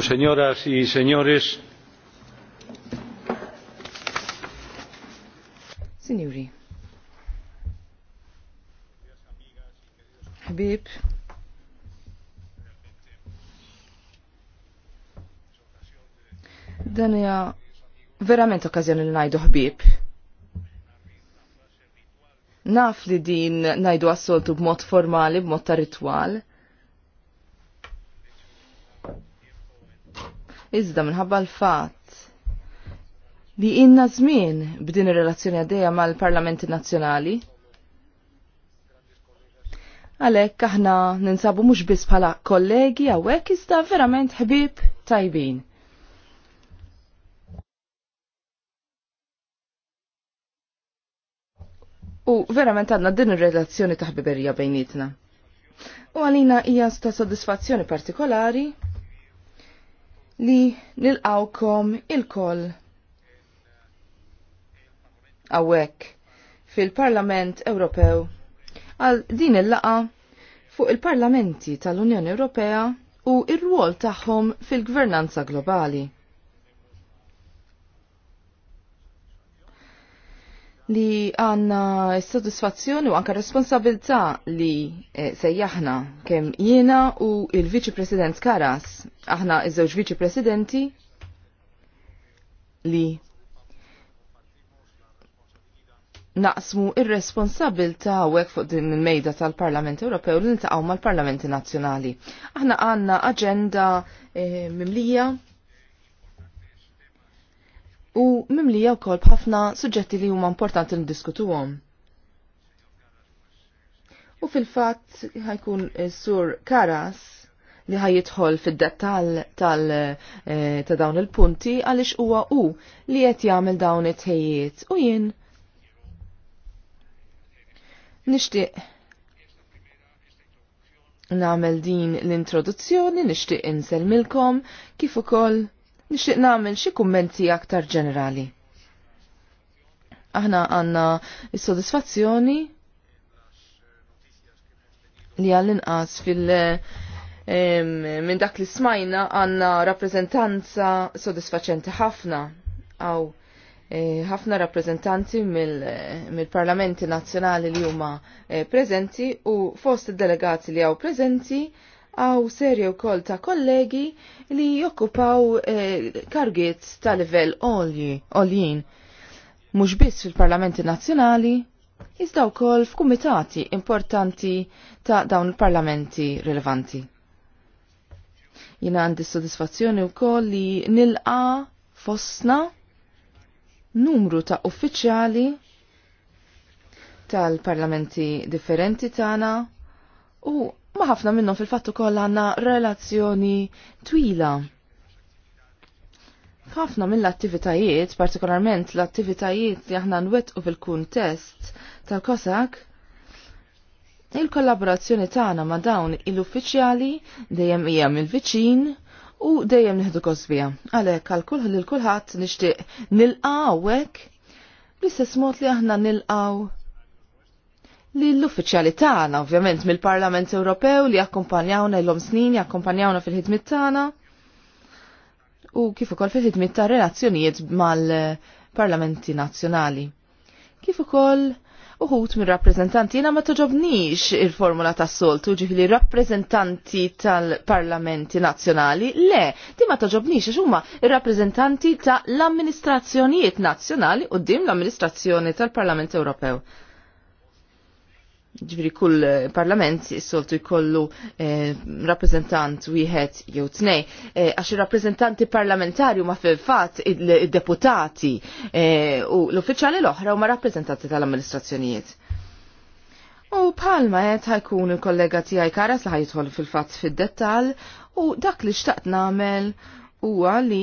señoras y señores. Signori. Habib. Dan hija verament okkażjoni li ngħidu ħbieb. Naf li din ngħidu assoltu b'mod formali, b'mod ta' ritwal iżda minħabba l-fatt li inna żmien b'din ir-relazzjoni għaddejja mal-Parlamenti Nazzjonali. Għalhekk aħna ninsabu mhux biss bħala kollegi hawnhekk iżda verament ħbieb tajbin. U verament għadna din ir-relazzjoni ta' ħbiberija bejnietna. U għalina hija ta' sodisfazzjoni partikolari li nilqawkom il-koll. Awek fil-Parlament Ewropew għal din il-laqa fuq il-parlamenti tal-Unjoni Ewropea u ir ruol tagħhom fil-gvernanza globali. li għanna s-sodisfazzjoni u anka responsabilità li eh, sejjaħna kem jiena u il-Viċi President Karas, aħna iż-żewġ Viċi Presidenti li naqsmu ir-responsabilta għek fuq din il-mejda tal-Parlament Ewropew li niltaqgħu mal-Parlamenti Nazzjonali. Aħna għandna aġenda eh, mimlija u mimlija wkoll b'ħafna suġġetti li huma importanti għom. U fil-fatt ħajkun sur Karas li ħajjidħol fid-dettall tal eh, ta' dawn il-punti għaliex huwa hu li qed jagħmel dawn it-tejjiet u jien nixtieq nagħmel din l-introduzzjoni nixtieq inselmilkom kif ukoll nixtieq nagħmel xi kummenti aktar ġenerali. Aħna għandna s-sodisfazzjoni li għall-inqas fil- minn dak li smajna għanna rappresentanza sodisfaċenti ħafna għaw e, ħafna rappresentanti mill-parlamenti nazzjonali li huma e, prezenti u fost id delegati li għaw prezenti għaw serje u kol ta' kollegi li jokkupaw eh, kargiet ta' livell oljien, mux biss fil-parlamenti nazjonali, jizdaw kol f'kumitati importanti ta' dawn il-parlamenti rilevanti. Jina għandi soddisfazzjoni u kol li nilqa fosna numru ta' uffiċjali tal-parlamenti differenti tana u Ma ħafna minnhom fil-fattu kollha għandna relazzjoni twila. Ħafna mill-attivitajiet, partikolarment l-attivitajiet li aħna nwettqu fil-kuntest tal-Kosak, il-kollaborazzjoni tagħna ma' dawn il-uffiċjali dejjem hija mill-viċin u dejjem neħdu kosbija. Għalhekk għal kulħadd lil kulħadd nixtieq nilqa' hawnhekk bl-istess mod li aħna nilqgħu li l-uffiċjali tagħna ovvjament mill-Parlament Ewropew li jakkumpanjawna l-om snin, jakkumpanjawna fil-ħidmit tagħna u kif ukoll fil-ħidmit ta' relazzjonijiet mal-parlamenti nazzjonali. Kif ukoll uħut mir rappresentanti jena ma toġobnix il-formula ta' soltu ġifili rappresentanti tal-parlamenti Nazzjonali, le, di ma toġobnix għax huma rappresentanti ta' l-amministrazzjonijiet Nazzjonali u dim l-amministrazzjoni tal-Parlament Ewropew ġviri kull eh, parlament soltu jkollu eh, rappresentant wieħed jew tnej, eh, għax il rappresentanti parlamentari huma fil-fatt id-deputati eh, u l-uffiċjali l-oħra huma rappresentanti tal-amministrazzjonijiet. U palma qed ħajkun il-kollega tiegħi Karas li ħajidħol fil-fatt fid-dettall u dak li xtaqt nagħmel huwa li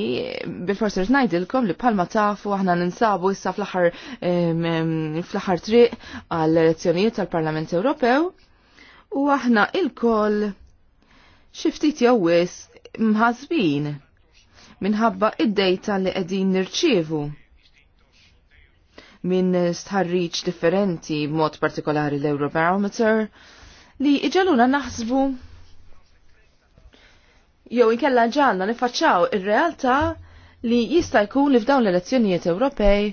bil-forsi ngħidilkom li Palma tafu aħna ninsabu issa fl-aħħar fl-aħħar triq għall elezzjonijiet tal-Parlament Ewropew u aħna il-koll xiftit jowis mħazbin minħabba id-dejta li qegħdin nirċievu minn stħarriċ differenti b'mod partikolari l-Eurobarometer li iġaluna naħsbu jew inkella ġanna nifaċċaw ir-realtà li jista' jkun li f'dawn l-elezzjonijiet Ewropej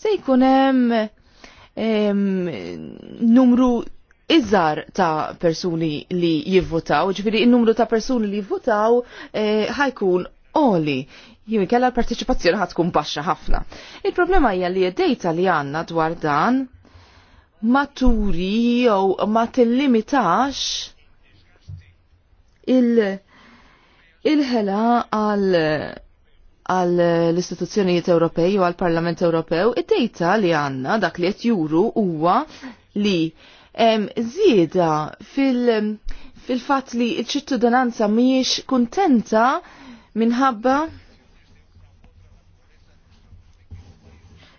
se jkun hemm numru iżar ta' persuni li jivvotaw, ġifiri il-numru ta' persuni li jivvotaw eh, ħajkun oli. Jimmi kella l-partiċipazzjoni ħatkun baxxa ħafna. Il-problema hija li id-dejta li għanna dwar dan maturi jew ma tillimitax il-ħela għal għal l-istituzzjonijiet Ewropej u għal Parlament Ewropew, id-dejta li għanna dak li qed juru huwa li zieda fil- fat li ċittadinanza miex kontenta minħabba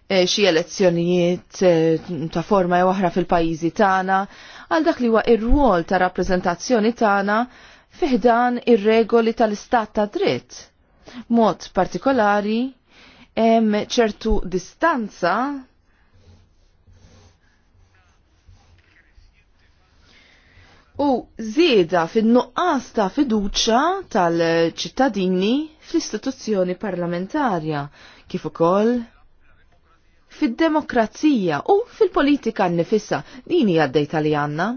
eh, xie elezzjonijiet eh, ta' forma jew oħra fil-pajjiżi tagħna għal dak li huwa ir-rwol ta' rappreżentazzjoni tagħna fiħdan ir-regoli tal-istat ta' dritt. Mod partikolari, hemm ċertu distanza u zieda fin-nuqqas ta' fiduċa tal-ċittadini fl-istituzzjoni parlamentarja kif ukoll fid-demokrazija u fil-politika nnifisha din hija d-dejta li għandna.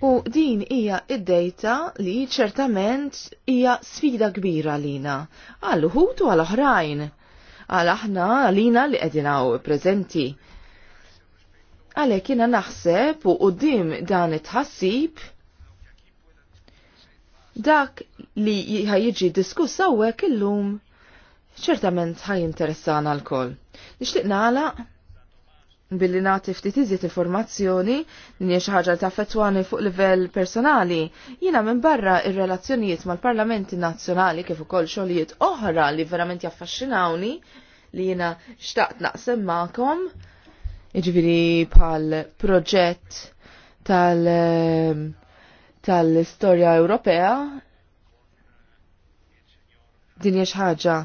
U din hija id-dejta li ċertament hija sfida kbira lina, għal uħut u għal oħrajn, għal aħna lina li qegħdin hawn preżenti. Għalhekk jiena naħseb u qudiem dan it-ħassib dak li jiġi diskuss hawnhekk illum ċertament ħajinteressana interessana l Nixtieq nagħlaq billi nagħti ftit iżjed informazzjoni din hija xi ħaġa li taffettwani fuq livell personali. Jiena minn barra ir-relazzjonijiet mal-parlamenti nazzjonali kif ukoll xogħlijiet oħra li verament jaffaxxinawni li jiena xtaqt naqsem magħkom. Jiġifieri bħal proġett tal ehm, tal-istorja Ewropea din hija xi ħaġa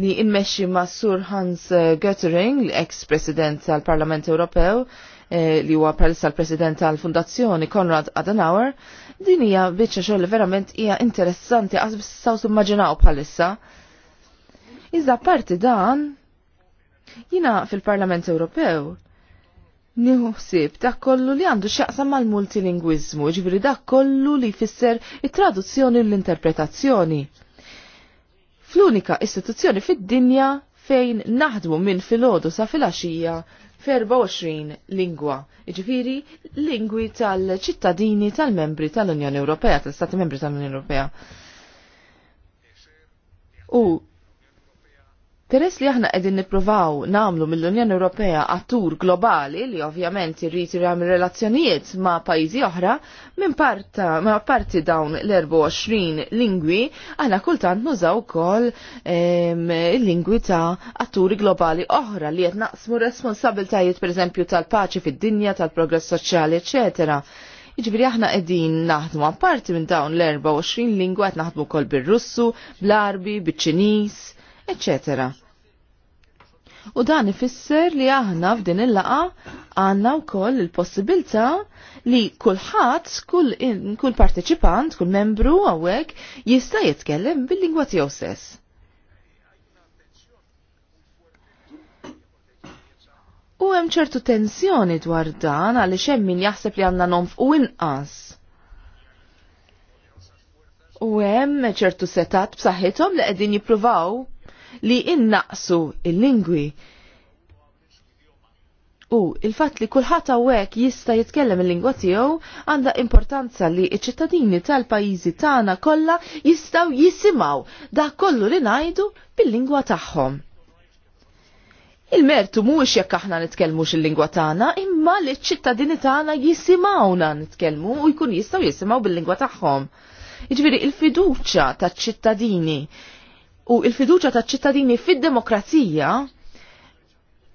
li immexxi ma' Sur Hans eh, Göttering, l-ex-president tal-Parlament Ewropew, eh, li huwa palissa l-president tal-Fundazzjoni Konrad Adenauer, din hija biċċa xogħol verament hija interessanti għaż saw immaġinaw bħalissa. Iżda parti dan, jina fil-Parlament Ewropew, Niħsib dak kollu li għandu xaqsam mal-multilingwizmu, ġviri dak kollu li fisser it-traduzzjoni u l-interpretazzjoni fl-unika istituzzjoni fid-dinja fejn naħdmu minn filgħodu sa filgħaxija f-24 lingwa, iġifiri lingwi tal-ċittadini tal-membri tal-Unjoni Ewropea, tal-Stati membri tal-Unjoni Ewropea. U Peress li aħna qegħdin nippruvaw nagħmlu mill-Unjoni Ewropea attur globali li ovvjament irrid jagħmel relazzjonijiet ma' pajjiżi oħra, minn parta ma' parti dawn l-24 lingwi, aħna kultant nużaw ukoll il-lingwi ta' atturi globali oħra li qed naqsmu responsabiltajiet pereżempju tal-paċi fid-dinja, tal-progress soċjali, eċetera. Iġbiri aħna edin naħdmu apparti minn dawn l-24 lingwa qed naħdmu kol bir-Russu, bl-Arbi, biċ-Ċinis, etc. U dan ifisser li aħna f'din il-laqa għanna wkoll il-possibilità li kulħadd, kull, kull parteċipant, kull membru hawnhekk jista' jitkellem bil-lingwa tiegħu stess. U hemm ċertu tensjoni dwar dan għaliex hemm min jaħseb li għandna u inqas. U hemm ċertu setat b'saħħithom li qegħdin jippruvaw li innaqsu il-lingwi. U il-fatt li kulħadd hawnhekk jista' jitkellem il-lingwa tiegħu għandha importanza li ċ-ċittadini tal-pajjiżi tagħna kollha jistgħu jisimgħu dak kollu li ngħidu bil-lingwa tagħhom. Il-mertu mhuwiex jekk aħna nitkellmux il-lingwa tagħna, imma li ċ-ċittadini tagħna jisimgħuna nitkellmu u jkun jistgħu jisimgħu bil-lingwa tagħhom. Jiġifieri il-fiduċja taċ-ċittadini u il-fiduċa ta' ċittadini fid-demokrazija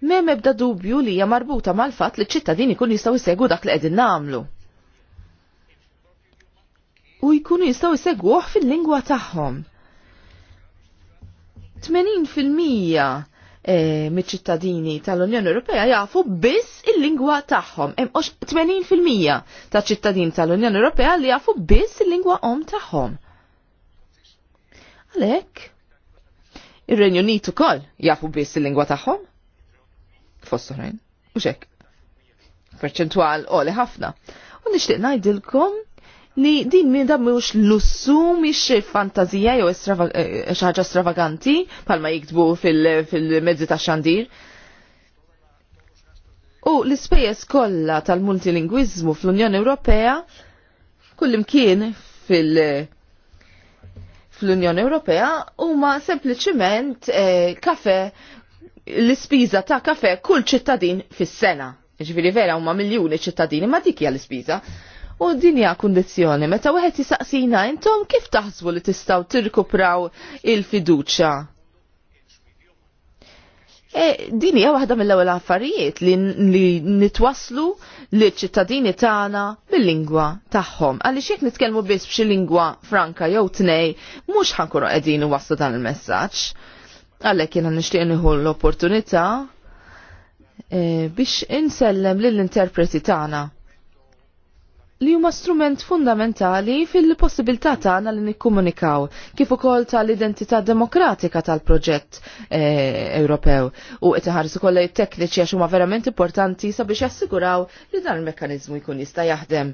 mem ebda dubju li hija marbuta mal-fatt li ċittadini kun jistgħu jsegwu dak li qegħdin nagħmlu. U jkunu jistgħu jsegwuh fil-lingwa tagħhom. 80% E, mit-ċittadini eh, tal-Unjoni Ewropea jafu biss il-lingwa tagħhom. Hemm 80% ta' ċittadin tal-Unjoni Ewropea li jafu biss il-lingwa om tagħhom. Għalhekk Ir-Renju Unit ukoll jafu biss il-lingwa tagħhom? Fost oħrajn. U xek. Perċentwal qoli ħafna. U nixtieq ngħidilkom li din minn da mhux lussum mhix fantazija jew eh, xi ħaġa stravaganti bħalma jiktbu fil-mezzi tax xandir. U l-ispejjeż kollha tal-multilingwiżmu fl-Unjoni Ewropea kullimkien fil- fl-Unjoni Ewropea huma sempliċiment eh, kafe l-ispiża ta' kafe kull ċittadin fis-sena. Ġifieri vera huma miljuni ċittadini ma dik hija l-ispiża. U din hija kundizzjoni meta wieħed jisaqsina intom kif taħsbu li tistgħu tirkupraw il-fiduċja E, dini din hija waħda mill-ewwel affarijiet li, li nitwaslu li ċittadini tagħna bil-lingwa tagħhom. Għaliex jekk nitkellmu biss b'xi lingwa franka jew tnej, mhux ħankunu qegħdin waslu dan il-messaġġ. Għalhekk jiena nixtieq nieħu l-opportunità e, biex insellem lill-interpreti tagħna li huma strument fundamentali fil-possibilità tagħna li nikkomunikaw kif ukoll tal-identità demokratika tal-proġett eh, Ewropew u qed iħarsu kollha tekniċi għax huma verament importanti sabiex jassiguraw li dan il-mekkaniżmu jkun jista' jaħdem.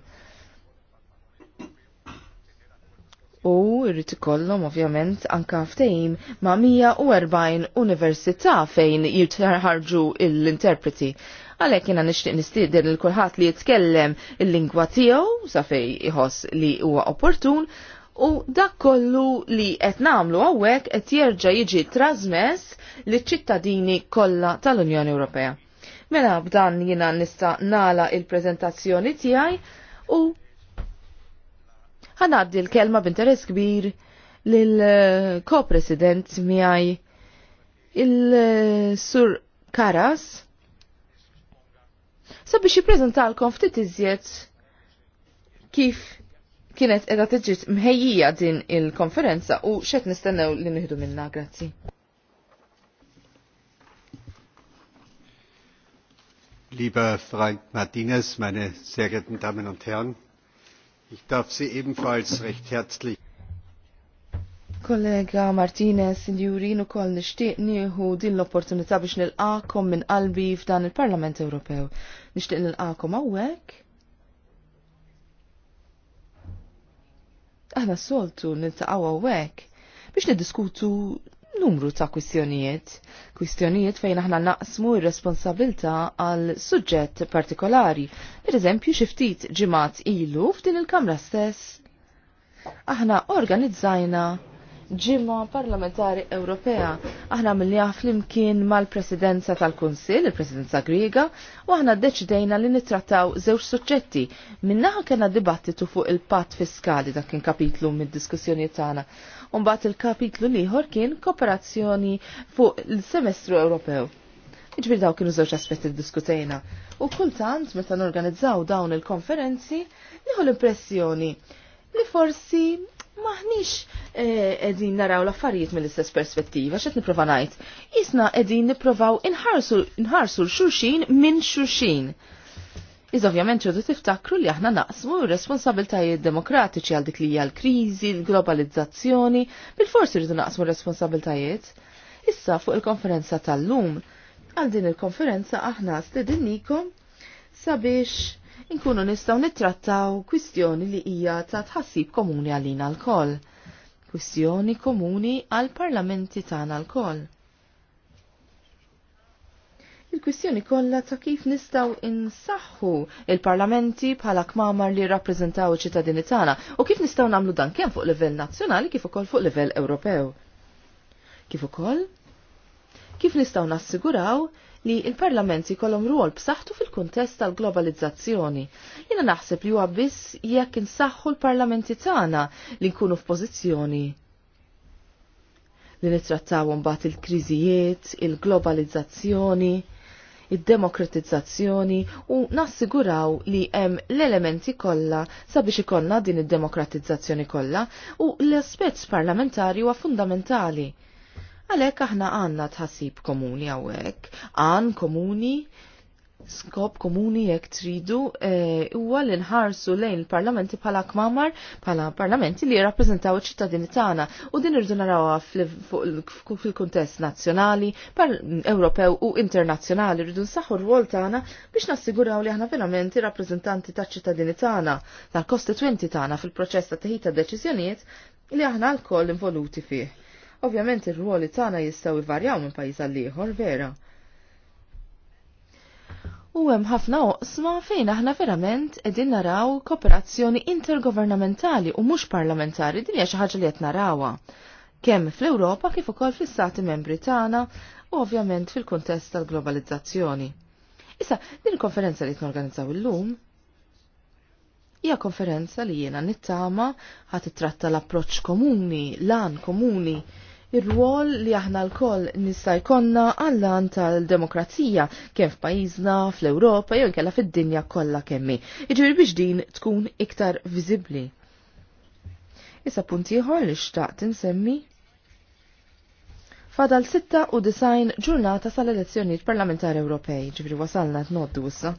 U jrid ikollhom ovvjament anka ftehim ma' 140 università fejn jitħarġu l-interpreti għalhekk jiena nixtieq nistidir lil kulħadd li jitkellem il-lingwa tiegħu safej fej iħoss li huwa opportun u dak kollu li qed nagħmlu hawnhekk qed jerġa' jiġi trasmess liċ-ċittadini kollha tal-Unjoni Ewropea. Mela b'dan jiena nista' nala il-preżentazzjoni tiegħi u ħanaddi l-kelma b'interess kbir lil ko-president eh, miegħi il-Sur eh, Karas sabiex jiprezentalkom ftit iżjed kif kienet edha tiġi mħejjija din il-konferenza u xed nistennew li nieħdu minna, grazzi. Lieber Frank Martinez, meine sehr geehrten Damen und Herren, ich darf Sie ebenfalls recht herzlich Kollega Martinez, Jurin u koll nishtiq nieħu din l-opportunità biex nil-qakom minn qalbi f'dan il-Parlament Ewropew. Nishtiq nil-qakom għawek? Aħna soltu nil-taqaw għawek biex nidiskutu numru ta' kwistjonijiet, kwistjonijiet fejn aħna naqsmu ir-responsabilta għal suġġett partikolari, per eżempju xiftit ġimat ilu f'din il-kamra stess. Aħna organizzajna ġimma parlamentari Ewropea. Aħna mill flimkien mal-presidenza tal-Kunsil, il-presidenza Griega, u aħna deċidejna li nittrattaw żewġ suġġetti. Minnaħa kena dibattitu fuq il-pat fiskali dak kien kapitlu mid-diskussjoni tagħna. Umbagħad il-kapitlu liħor kien kooperazzjoni fuq il-semestru Ewropew. Iġbir daw kienu żewġ aspetti diskutejna. U kultant meta norganizzaw dawn il-konferenzi, nieħu l-impressjoni li forsi maħniex eh, edin naraw l-affarijiet mill-istess perspettiva, xet niprofa najt. Isna edin niprofaw inħarsu l-xurxin minn xurxin. Iż ovvjament ċodu tiftakru li aħna naqsmu responsabiltajiet demokratiċi għal dik li hija l-kriżi, l-globalizzazzjoni, bil-forsi rridu naqsmu responsabiltajiet. Issa fuq il-konferenza tal-lum, għal din il-konferenza aħna stedinnikom sabiex inkunu nistaw nittrattaw kwistjoni li hija ta' tħassib komuni għalina l-koll. Kwistjoni komuni għal-parlamenti tagħna l-koll il-kwistjoni kollha ta' kif nistgħu insaħħu il-parlamenti bħala kmamar li rappreżentaw ċittadini tagħna u kif nistgħu nagħmlu dan kemm fuq livell nazzjonali kif ukoll fuq livell Ewropew. Kif ukoll? Kif nistgħu nassiguraw li il-Parlament jkollhom ruol b'saħħtu fil-kuntest tal-globalizzazzjoni. Jiena naħseb li huwa biss jekk insaħħu l-parlamenti tagħna li nkunu f'pożizzjoni li nittrattaw mbagħad il-kriżijiet, il-globalizzazzjoni, id-demokratizzazzjoni u nassiguraw li hemm l-elementi kollha sabiex ikollna din id-demokratizzazzjoni kollha u l-aspett parlamentari huwa fundamentali Għalek aħna għanna tħassib komuni għawek, għan komuni, skop komuni jekk tridu e, huwa għal li nħarsu lejn parlamenti bħala kmamar bħala parlamenti li jirrappreżentaw iċ-ċittadini tagħna u din irdu narawha fil-kuntest nazzjonali, Ewropew u internazzjonali rridu nsaħħu r-rwol tagħna biex nassiguraw li aħna verament rappreżentanti taċ-ċittadini tagħna tal-kostituenti tagħna fil-proċess ta' teħita deċizjoniet deċiżjonijiet li aħna l-koll involuti fih Ovvjament ir-ruoli tagħna jistgħu jvarjaw minn pajjiż għal ieħor vera. U hemm ħafna oqsma fejn aħna verament qegħdin naraw kooperazzjoni intergovernamentali u mhux parlamentari din hija xi ħaġa li qed narawha. Kemm fl-Ewropa kif ukoll fis istati membri tagħna u ovvjament fil-kuntest tal-globalizzazzjoni. Issa, din il-konferenza li t-norganizzaw il-lum hija konferenza li jiena nittama ħat tratta l-approċ komuni, lan komuni ir-rwol li aħna l-koll nista' jkollna għall-għan tal-demokrazija kemm f'pajjiżna, fl-Ewropa jew inkella fid-dinja kollha kemmi. Iġri jiġifieri biex din tkun iktar viżibbli. Issa punt ieħor li xtaqt insemmi Fadal design ġurnata sal-elezzjonijiet parlamentari Ewropej, ġifri wasalna t-noddu wissa.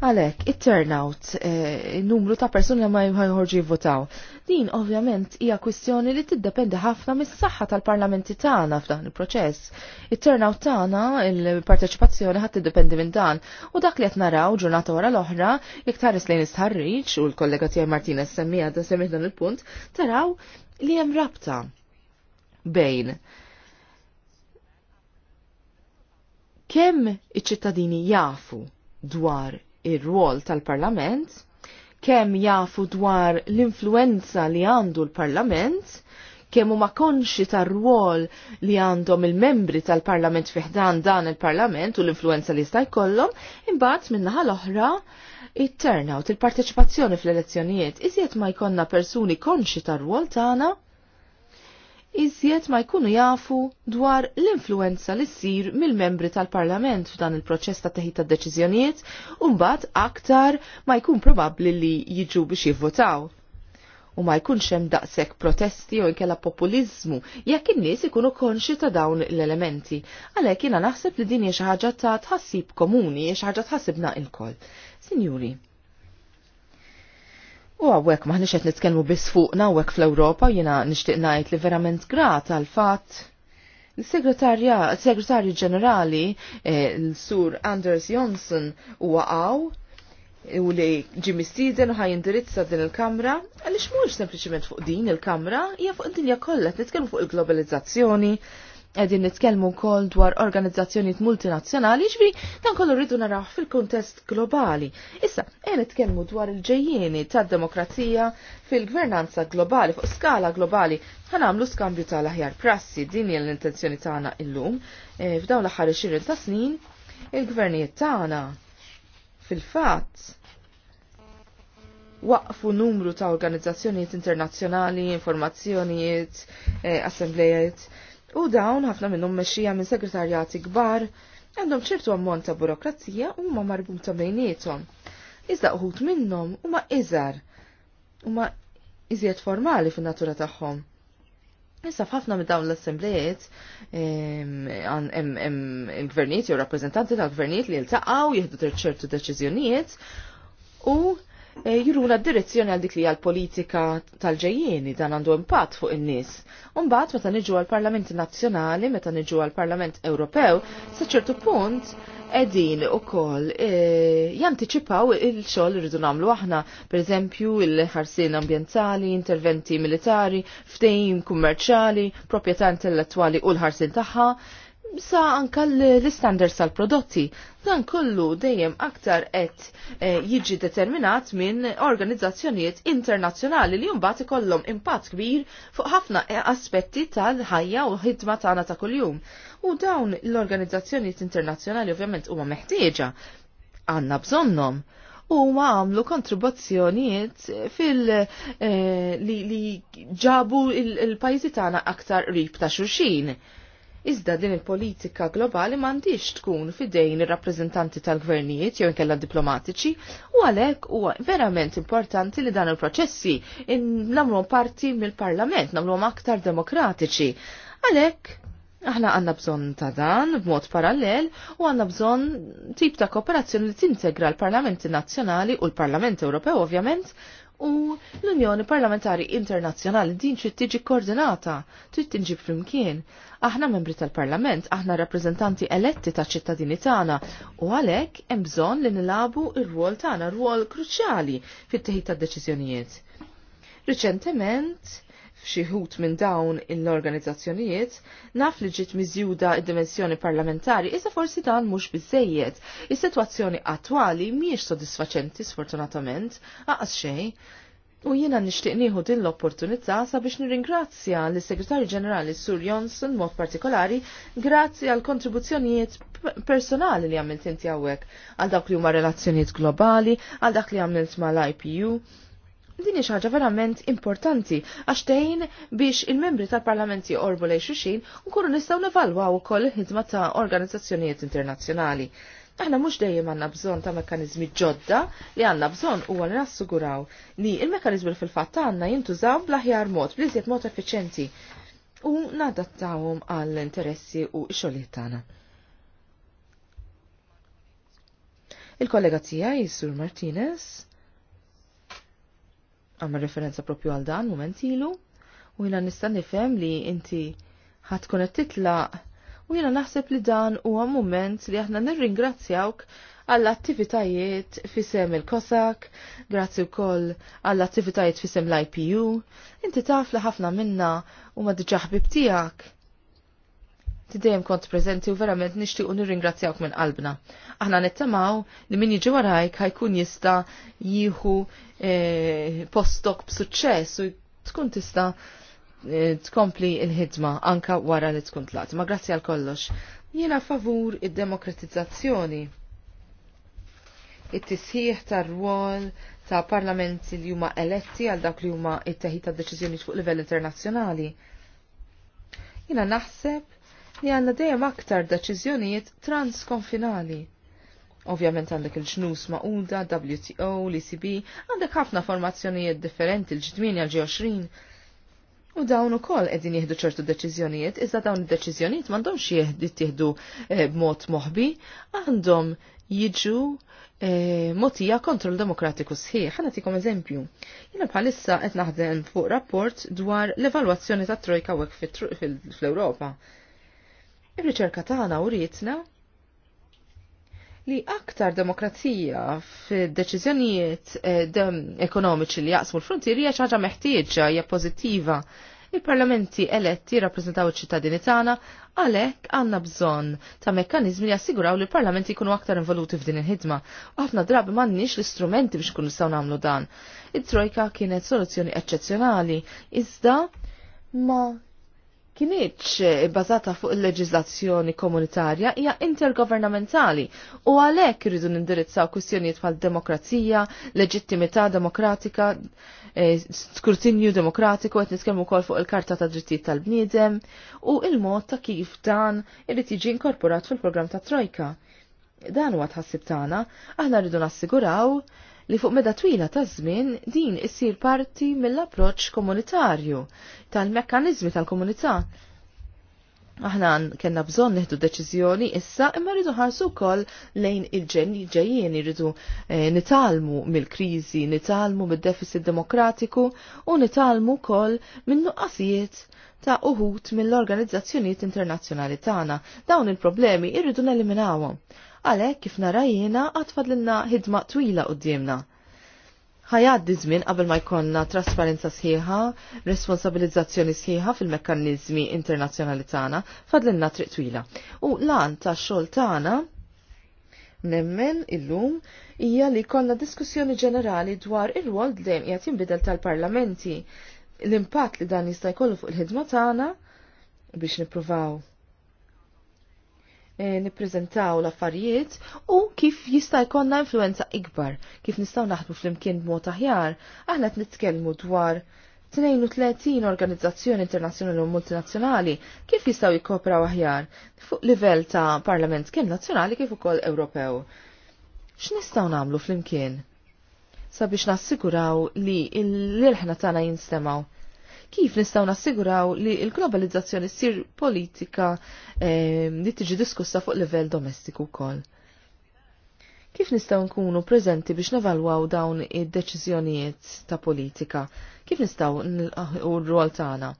Għalek, it-turnout, eh, il-numru ta' persuni ma jħorġi jivvotaw. Din ovvjament hija kwistjoni li tiddependi ħafna mis-saħħa tal-parlamenti tagħna f'dan il-proċess. It-turnout tagħna, il-parteċipazzjoni ħadd tiddependi minn dan. U dak li qed naraw ġurnata wara l-oħra, jekk taris lejn istħarriġ u l-kollega tiegħi Martinez semmija da semmih dan il-punt, taraw li hemm rabta bejn kemm iċ-ċittadini jafu dwar ir-rwol tal-Parlament, kemm jafu dwar l-influenza li għandu l-Parlament, kemm huma konxi tar-rwol li għandhom il-membri tal-Parlament fiħdan dan il-Parlament u l-influenza li jista' jkollhom, imbagħad minnaħa l-oħra it-turnout, il-parteċipazzjoni fl-elezzjonijiet, iżjed ma jkollna persuni konxi tar-rwol tagħna iżjed ma jkunu jafu dwar l-influenza li ssir mill-membri tal-Parlament f'dan il-proċess ta' teħid tad deċiżjonijiet u mbagħad aktar ma jkun probabbli li jiġu biex jivvotaw u ma jkunx hemm daqshekk protesti u inkella populiżmu jekk in-nies ikunu konxi ta' dawn l-elementi. Għalhekk jiena naħseb li din hija xi ħaġa ta' tħassib komuni, hija xi ħaġa tħassibna lkoll. Sinjuri, U għawek maħni qed nitkelmu bis fuqna għawek fl-Europa jina nishtiq najt li verament grat għal fat Segretarja, segretarju ġenerali, eh, l-sur Anders Johnson, u għaw, u li Jimmy Steeden ħaj indirizza din il-kamra, għalix mux sempliciment fuq din il-kamra, hija fuq id-dinja kollha, nitkellmu fuq il-globalizzazzjoni, għedin nitkellmu wkoll dwar organizzazzjonijiet multinazzjonali ġbi dan kollu rridu naraw fil-kuntest globali. Issa, għen nitkellmu dwar il-ġejjieni tad-demokrazija fil-gvernanza globali fuq skala globali għamlu skambju tal-aħjar prassi din hija l-intenzjoni tagħna illum e, f'dawn l-aħħar 20 ta' snin il-gvernijiet tagħna fil-fatt waqfu numru ta' organizzazzjonijiet internazzjonali, informazzjonijiet, e, assemblejiet U dawn ħafna minnhom mexxija minn segretarjati kbar għandhom ċertu ammont ta' burokrazija u huma marbuta bejniethom. Iżda uħut minnhom huma iżar huma iżjed formali fin-natura tagħhom. Issa f'ħafna minn dawn l-assemblejiet il-gvernijiet jew rappreżentanti tal-gvernijiet li jiltaqgħu jieħdu ċertu deċiżjonijiet u E, Juru d-direzzjoni għal dik li għal-politika tal-ġejjieni dan għandu impatt fuq in-nies. Umbagħad meta niġu għall-Parlament Nazzjonali, meta niġu għall-Parlament Ewropew, sa ċertu punt qegħdin ukoll e, jantiċipaw il-xogħol li rridu nagħmlu aħna, pereżempju il-ħarsien ambjentali, interventi militari, ftehim kummerċali, proprjetà intellettwali u l-ħarsien tagħha, sa anka l-standards tal-prodotti. Dan kollu dejjem aktar qed eh, jiġi determinat minn organizzazzjonijiet internazzjonali li mbagħad ikollhom impatt kbir fuq ħafna eh, aspetti tal-ħajja u ħidma tagħna ta' kuljum. U dawn l-organizzazzjonijiet internazzjonali ovvjament huma meħtieġa għandna bżonnhom u ma għamlu kontribuzzjonijiet fil eh, li, li ġabu il-pajzi il tagħna aktar rib ta' xulxin Iżda din il-politika globali m'għandix tkun fidejn ir-rappreżentanti tal-gvernijiet jew inkella diplomatiċi u għalhekk huwa verament importanti li dan il-proċessi nagħmluhom parti mill-Parlament, nagħmluhom aktar demokratiċi. Għalhekk aħna għandna bżonn ta' dan b'mod parallel u għandna bżonn tip ta' kooperazzjoni li tintegra l-Parlamenti Nazzjonali u l-Parlament Ewropew ovvjament u l-Unjoni Parlamentari Internazzjonali din trid tiġi koordinata, trid tinġib flimkien. Aħna membri tal-Parlament, aħna rappreżentanti eletti ta' ċittadini tagħna u għalhekk hemm bżonn li nilabu r-rwol tagħna, rwol kruċjali fit-teħid tad-deċiżjonijiet. Riċentement, f'xiħut minn dawn l-organizzazzjonijiet, naf li ġiet miżjuda id-dimensjoni parlamentari, issa forsi dan mhux biżejjed. Is-sitwazzjoni attwali mhijiex sodisfaċenti sfortunatament, aqas xejn. U jiena nixtieq nieħu din l-opportunità sabiex nirringrazzja l segretarju Ġenerali Sur Johnson mod partikolari grazzi għal kontribuzzjonijiet personali li għamilt inti hawnhekk għal dak li huma relazzjonijiet globali, għal dak li għamilt mal-IPU Din hija ħaġa verament importanti għax tgħin biex il-membri tal-Parlament jorbu lejn xulxin nkunu nistgħu nevalwaw ukoll il-ħidma ta' organizzazzjonijiet internazzjonali. Aħna mhux dejjem għandna bżonn ta' mekkaniżmi ġodda li għandna bżonn huwa li nassiguraw li l-mekkaniżmi fil-fatt għandna jintużaw bl-aħjar mod, bl mod effiċenti u nadattawhom għall interessi u x-xogħlijiet tagħna. Il-kollega tiegħi Sur Martinez għamma referenza propju għal dan moment ilu u jina nista' nifhem li inti ħatkun qed titlaq u jina naħseb li dan huwa moment li aħna nirringrazzjawk għall-attivitajiet fisem il-Kosak, grazzi wkoll għall-attivitajiet fisem l-IPU, inti taf li ħafna minna u ma diġaħbib tiegħek tidejjem kont prezenti u verament nixtiequ nirringrazzjawk minn qalbna. Aħna nittamaw li min jiġi warajk ħajkun jista jieħu eh, postok b'suċċess u tkun tista eh, tkompli l-ħidma anka wara li tkun tlaqt. Ma grazzi għal kollox. Jiena favur id-demokratizzazzjoni. It-tisħiħ tar-rwol ta' parlamenti li huma eletti għal dak li huma it-teħid ta' deċiżjoni fuq livell internazzjonali. Jiena naħseb li għanna dejjem aktar deċiżjonijiet transkonfinali. Ovvjament għandek il-ġnus maquda, WTO, l-ECB, għandek ħafna formazzjonijiet differenti l-ġdmin ġi U dawn ukoll qegħdin jieħdu ċertu deċiżjonijiet, iżda dawn id-deċiżjonijiet m'għandhomx jieħdu tieħdu eh, b'mod moħbi, għandhom jiġu eh, motija kontrol demokratiku sħiħ. Għana tikom eżempju. Jina bħalissa qed naħdem fuq rapport dwar l-evalwazzjoni ta' trojka wek fl-Europa. Ir-riċerka tagħna u rietna li aktar demokrazija f'deċiżjonijiet eh, ekonomiċi li jaqsmu l-frontieri hija xi ħaġa meħtieġa hija pożittiva il-parlamenti eletti rappresentaw iċ-ċittadini tagħna, għalhekk għandna bżonn ta' mekkaniżmi li jassiguraw li l-parlamenti jkunu aktar involuti f'din il-ħidma. U ħafna drabi m'għandniex l-istrumenti biex kunu nistgħu nagħmlu dan. It-trojka kienet soluzzjoni eċċezzjonali, iżda ma kienieċ eh, bazata fuq il-leġizlazzjoni komunitarja hija intergovernamentali u għalhekk irridu nindirizzaw kwistjonijiet bħal demokrazija, leġittimità demokratika, eh, skrutinju demokratiku qed nitkellmu wkoll fuq il-Karta ta' Drittijiet tal-Bniedem u il-mod ta' kif dan irid jiġi inkorporat fil-programm ta' Trojka. Dan huwa tħassib tagħna, aħna rridu nassiguraw li fuq meda twila ta' żmien din issir parti mill-approċċ komunitarju tal-mekkaniżmi tal-komunità. Aħna kellna bżonn neħdu deċiżjoni issa imma rridu ħarsu wkoll lejn il-ġejjien irridu eh, nitalmu mill-kriżi, nitalmu mid-deficit demokratiku u nitalmu wkoll min-nuqqasijiet ta' uħut mill-organizzazzjonijiet internazzjonali tagħna. Dawn il-problemi irridu neliminawhom għalhekk kif narajjina għatfad lilna ħidma twila d-djemna. Ħajgħaddi żmien qabel ma jkollna trasparenza sħiħa, responsabilizzazzjoni sħiħa fil-mekkaniżmi internazzjonali tagħna fadlilna triq twila. U lan tax-xogħol tagħna nemmen illum hija li kollha diskussjoni ġenerali dwar ir-rwol dejjem qiegħed jinbidel tal-parlamenti l-impatt li dan jista' jkollu fuq il-ħidma tagħna biex nippruvaw Eh, nippreżentaw l-affarijiet u kif jista' jkollna influenza ikbar, kif nistgħu naħdmu flimkien b'mod aħjar, aħna qed nitkellmu dwar 32 organizzazzjoni internazzjonali u multinazzjonali kif jistgħu jikkopraw aħjar fuq livell ta' Parlament kien nazzjonali kif ukoll Ewropew. X'nistgħu nagħmlu flimkien? Sabiex nassiguraw li l-irħna tagħna jinstemaw kif nistgħu nassiguraw li l-globalizzazzjoni ssir politika ehm, li tiġi diskussa fuq livell domestiku wkoll. Kif nistgħu nkunu preżenti biex nevalwaw dawn id-deċiżjonijiet ta' politika? Kif nistgħu u r-rol tagħna?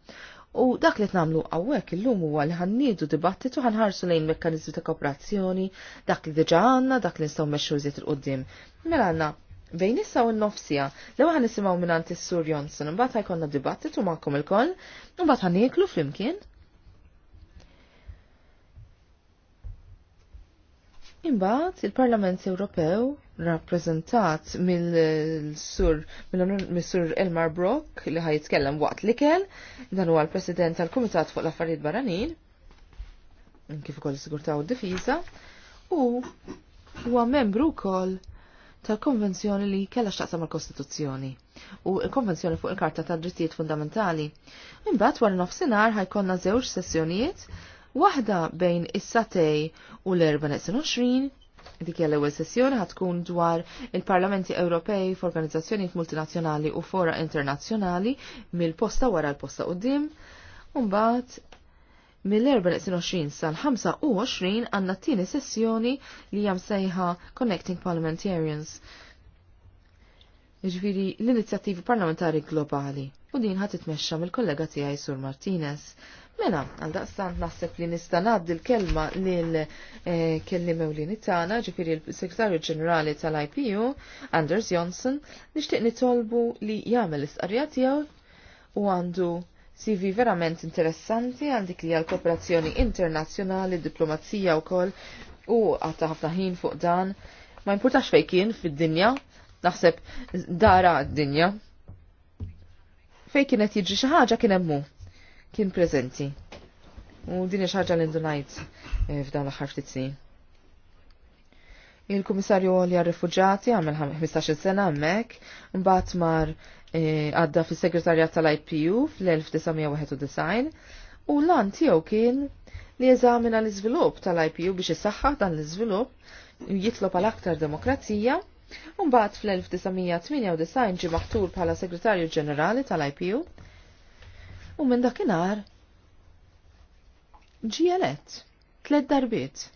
U dak li namlu għawek il-lum huwa li ħanniedu dibattitu ħanħarsu lejn mekkanizmi ta' kooperazzjoni, dak li diġa għanna, dak li nistaw meċxu iżiet il-qoddim. Mela għanna bejn issa u n-nofsija li għan nisimaw minnant is-Sur Jonson, mbagħad dibattit u magħkom il-koll, mbagħad ħan flimkien. Imbagħad il-Parlament Ewropew rappreżentat mill-sur mill-sur Elmar Brock li ħajtkellem waqt li kell, dan huwa l-President tal-Kumitat fuq l-Affarijiet Barranin, kif ukoll sigurtà u d-difiża, u huwa membru wkoll tal-konvenzjoni li kella xaqsa mal-Kostituzzjoni u l-Konvenzjoni fuq il-Karta tad-Drittijiet Fundamentali. Imbagħad wara nofsinhar ħajkonna żewġ sessjonijiet, waħda bejn is-satej u l 24 20 dik l ewwel sessjoni ħatkun dwar il-Parlamenti Ewropej f'organizzazzjonijiet multinazzjonali u fora internazzjonali mill-posta wara l-posta qudiem. Umbat, mill-24 sal-25 għanna t-tieni sessjoni li jam sejħa Connecting Parliamentarians. Ġviri l-inizjattivi parlamentari globali u din ħat t-tmesċa mill-kollega tiegħi Sur Martinez. Mela, għal daqstant naħseb li nista' ngħaddi l-kelma l eh, kelli mewlini tagħna, ġifiri l-Segretarju Ġenerali tal-IPU, Anders Johnson, nixtieq nitolbu li jagħmel l-istqarrija tiegħu u għandu CV verament interessanti għandik li għal-kooperazzjoni internazzjonali, diplomazija u koll u għatta ħafna ħin fuq dan. Ma importax fej kien fid-dinja, naħseb dara d-dinja. Fej qed jiġri xi ħaġa kien hemmu, kien preżenti. U din xi ħaġa li f'dan eh, f'dawn l-aħħar ftit snin. Il-Kummissarju għal għal-Jar-Refugġati għamel 15 sena hemmhekk, mbagħad mar E, għadda fis segretarjat tal-IPU fl-1991 u lan tiegħu kien li eżamina l-iżvilupp tal-IPU biex jisaxħa dan l-iżvilupp jitlob għal aktar demokrazija u mbagħad fl-1998 ġie maħtur bħala segretarju ġenerali tal-IPU u minn dakinhar ġie elett tliet darbiet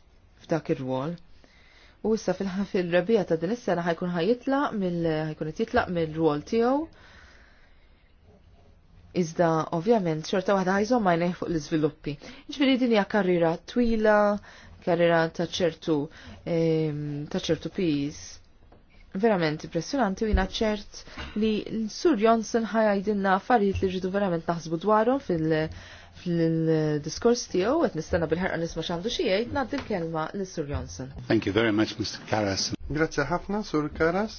f'dak ir-rwol. U issa fil-rebija ta' din is-sena ħajkun ħajitla mill ħajkun jitlaq mill-rwol tiegħu. Iżda ovvjament xorta waħda ħajżhom ma jnejħ fuq l-iżviluppi. Jiġifieri din hija karriera twila, karriera ta' ċertu ehm, ta' ċertu pis. Verament impressjonanti u jina ċert li l-Sur Jonsen ħajajdinna affarijiet li ġidu verament naħsbu dwarhom fil- fil-diskors tiegħu qed nistenna bil-ħarqa nisma' x'għandu xi jgħid ngħaddi l-kelma lis Sur Johnson. Thank you very much Mr. Karas. Grazzi ħafna Sur Karas.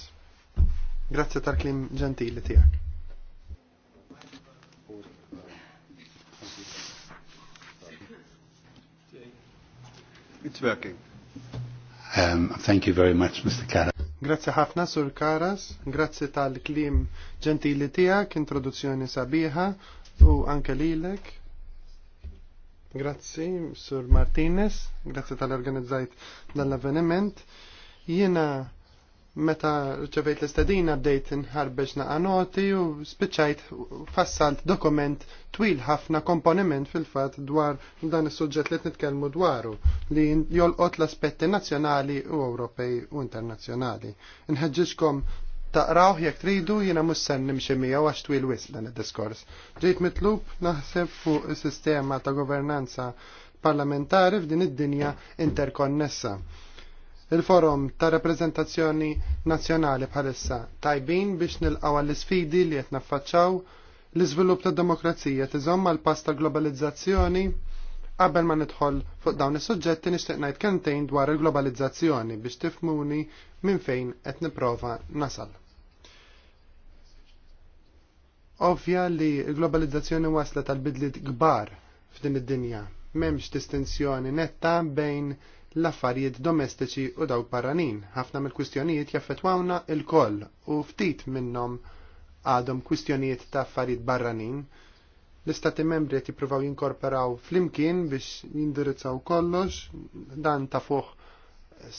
Grazzi tal-klim ġentili tiegħek. It's working. Um, thank you very much, Mr. Karas. Grazzi ħafna, Sur Karas. Grazzi tal-klim ġentili tijak, introduzzjoni sabiħa u anke lilek Grazzi, Sur Martinez, grazzi tal-organizzajt dan l-avveniment. Jiena meta rċevejt l-istadina bdejt nħarbex naqanoti u spiċajt fassalt dokument twil ħafna komponiment fil-fat dwar dan is-suġġett li nitkellmu dwaru li jolqot l-aspetti nazzjonali u Ewropej u internazzjonali. Nħeġġiġkom taqrawh jekk tridu jiena mhux se nimxi miegħu għax twil wisq dan id-diskors. Ġejt mitlub naħseb fuq is-sistema ta' governanza parlamentari f'din id-dinja interkonnessa. Il-forum ta' rappresentazzjoni nazzjonali bħalissa tajbin biex nilqaw għall-isfidi li qed naffaċċaw l-iżvilupp ta' demokrazija tiżomm għal pass globalizzazzjoni qabel ma nidħol fuq dawn is-suġġetti nixtieq ngħid kentejn dwar il-globalizzazzjoni biex tifmuni minn fejn qed nipprova nasal. Ovvja li l-globalizzazzjoni wasla tal bidli kbar f'din id-dinja. M'hemmx distinzjoni netta bejn l-affarijiet domestiċi u daw barranin. Ħafna mill-kwistjonijiet jaffetwawna il-koll u ftit minnhom għadhom kwistjonijiet ta' affarijiet barranin. L-istati membri qed jippruvaw jinkorporaw flimkien biex jindirizzaw kollox dan ta' fuq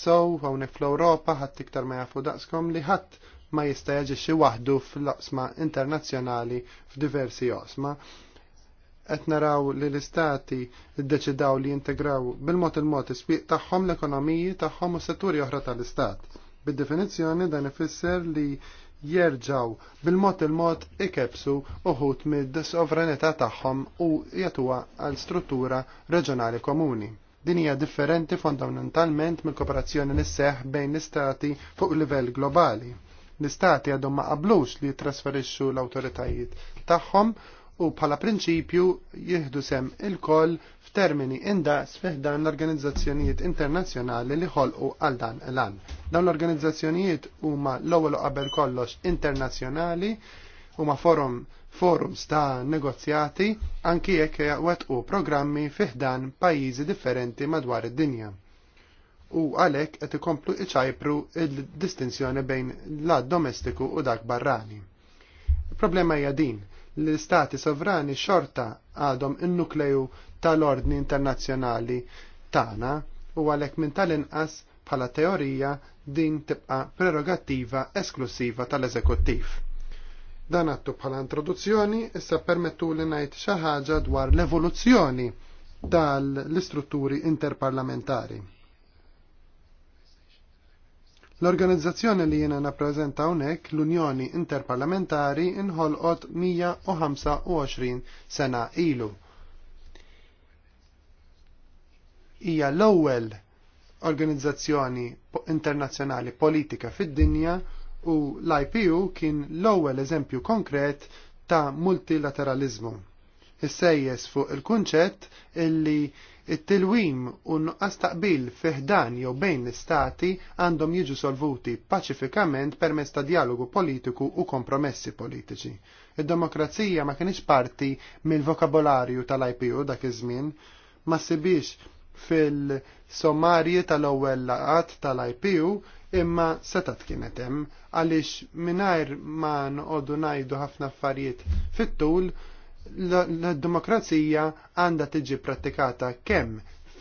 sow hawnhekk fl-Ewropa ħadd iktar ma jafu daqskom li ħadd ma jista' xi waħdu fl-oqsma internazzjonali f'diversi osma. Qed naraw li l-istati ddeċidaw li jintegraw bil-mod il-mod is-swieq tagħhom l-ekonomiji tagħhom u setturi oħra tal-istat. Bid-definizzjoni dan ifisser li jerġaw bil-mod il-mod ikebsu uħut mid-sovranità tagħhom u jatuha għal struttura reġjonali komuni. Din hija differenti fondamentalment mill-kooperazzjoni nisseħ bejn l-istati fuq livell globali. L-istati għadhom ma qablux li jitrasferixxu l-awtoritajiet tagħhom u bħala prinċipju jieħdu sem il-koll f'termini indaqs dan l-organizzazzjonijiet internazzjonali li ħolqu għal dan l-an. Dawn l-organizzazzjonijiet huma l-ewwel qabel kollox internazzjonali huma forum forums ta' negozjati anki jekk jaqwetqu programmi fiħdan pajjiżi differenti madwar id-dinja u għalhekk qed ikomplu iċajpru il-distinzjoni bejn la domestiku u dak barrani. Il-problema hija din li l-istati sovrani xorta għadhom in-nukleju tal-ordni internazzjonali tagħna u għalhekk minn tal-inqas bħala teorija din tibqa' prerogattiva esklusiva tal-eżekuttiv. Dan għattu bħala introduzzjoni, issa permettu li najt xaħġa dwar l-evoluzzjoni tal-istrutturi interparlamentari. L-organizzazzjoni li jiena nappreżenta hawnhekk l-Unjoni Interparlamentari inħolqot 125 sena ilu. Hija l-ewwel organizzazzjoni internazzjonali politika fid-dinja u l-IPU kien l-ewwel eżempju konkret ta' multilateralizmu. Is-sejjes fuq il-kunċett illi it-tilwim u nuqqas taqbil fiħdan jew bejn l-istati għandhom jiġu solvuti paċifikament permezz ta' dialogu politiku u kompromessi politiċi. Id-demokrazija ma kienx parti mill-vokabolarju tal-IPU dak iż-żmien, ma sibiex fil-sommarji tal-ewwel laqat tal-IPU imma setat kienet hemm għaliex mingħajr ma nqogħdu ngħidu ħafna affarijiet fit-tul l-demokrazija għandha tiġi prattikata kemm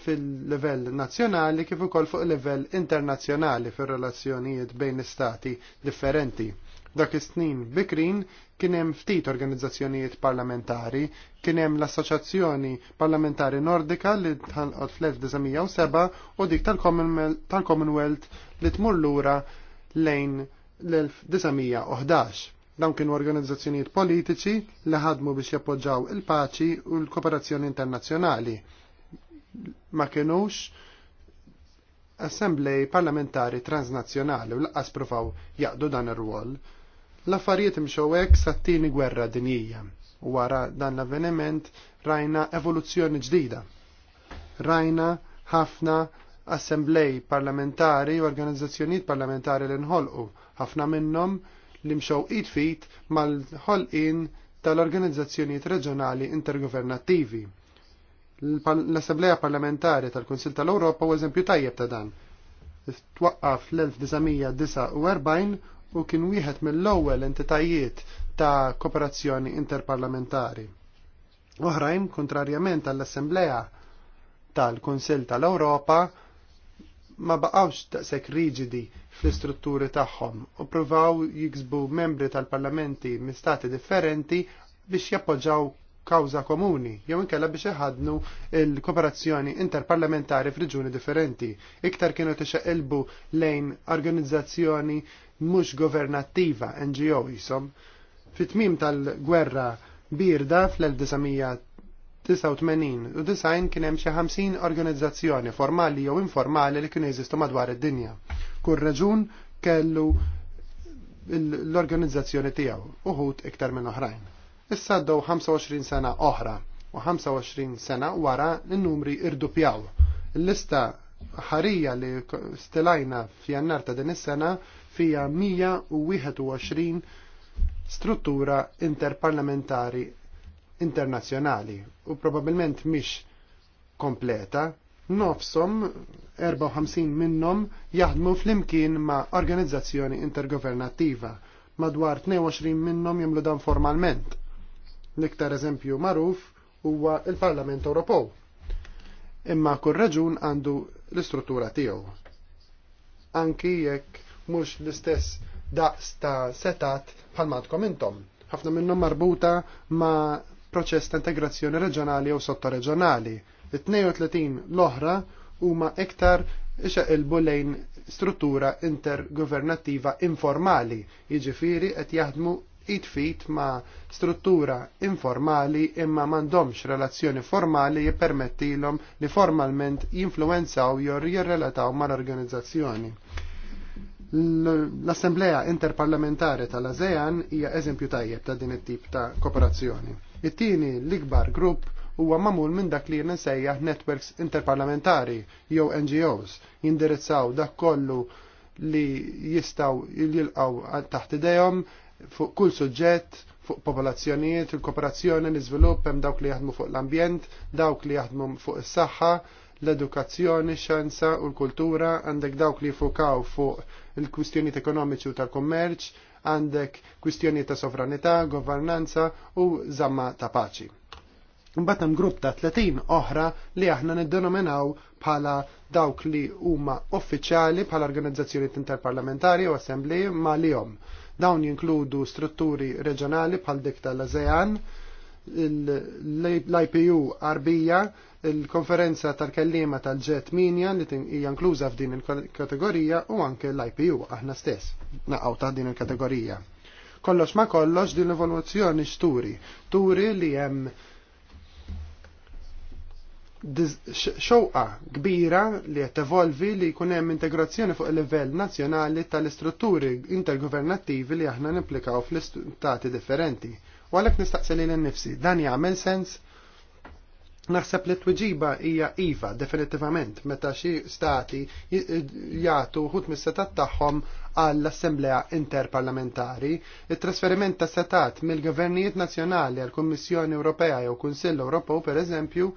fil-level nazzjonali kif ukoll fuq level internazzjonali fir-relazzjonijiet bejn istati differenti. Dak is-snin bikrin kien hemm ftit organizzazzjonijiet parlamentari, kien hemm l-Assoċjazzjoni Parlamentari Nordika li tħanqot fl-1907 u dik tal-Commonwealth li tmur lura lejn l-1911. Dawn kienu organizzazzjonijiet politiċi li ħadmu biex jappoġġaw il-paċi u l-kooperazzjoni internazzjonali. Ma kienux assemblej parlamentari transnazzjonali u laqqas provaw jaqdu dan ir-rwol. L-affarijiet imxew hekk sat-tieni gwerra dinjija u wara dan l-avveniment rajna evoluzzjoni ġdida. Rajna ħafna assemblej parlamentari u organizzazzjonijiet parlamentari li nħolqu, ħafna minnhom li mxew id-fit mal-ħolqien tal-organizzazzjonijiet reġjonali intergovernattivi. L-Assembleja Parlamentari tal konsil tal-Ewropa u eżempju tajjeb ta' dan. Twaqqaf l-1949 u kien wieħed mill-ewwel entitajiet ta' kooperazzjoni interparlamentari. Oħrajn, kontrarjament għall-Assembleja tal-Kunsil tal-Ewropa, ma baqawx daqshekk riġidi fl-istrutturi tagħhom u pruvaw jiksbu membri tal-parlamenti minn stati differenti biex jappoġġaw kawża komuni, jew inkella biex iħadnu l-kooperazzjoni interparlamentari f'riġuni differenti. Iktar kienu tixeqilbu lejn organizzazzjoni mhux governattiva, NGO jisom. Fit-tmim tal-gwerra birda fl-19 89 u design kien hemm xi 50 organizzazzjoni formali jew informali li kienu jeżistu madwar id-dinja. Kull raġun kellu l-organizzazzjoni tiegħu uħud iktar minn oħrajn. Issa ddew 25 sena oħra u 25 sena wara n-numri irdupjaw. L-lista ħarija li stilajna f'jannar ta' din is-sena fija 121 struttura interparlamentari internazzjonali u probabilment mhix kompleta, nofsom 54 minnhom jaħdmu flimkien ma' organizzazzjoni intergovernattiva, madwar 22 minnhom jimlu dan formalment. L-iktar eżempju magħruf huwa il-Parlament Ewropew. Imma kull raġun għandu l-istruttura tiegħu. Anki jekk mhux l-istess daqs ta' setat bħal matkom intom. Ħafna minnhom marbuta ma' proċess ta' integrazzjoni reġjonali u sottoreġjonali. 32 l-oħra huma iktar ixeqilbu lejn struttura intergovernattiva informali, jiġifieri qed jaħdmu jitfit fit ma' struttura informali imma m'għandhomx relazzjoni formali jippermettilhom li formalment jinfluenzaw jew jirrelataw mal-organizzazzjoni. L-Assemblea Interparlamentare tal-ASEAN hija eżempju tajjeb ta' din it-tip ta' kooperazzjoni. It-tieni l-ikbar grupp huwa mamul minn dak li nsejjaħ networks interparlamentari jew NGOs jindirizzaw dak kollu li jistaw jilqaw taħt idejhom fuq kull suġġett, fuq popolazzjonijiet, il-kooperazzjoni, l-iżvilupp, hemm dawk li jaħdmu fuq l-ambjent, dawk li jaħdmu fuq is-saħħa, l-edukazzjoni, x-xjenza u l-kultura, għandek dawk li jfukaw fuq il-kwistjonijiet ekonomiċi u tal-kommerċ, għandek kwistjoni ta' sovranità, governanza u zamma ta' paċi. Mbagħad hemm grupp ta' 30 oħra li aħna niddenominaw bħala dawk li huma uffiċjali pala organizzazzjoni interparlamentari u assembli ma jom. Dawn jinkludu strutturi reġjonali bħal dik tal-ASEAN, l-IPU Arbija, il-konferenza tal-kellima tal-ġet minja li hija inkluża f'din il-kategorija u anke l-IPU aħna stess naqgħu ta' din il-kategorija. Kollox ma kollox din l-evoluzzjoni x'turi. Turi li hemm xewqa kbira li qed evolvi li jkun hemm integrazzjoni fuq il-livell nazzjonali tal-istrutturi intergovernattivi li aħna nimplikaw fl-istati differenti. U għalhekk nistaqsi lil nnifsi, dan jagħmel sens? Naħseb li t-tweġiba hija iva, definitivament, meta xi stati jagħtu ħut mis-setat tagħhom għall-Assemblea Interparlamentari, it-trasferiment ta' setat mill-Gvernijiet Nazzjonali għall kummissjoni Ewropea jew Kunsill Ewropew pereżempju,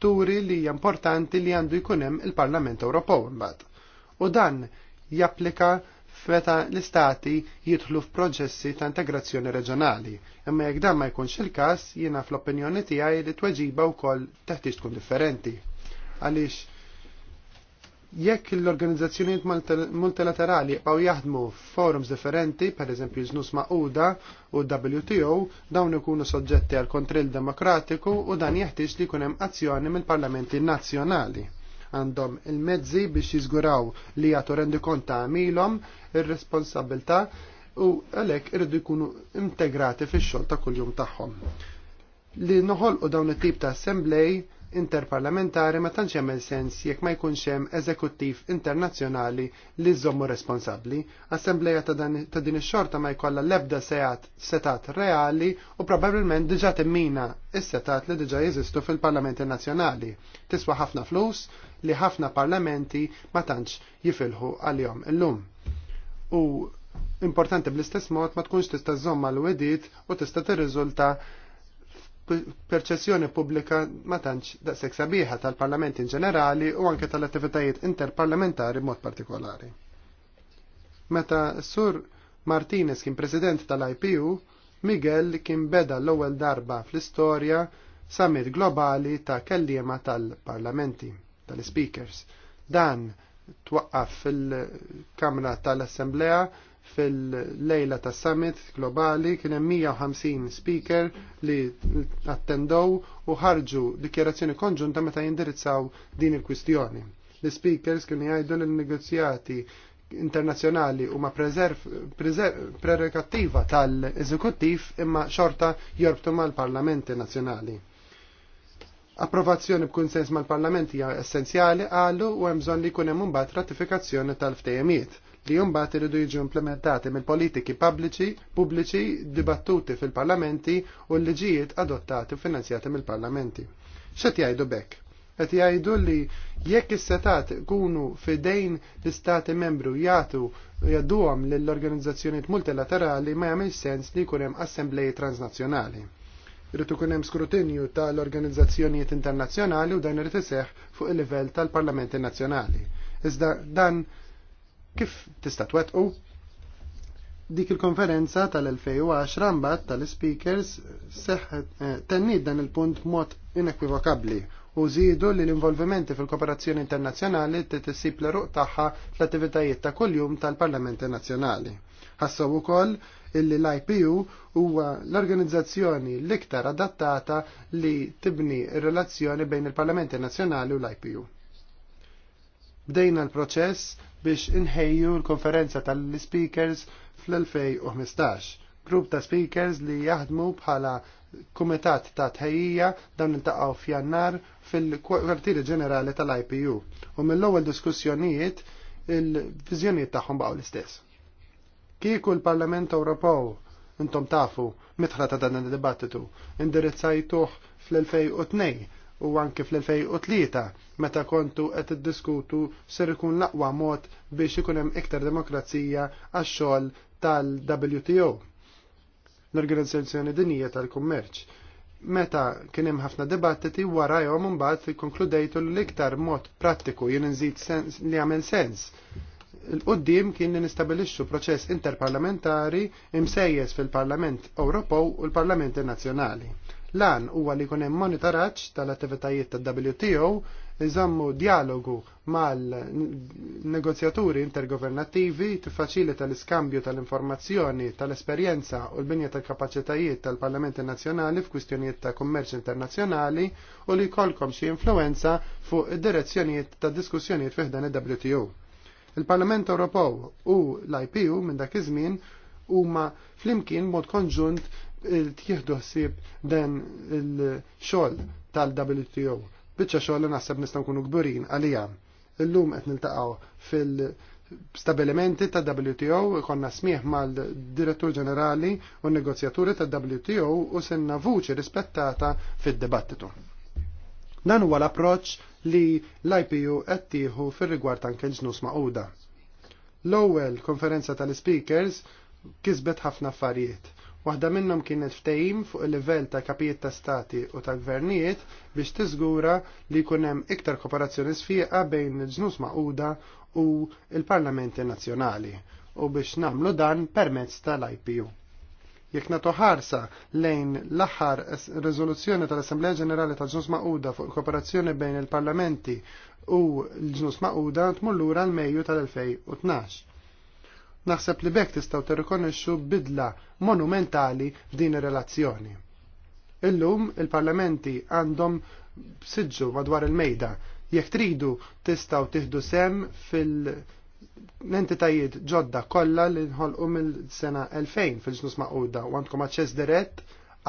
turi li hija importanti li għandu jkun hemm il-Parlament Ewropew imbagħad. U dan japplika feta l-istati jidħlu f'proċessi ta' integrazzjoni reġjonali. Imma jekk dan ma jkunx il-każ, jiena fl-opinjoni tiegħi li tweġiba wkoll teħtieġ tkun differenti. Għaliex jekk l-organizzazzjonijiet multilaterali jibqgħu jaħdmu f'forums differenti, pereżempju żnus maquda u WTO, dawn ikunu soġġetti għal kontrill demokratiku u dan jeħtieġ li jkun hemm azzjoni mill-parlamenti nazzjonali għandhom il-mezzi biex jiżguraw li jagħtu rendikont ta' għamilhom ir responsabilta u għalhekk irridu jkunu integrati fix-xogħol ta' kuljum tagħhom. Li noħolqu dawn it-tip ta' assemblej interparlamentari ma tantx jagħmel sens jekk ma jkunx hemm eżekuttiv internazzjonali li żommu responsabbli. Assembleja ta' din ix-xorta ma jkollha l-ebda sejat setat reali u probabbilment diġà timmina is-setat li diġà jeżistu fil-Parlamenti Nazzjonali. Tiswa ħafna flus li ħafna parlamenti ma tantx jifilħu għalihom illum. U importanti bl-istess mod ma tkunx tista' żomma l-wedid u tista' tirriżulta perċezzjoni pubblika ma tantx daqshekk sabiħa tal-Parlament in ġenerali u anke tal-attivitajiet interparlamentari mod partikolari. Meta Sur Martinez kien president tal-IPU, Miguel kien beda l-ewwel darba fl-istorja summit globali ta' kelliema tal-parlamenti, tal-speakers. Dan twaqqaf fil-Kamra tal-Assemblea fil-lejla ta' summit globali kien hemm 150 speaker li attendow u ħarġu dikjerazzjoni konġunta meta jindirizzaw din il-kwistjoni. L-speakers kienu jgħidu l-negozjati internazzjonali huma prerogattiva tal-eżekuttiv imma xorta jorbtu mal-parlamenti nazzjonali. Approvazzjoni b'kunsens mal-parlamenti hija essenzjali għalu u hemm bżonn li jkun hemm imbagħad ratifikazzjoni tal-ftejemiet li jumbat iridu jiġu implementati mill-politiki pubbliċi pubbliċi dibattuti fil-parlamenti u l-liġijiet adottati u finanzjati mill-parlamenti. ċet jgħidu bekk? Qed jgħidu li jekk is-setat kunu fidejn l-istati membru jagħtu jadduhom lill-organizzazzjonijiet multilaterali ma jagħmel sens li jkun hemm assembleji transnazzjonali Rritu kunem hemm skrutinju tal-organizzazzjonijiet internazzjonali u dan irid iseħħ fuq il-livell tal-Parlamenti Nazzjonali. Iżda dan Kif tista' twettqu? Dik il-konferenza tal-2010 mbagħad tal-speakers eh, tennid dan il-punt mod inekwivokabbli u żiedu li l-involvimenti fil-kooperazzjoni internazzjonali titissib l-ruq tagħha fl-attivitajiet ta' kuljum tal-Parlamenti Nazzjonali. Ħassaw ukoll illi l-IPU huwa l-organizzazzjoni l-iktar adattata li tibni relazzjoni bejn il-Parlamenti Nazzjonali u l-IPU. Bdejna l-proċess biex inħejju l-konferenza tal-speakers fl-2015. Grupp ta' speakers li jaħdmu bħala kumitat ta' tħejjija dawn intaqgħu f'jannar fil-kwartieri ġenerali tal-IPU u mill-ewwel diskussjonijiet il-viżjonijiet tagħhom baqgħu l-istess. Kieku l-Parlament Ewropew intom tafu mitħla ta' dan id-dibattitu indirizzajtuh fl-2002 u anke fl-2003 meta kontu qed iddiskutu ser ikun l-aqwa mod biex ikun hemm iktar demokrazija għax-xogħol tal-WTO l-Organizzazzjoni Dinija tal-Kummerċ. Meta kien hemm ħafna dibattiti warajhom imbagħad konkludejtu l-iktar mod prattiku jien nżid li għamel sens il qoddim kien li nistabilixxu proċess interparlamentari imsejjes fil-Parlament Ewropew u l-Parlamenti Nazzjonali. Lan huwa li jkun hemm monitoraġġ tal-attivitajiet tad-WTO iżammu dialogu mal-negozjaturi intergovernattivi tiffaċilita l-iskambju tal-informazzjoni, tal-esperjenza u l-binja tal-kapaċitajiet tal-Parlamenti Nazzjonali f'kwistjonijiet ta' kummerċ internazzjonali u li jkollkom xi influenza fuq id-direzzjonijiet ta' diskussjonijiet fiħdan il-WTO. Il-Parlament Ewropew u l-IPU minn dak iż-żmien huma flimkien mod konġunt tieħdu ħsieb dan il-xogħol tal-WTO. Biċċa xogħol li naħseb nistgħu nkunu kburin għalija. Illum qed niltaqgħu fil- stabilimenti ta' WTO, konna smieħ mal-direttur ġenerali u negozjaturi ta' WTO u senna vuċi rispettata fid dibattitu Dan huwa l-approċ li l-IPU qed tieħu fir-rigward anke l-ġnus maquda. L-ewwel konferenza tal-speakers kisbet ħafna affarijiet Waħda minnhom kienet ftehim fuq il-livell ta' kapijiet ta' stati u ta' gvernijiet biex tiżgura li jkun hemm iktar kooperazzjoni sfiqa bejn il-ġnus maquda u il-parlamenti nazzjonali u biex nagħmlu dan permezz tal-IPU. Jekk nagħtu ħarsa lejn l-aħħar riżoluzzjoni tal-Assembleja Ġenerali tal-Ġnus Maquda fuq kooperazzjoni bejn il-parlamenti u l-ġnus maquda tmur lura l-Mejju tal-2012 Naħseb li bekk tistaw tirrikonixxu bidla monumentali f'din ir-relazzjoni. Illum il-parlamenti għandhom siġġu madwar il-mejda. Jekk tridu tistgħu tieħdu sem fil- l-entitajiet ġodda kollha li nħolqu mill-sena 2000 fil-ġnus maquda u għandkom aċċess dirett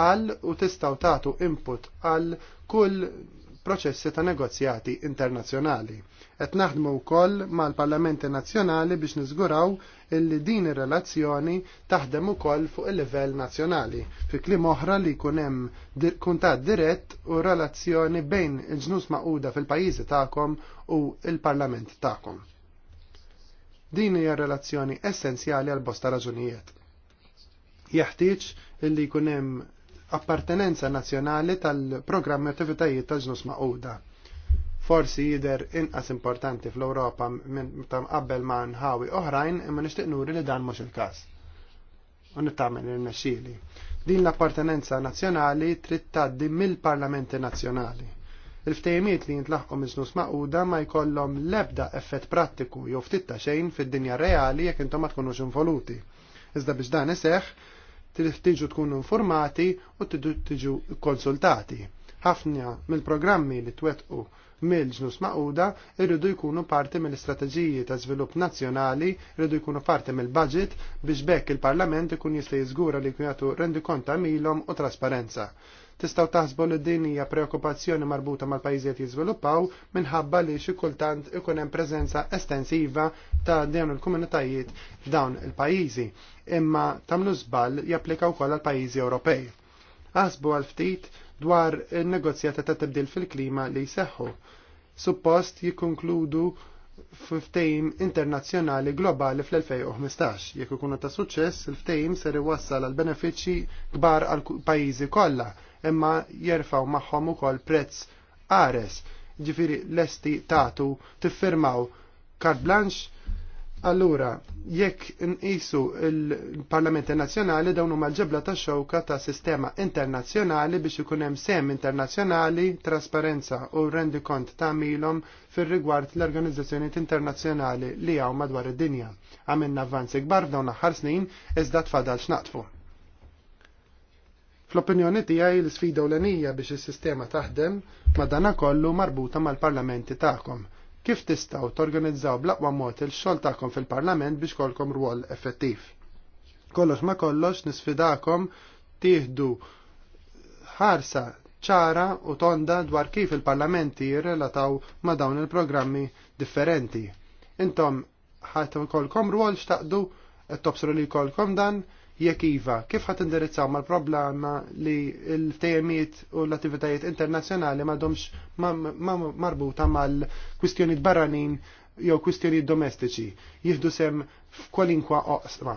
għal u tistaw tagħtu input għal kull proċessi ta' negozjati internazzjonali. Qed naħdmu wkoll mal-Parlamenti Nazzjonali biex niżguraw illi din ir-relazzjoni taħdem ukoll fuq il-livell nazzjonali. Fi kliem oħra li jkun hemm kuntat dirett u relazzjoni bejn il-ġnus maquda fil-pajjiżi tagħkom u il-Parlament tagħkom. Din hija relazzjoni essenzjali għal bosta raġunijiet. Jeħtieġ illi jkun hemm appartenenza nazzjonali tal-programmi attivitajiet tal-ġnus maquda forsi jider inqas importanti fl-Ewropa minn tam qabel ma' nħawi oħrajn imma nixtieq nuri li dan mhux il-każ. U nittamel il-nexxieli. Din l-appartenenza nazzjonali trid tgħaddi mill-parlamenti nazzjonali. Il-ftejmiet li jintlaħqu miżnus maquda ma jkollhom l-ebda effett prattiku jew ftit ta' xejn fid-dinja reali jekk intom ma tkunux involuti. Iżda biex dan iseħħ, tiġu tkunu informati u tiġu konsultati. Ħafna mill-programmi li twettqu mill-ġnus maquda irridu jkunu parti mill-istrateġiji ta' żvilupp nazzjonali, irridu jkunu parti mill-budget biex bekk il-Parlament ikun jista' jiżgura li jkun jagħtu rendikont ta' milhom u trasparenza. Tistgħu taħsbu li din hija preokkupazzjoni marbuta mal-pajjiżiet jiżviluppaw minħabba li xi kultant ikun hemm preżenza estensiva ta' dawn il-komunitajiet f'dawn il-pajjiżi, imma tagħmlu żball japplika wkoll għall pajjiżi Ewropej. Aħsbu għal ftit dwar il-negozjata ta' tibdil fil-klima li jseħħu. Suppost jikkonkludu f'ftejm internazzjonali globali fl-2015. Jekk ikunu ta' suċċess, il-ftejm ser iwassal għal benefiċċji kbar għal pajjiżi kollha, imma jerfaw magħhom ukoll prezz ares. Ġifieri lesti tagħtu tiffirmaw carte blanche Allura, jekk nqisu il-Parlamenti Nazzjonali dawn huma l-ġebla ta' xewka ta' sistema internazzjonali biex ikun hemm sem internazzjonali, trasparenza u rendi kont ta' milhom fir-rigward l organizzazzjoni internazzjonali li hawn madwar id-dinja. Għamilna avvanzi kbar f'dawn aħħar snin iżda tfadal x'naqtfu. Fl-opinjoni tiegħi l-sfida l-enija biex is-sistema taħdem madanakollu marbuta mal-parlamenti tagħkom kif tistaw torganizzaw blaqwa mod il-xol tagħkom fil-Parlament biex kolkom rwol effettiv. Kollox ma kollox nisfidakom tiħdu ħarsa ċara u tonda dwar kif il-parlamenti jirrelataw ma dawn il-programmi differenti. Intom ħat kolkom rwol xtaqdu, et topsru li kolkom dan, Jekk iva, kif ħat indirizzaw mal-problema li l-ftejemiet u l-attivitajiet internazzjonali m'għadhomx marbuta mal-kwistjoni barranin jew kwistjoni domestiċi, jieħdu sem f'kwalinkwa oqsma.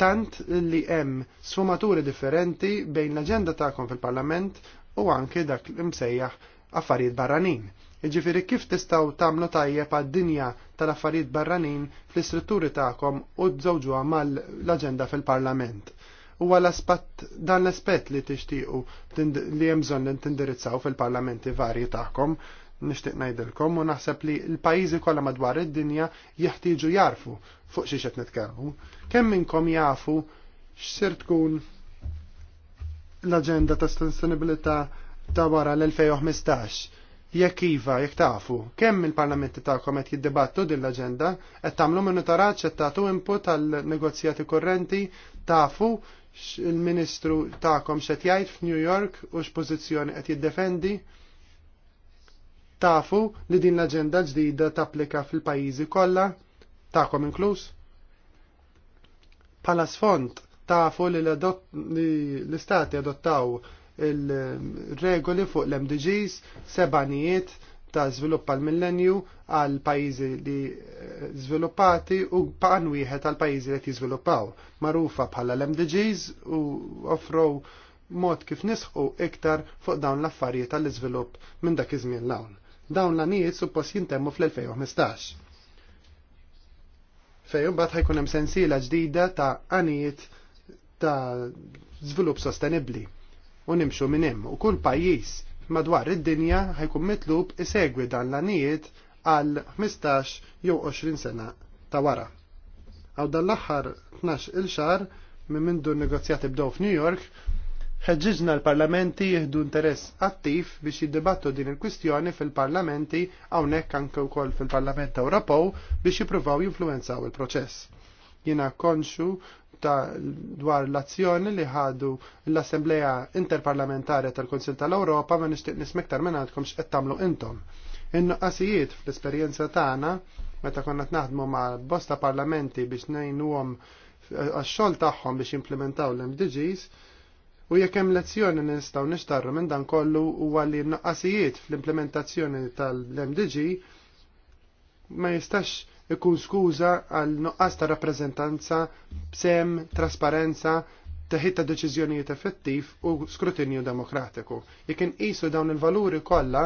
Tant li hemm sfumaturi differenti bejn l-aġenda tagħkom fil-Parlament u anke dak li msejjaħ affarijiet barranin. Iġifiri kif tistaw tamlu tajjeb għad-dinja tal-affarijiet barranin fl-istrutturi tagħkom u tżewġuha mal-aġenda fil-Parlament. Huwa għal dan l-aspett li tixtiequ li hemm bżonn li tindirizzaw fil-parlamenti varji tagħkom nixtieq ngħidilkom u naħseb li l-pajjiżi kollha madwar id-dinja jeħtieġu jarfu fuq xi qed nitkellmu. Kemm minnkom jafu x'sir tkun l-aġenda ta' sostenibilità ta' wara l-2015 jekk iva, jekk tafu, kemm il-parlamenti tagħkom qed jiddibattu din l-aġenda, qed tagħmlu monitoraġġ qed tagħtu input tal-negozjati kurrenti, tafu il-Ministru tagħkom x'qed jgħid f'New York u x'pożizzjoni qed jiddefendi. Tafu li din l-aġenda ġdida tapplika fil-pajjiżi kollha, tagħkom inkluż. Pala sfond, tafu li l-istati adottaw il-regoli fuq l-MDGs, sebanijiet ta' żvilupp għal millenju għal pajjiżi li eh, żviluppati u pan wieħed għal pajjiżi li jiżviluppaw. Marufa bħala l-MDGs u offrow mod kif nisħu iktar fuq dawn l-affarijiet tal-iżvilupp minn dak iż-żmien l-hawn. Dawn l-anijiet suppost jintemmu fl-2015. Fejn mbagħad ħajkun hemm sensiela ġdida ta' anijiet ta' żvilupp sostenibbli u nimxu minn hemm u kull pajjiż madwar id-dinja ħajkun mitlub isegwi dan l-anijiet għal 15 jew 20 sena ta' wara. Għaw dan l-aħħar 12 il-xar minn mindu negozjati bdew f'New York, ħeġġiġna l-parlamenti jihdu interess attiv biex jiddibattu din il-kwistjoni fil-parlamenti hawnhekk anke wkoll fil-Parlament Ewropew biex jippruvaw jinfluwenzaw il-proċess. Jiena konxu ta' dwar l-azzjoni li ħadu l-Assembleja Interparlamentarja tal-Konsil tal-Ewropa ma nixtieq nismektar minn għadkom x'qed tagħmlu intom. In-nuqqasijiet fl-esperjenza tagħna meta konna naħdmu ma' bosta parlamenti biex ngħinuhom eh, għax-xogħol tagħhom biex implementaw l-MDGs u jekk hemm lezzjoni nistgħu nixtarru minn dan kollu huwa li n fl-implementazzjoni tal-MDG ma jistax ikun skuża għal nuqqas ta' rappreżentanza b'sem trasparenza teħid ta' deċiżjonijiet effettiv u skrutinju demokratiku. Jekk inqisu dawn il-valuri kollha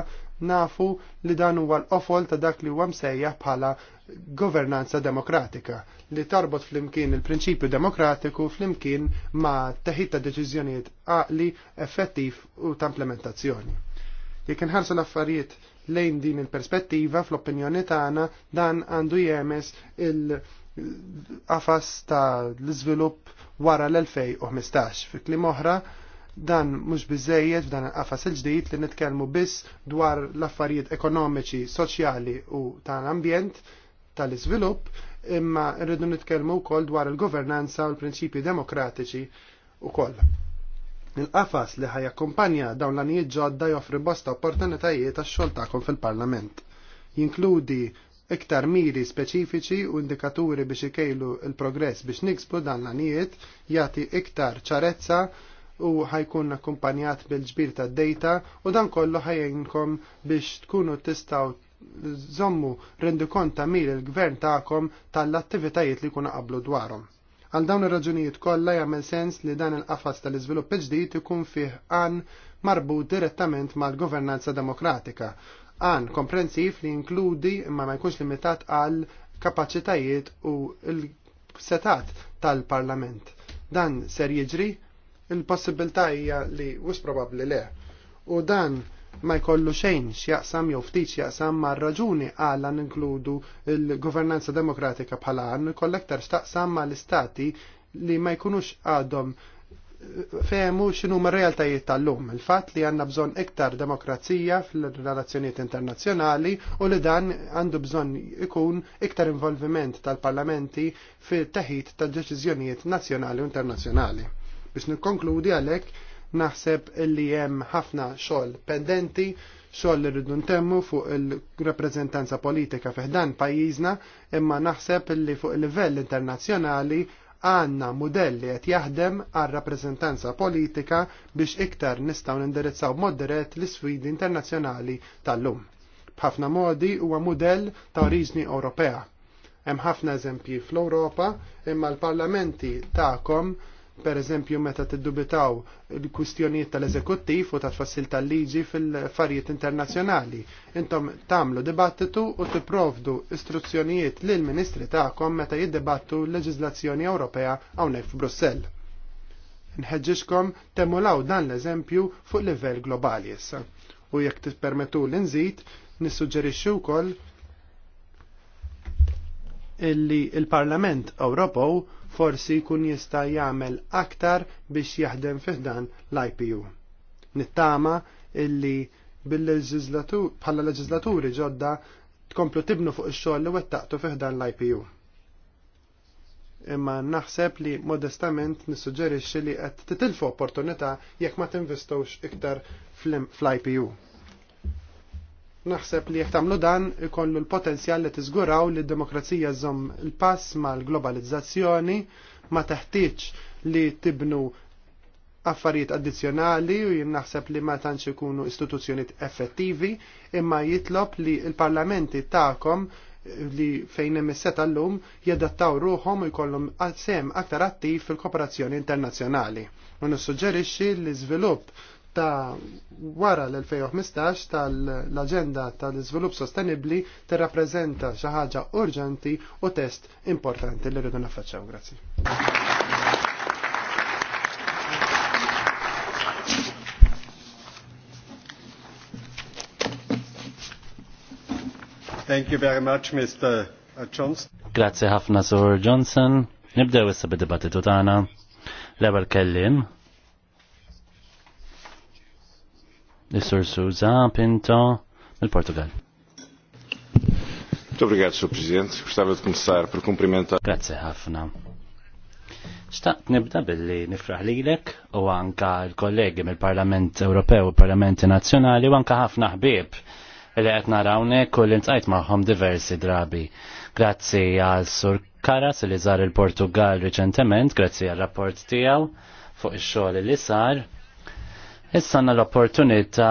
nafu li dan huwa l-qofol ta' dak li huwa msejjaħ bħala governanza demokratika li tarbot flimkien il-prinċipju demokratiku flimkien ma' teħid ta' deċiżjonijiet għaqli effettiv u ta' implementazzjoni. Jekk ħarsu l-affarijiet lejn din il-perspettiva fl-opinjoni tagħna dan għandu jemes il-qafas ta' l-iżvilupp wara l-2015. Fi kliem oħra, dan mhux biżejjed f'dan il-qafas il-ġdid li nitkellmu biss dwar l-affarijiet ekonomiċi, soċjali u tal-ambjent tal-iżvilupp, imma rridu nitkellmu wkoll dwar il-governanza u l-prinċipji demokratiċi ukoll nil qafas li akkompanja dawn l-anijiet ġodda joffri bosta opportunitajiet għax-xogħol tagħkom fil-Parlament. Jinkludi iktar miri speċifiċi u indikaturi biex ikejlu il-progress biex niksbu dan l-anijiet jagħti iktar ċarezza u ħajkun akkumpanjat bil-ġbir ta' data u dan kollu ħajjenkom biex tkunu tistaw zommu rendu kont ta' mir il-gvern ta'kom tal-attivitajiet li kuna qablu dwarhom. Għal dawn ir-raġunijiet kollha jagħmel sens li dan il-qafas tal-iżvilupp ġdid ikun fih għan marbut direttament mal-governanza demokratika. Għan komprensiv li inkludi imma ma jkunx limitat għal kapaċitajiet u l-setat tal-parlament. Dan ser jiġri il-possibilità hija li wis probabbli le. U dan ma jkollu xejn x'jaqsam jew ftit x'jaqsam ma' raġuni għala ninkludu l-governanza demokratika bħala għan kollektar x'taqsam ma' l-istati li ma jkunux għadhom eh, fehmu x'inhu r-realtajiet tal-lum, il-fatt li għandna bżonn iktar demokrazija fil-relazzjonijiet internazzjonali u li dan għandu bżonn ikun iktar involviment tal-parlamenti fit-teħid tad deċiżjonijiet nazzjonali u internazzjonali. Biex nikkonkludi għalhekk Naħseb illi hemm ħafna xogħol pendenti, xogħol li rridu ntemmu fuq il-rappreżentanza politika fiħdan pajjiżna, imma naħseb illi fuq il-livell internazzjonali għanna modelli qed jaħdem għal rappreżentanza politika biex iktar nistgħu nindirizzaw mod l-isfidi internazzjonali tal-lum. B'ħafna modi huwa mudell ta' oriġni Ewropea. Hemm ħafna eżempji fl-Ewropa imma l-parlamenti tagħkom per eżempju meta tiddubitaw il-kwistjonijiet tal-eżekuttiv u tat-fassil tal-liġi fil-affarijiet internazzjonali. Intom tamlu dibattitu u tipprovdu istruzzjonijiet lil ministri tagħkom meta jiddibattu l-leġiżlazzjoni Ewropea hawnhekk f'Brussell. Nħeġġixkom temulaw dan l-eżempju fuq livell globali issa. U jekk tippermetu l-inżid, nissuġġerixxu wkoll illi il-Parlament Ewropew forsi jkun jista' jagħmel aktar biex jaħdem fiħdan l-IPU. Nittama illi bħala leġislaturi ġodda tkomplu tibnu fuq ix-xogħol li wettaqtu fiħdan l-IPU. Imma naħseb li modestament nissuġġerixxi li qed titilfu opportunità jekk ma tinvestowx iktar fl-IPU. Naħseb li jekk tagħmlu dan ikollu l-potenzjal li tiżguraw li d-demokrazija żomm il-pass mal-globalizzazzjoni ma teħtieġ li tibnu affarijiet addizzjonali u jien naħseb li ma tantx ikunu istituzzjonijiet effettivi imma jitlob li l-parlamenti tagħkom li fejn hemm is-seta llum jadattaw ruhom u jkollhom sem aktar attiv fil-kooperazzjoni internazzjonali. U nissuġġerixxi li żvilupp ta' wara l-2015 tal-Aġenda tal izvilup Sostenibbli tirrappreżenta xi ħaġa urġenti u test importanti li rridu naffaċċaw. Grazie. Thank you very much, Mr. Johnson. Grazie ħafna, Sir Johnson. Nibdew issa bid-dibattitu tagħna. L-ewwel kellim Is-Sur Suza Pinto mill-Portugal. Muito obrigado, Sr. Presidente. Gostava de começar por cumprimentar. Grazie ħafna. Xtaqt nibda billi nifraħ lilek u anka l-kollegi mill-Parlament Ewropew u Parlamenti Nazzjonali u anka ħafna ħbieb li qed narawnek u li ntajt magħhom diversi drabi. Grazzi għal Sur Karas li żar il-Portugal riċentement, grazzi għal rapport tiegħu fuq ix-xogħol li sar Issanna l-opportunità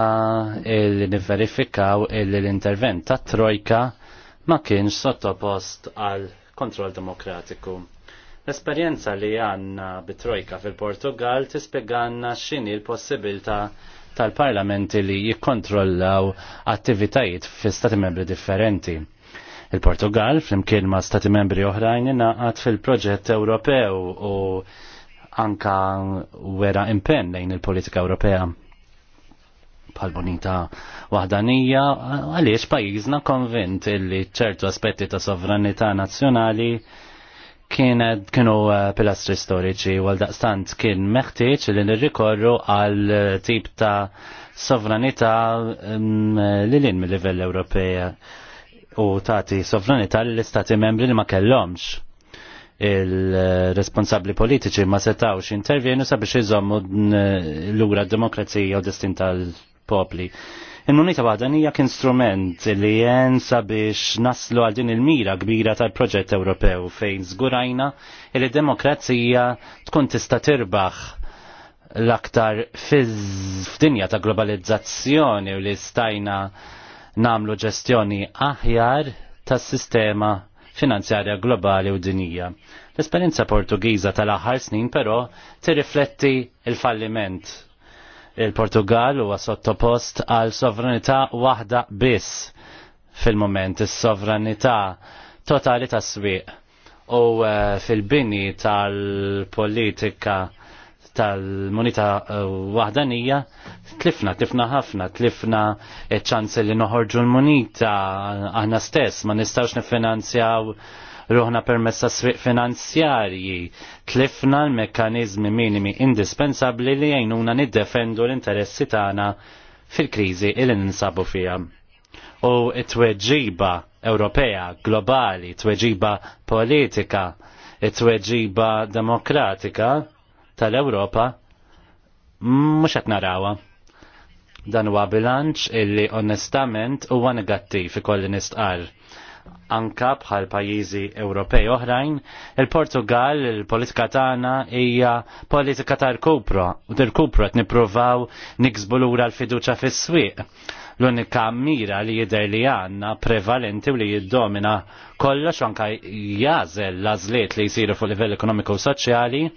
li nivverifikaw li l-intervent ta' Trojka ma kienx sottopost għal kontroll demokratiku. L-esperjenza li għanna bitrojka fil-Portugal tispieganna x'inhi l-possibilità tal-parlamenti li jikkontrollaw attivitajiet fi stati membri differenti. Il-Portugal, flimkien ma stati membri oħrajn, naqat fil-proġett Ewropew u anka wera impenn lejn il-politika Ewropea bħal bonita wahdanija għaliex pajjiżna konvint illi ċertu aspetti ta' sovranità nazzjonali kienet kienu eh, pilastri storiċi għal daqstant kien meħtieġ li nirrikorru għal tip ta' sovranità mm, li l-in mill-livell Ewropea u tagħti sovranità lill istati membri li ma kellhomx il-responsabli politiċi ma setawx intervjenu sabiex iżommu eh, l-ura demokrazija u destin tal-popli. Il-munita hija instrument li jen sabiex naslu għal din il-mira kbira tal-proġett Ewropew fejn zgurajna il-demokrazija tkun tista tirbaħ l-aktar f'dinja ta' globalizzazzjoni u li stajna namlu ġestjoni aħjar tas sistema finanzjarja globali u dinija. L-esperienza Portugiża tal-aħħar snin però tirrifletti il-falliment. Il-Portugal huwa sottopost għal sovranità waħda biss fil-moment, is-sovranità totali tas-swieq u eh, fil-bini tal-politika tal-munita eh, wahdanija tlifna, tlifna ħafna, tlifna eh, ċans li noħorġu l-munita aħna stess, ma nistawx nifinanzjaw ruħna permessa sriq finanzjarji, tlifna l mekanizmi minimi indispensabli li jgħinuna niddefendu l-interessi tagħna fil-kriżi il ninsabu fija. U it-tweġiba Ewropea, globali, it tweġiba politika, it tweġiba demokratika, tal-Ewropa mhux qed narawha. Dan huwa bilanċ illi onestament huwa negattiv ikolli nistqar anka bħal pajjiżi Ewropej oħrajn, il-Portugal, il-politika tagħna hija politika tal-kupra, u tal-kupra qed nippruvaw niksbu lura l-fiduċja fis-swieq. L-unika mira li jidher li għandna prevalenti u li jiddomina kollox anka jażel l-għażliet li jsiru fuq livell ekonomiku u soċjali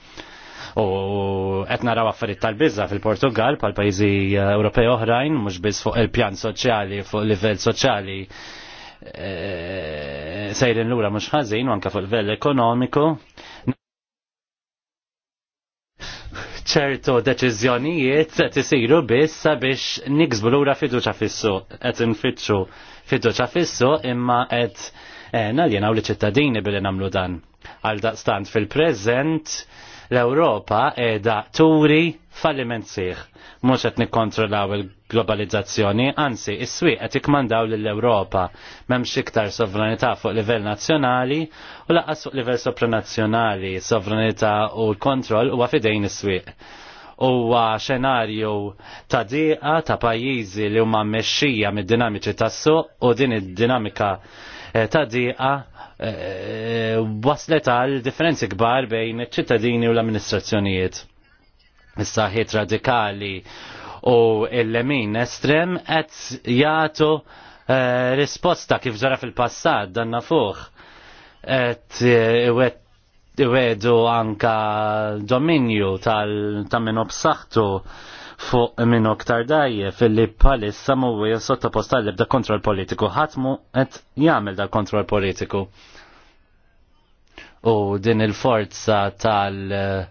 U qed naraw affarijiet tal bizza fil-Portugal pal pajjiżi eh, Ewropej oħrajn mhux biss fuq il-pjan soċjali fuq livell soċjali eh, sejrin lura mhux ħażin u anke fuq livell ekonomiku. ċertu deċiżjonijiet qed isiru biss sabiex niksbu lura fiduċa fissu qed infittxu fiduċa fissu imma qed eh, naljena u li ċittadini billi namlu dan. Għal daqstant fil-prezent l-Ewropa edha turi falliment siħ Mux qed nikkontrollaw il-globalizzazzjoni, anzi, is swi għet ikmandaw lill-Ewropa m'hemmx iktar sovranità fuq livell nazzjonali u laqas fuq livell sopranazzjonali, sovranità u l-kontroll huwa għafidejn is-swieq huwa xenarju ta' diqa ta' pajjiżi li huma mmexxija mid-dinamiċi tas-suq u din id-dinamika Eh, ta' diqa eh, waslet għal differenzi kbar bejn iċ-ċittadini u l-amministrazzjonijiet. Issa ħiet radikali u l-lemin estrem qed jagħtu eh, risposta kif ġara fil-passat danna fuq. Qed iwedu anka dominju tal-taminu b'saħħtu fuq minn oktar dajje fil-li palissa muwi sottopost għall-ebda kontrol politiku. ħatmu et jgħamil da kontrol politiku. U din il-forza tal-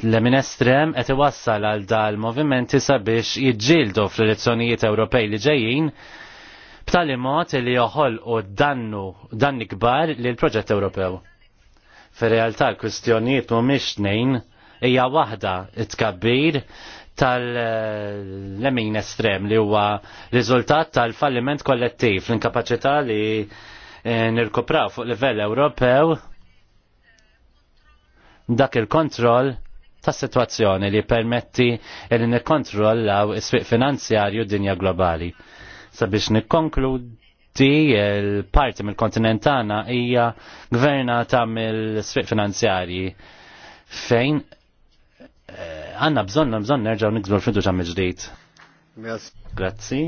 l-emin estrem qed iwassal għal dal-movimenti sabiex jiġġieldu fl-elezzjonijiet Ewropej li ġejjin b'tali mod li joħolqu dannu danni kbar l proġett Ewropew. Fir-realtà l-kwistjonijiet mhumiex tnejn hija waħda it-tkabbir tal-lemin estrem li huwa riżultat tal-falliment kollettiv, l-inkapaċità li eh, nirkopraw fuq livell Ewropew dak il-kontroll ta' situazzjoni li permetti li nikkontrollaw is-swieq finanzjarju dinja globali. Sabiex nikkonkludi il-parti mill-kontinent hija gvernata mill-swieq finanzjarji fejn Eh, għanna għanna bżon nerġaw nikbru l-fidu ġam ġdijt. Grazzi.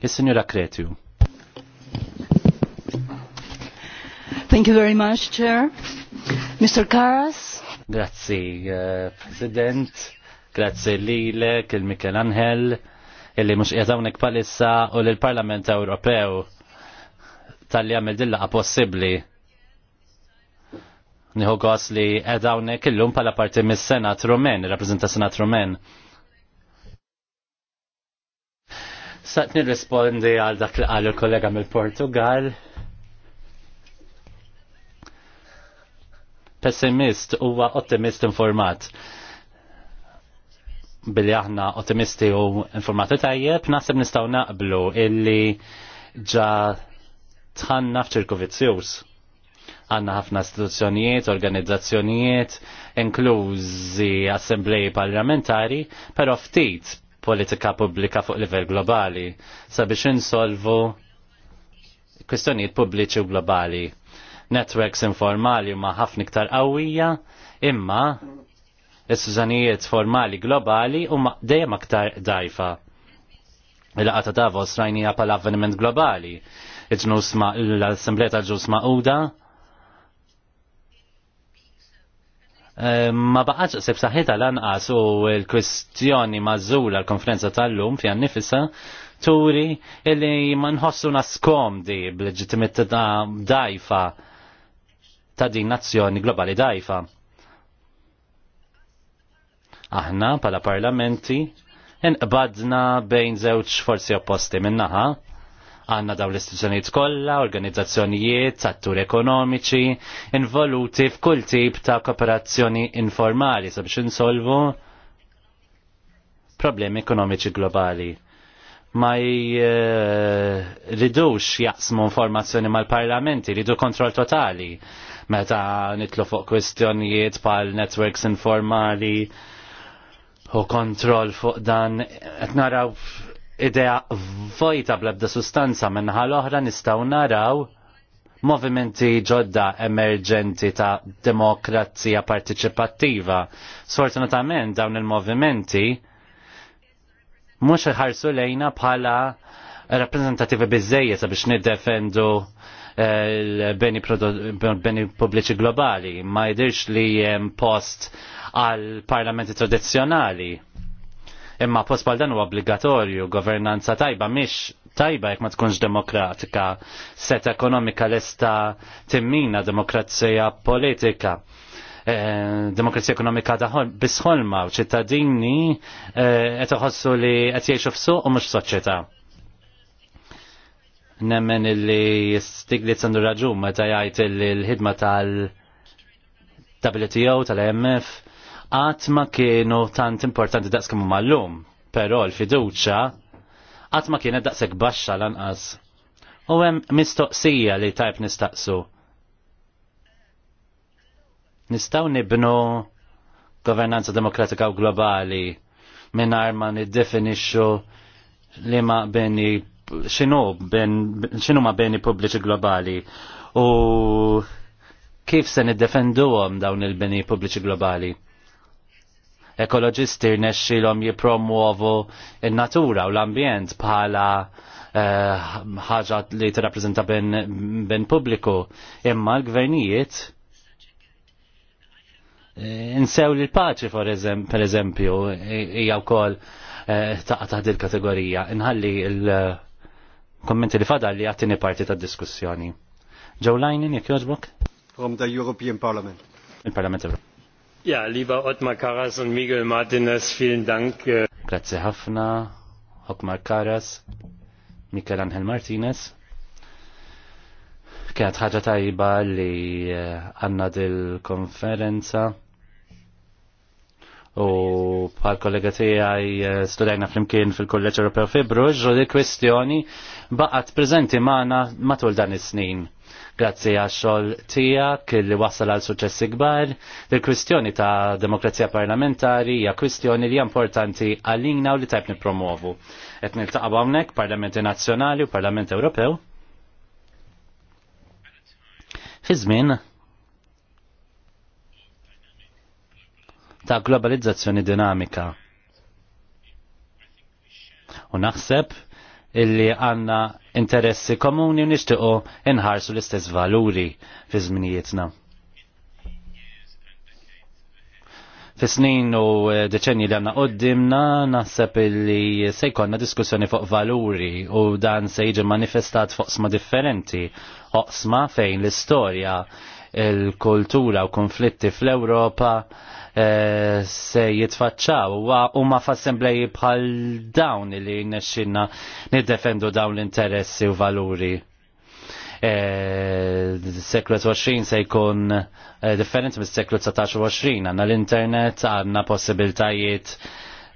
Il-Signora Kretju. Thank you very much, Chair. Mr. Karas. Grazzi, eh, President. Grazzi lilek, il-Mikel Angel, illi mux jazawnek palissa u l-Parlament Ewropew tal-li għamil dilla possibli Niħu għas li edawne illum pala parti mis senat rumen, rappresenta senat rumen. Saqt nirrispondi għal dak li għal il-kollega mill-Portugal. Pessimist huwa ottimist informat billi aħna ottimisti u informati tajjeb, nasib nistaw naqblu illi ġa tħanna f'ċirku Għanna ħafna istituzzjonijiet, organizzazzjonijiet, inklużi assembleji parlamentari, pero ftit politika pubblika fuq livell globali sabiex insolvu kwistjonijiet pubbliċi u globali. Networks informali huma ħafna iktar qawwija, imma is-sużanijiet formali globali huma dejjem aktar dajfa. Il-qata Davos rajnija pal avveniment globali. Iġnus ma l-Assemblea ta' ġus ma' Uda, Eh, ma baqax sef saħħita lanqas u l-kwestjoni mażula għal konferenza tal-lum fi nifisa turi illi ma nħossu naskomdi bl-leġitimità dajfa ta' din nazzjoni globali dajfa. Aħna pala parlamenti inqbadna bejn żewġ forsi opposti minnaħa Għanna daw l istituzjoniet kollha, organizzazzjonijiet, attur ekonomiċi, involuti f'kull tip ta' kooperazzjoni informali sabiex insolvu problemi ekonomiċi globali ma jridux eh, jaqsmu informazzjoni mal-parlamenti, jridu kontrol totali. Meta nitlu fuq kwestjonijiet pal networks informali u kontrol fuq dan, qed naraw idea vojta blebda sustanza minnaħa l-oħra nistaw naraw movimenti ġodda emerġenti ta' demokrazija partiċipattiva. Sfortunatament dawn il-movimenti mhux ħarsu lejna bħala rappresentativi bizzejiet sabiex niddefendu eh, l-beni pubbliċi globali, ma jidirx li jem post għal parlamenti tradizjonali. Imma pospal dan u obbligatorju, governanza tajba miex tajba jekk ma tkunx demokratika, set ekonomika lesta timmina demokrazija politika. Eh, demokrazija ekonomika bisħolma u ċittadini eh, qed eh, iħossu li qed jgħixu f'suq u mhux soċjetà. Nemmen illi Stiglitz għandu raġun meta jgħid illi l-ħidma tal-WTO tal mf qatt ma kienu tant importanti daqs kemm mal-lum, però l-fiduċa qatt ma kienet daqshekk baxxa lanqas. U hemm mistoqsija li tajb nistaqsu. Nistgħu nibnu governanza demokratika u globali mingħajr ma niddefinixxu li ma beni xinu, ben, xinu ma beni pubbliċi globali u kif se niddefendu dawn il-beni pubbliċi globali ekoloġisti rnexxilhom jipromuovu in-natura u l-ambjent bħala eh, ħaġa li tirrappreżenta ben pubbliku. Imma l-gvernijiet insew eh, li l-paċi per eżempju eh, hija wkoll taqa' taħt il-kategorija. Inħalli il-kommenti li fadal li għattini parti tad-diskussjoni. Joe Linen, jek joġbok? From the European Parliament. Il-Parlament Europe. Ja, lieber Ottmar Karas und Miguel Martinez, vielen Dank. Äh, Grazie Hafna, Ottmar Karas, Miguel Angel Martinez. Kienet ħaġa tajba li äh, għanna dil-konferenza u bħal kollega tiegħi eh, studajna flimkien fil kolleġ Ewropew fi u li kwestjoni baqat preżenti magħna matul dan is-snin. Grazzi għax-xogħol tiegħek li wasal għal suċċessi kbar, il-kwistjoni ta' demokrazija parlamentari hija kwistjoni li importanti għalina u li tajb nippromovu. Qed niltaqgħu hawnhekk Parlamenti Nazzjonali u Parlament Ewropew. Fi żmien ta' globalizzazzjoni dinamika. U naħseb illi għanna interessi komuni u nishtiqo inħarsu l-istess valuri fi żminijietna. Fi snin u deċenji li għanna qoddimna naħseb illi se jkollna diskussjoni fuq valuri u dan se jiġi manifestat fuq sma differenti, oqsma fejn l-istorja il-kultura u konflitti fl-Ewropa eh, se jitfacċaw u ma f'assembleji bħal dawn li nexxinna niddefendu dawn l-interessi u valuri. Eh, seklu 20 se jkun eh, differenti mis-seklu 19 20 għanna l-internet għanna possibiltajiet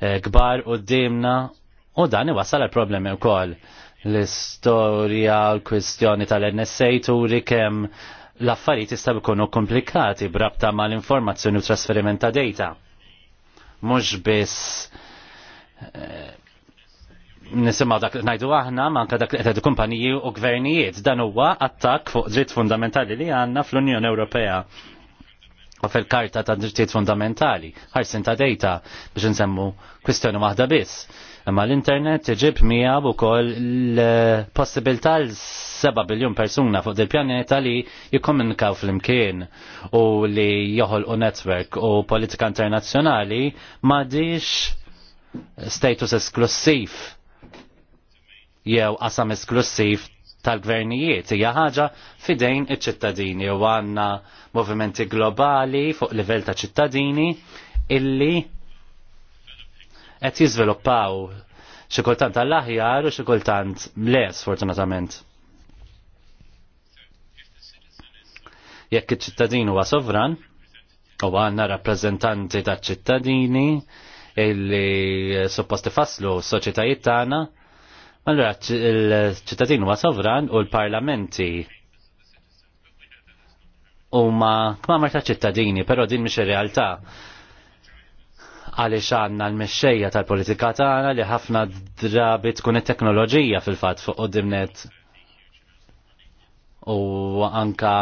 kbar u d-dimna u dan iwasal għal-problemi u koll l-istoria, l-kwistjoni tal-NSA turi kem l-affarijiet jistgħu jkunu komplikati brabta mal-informazzjoni u trasferiment ta' data. Mhux biss eh, nisimgħu dak li ngħidu aħna manka dak li qed kumpaniji u gvernijiet dan huwa attakk fuq dritt fundamentali li għandna fl-Unjoni Ewropea u fil-karta ta' drittijiet fundamentali, ħarsin ta' data biex nsemmu kwistjoni waħda biss Imma l-internet iġib u ukoll l possibilta l 7 biljon persuna fuq il-pjaneta li jikkomunikaw fl-imkien u li joħolqu netwerk u politika internazzjonali m'għadix status esklusiv jew qasam esklusiv tal-gvernijiet hija ħaġa fidejn iċ-ċittadini u għandna movimenti globali fuq livell ta' ċittadini illi qed jiżviluppaw xi kultant għall-aħjar u xi kultant mles fortunatament. Jekk iċ-ċittadin huwa sovran, u għandna rappreżentanti taċ ċittadini illi suppost ifasslu s-soċjetajiet tagħna, allura il-ċittadin huwa sovran u l-parlamenti huma kmamar ta' ċittadini, però din mhix ir-realtà għaliex għandna l-mexxejja tal-politika tagħna li ħafna drabi tkun it-teknoloġija fil-fatt fuq qudimnet u anka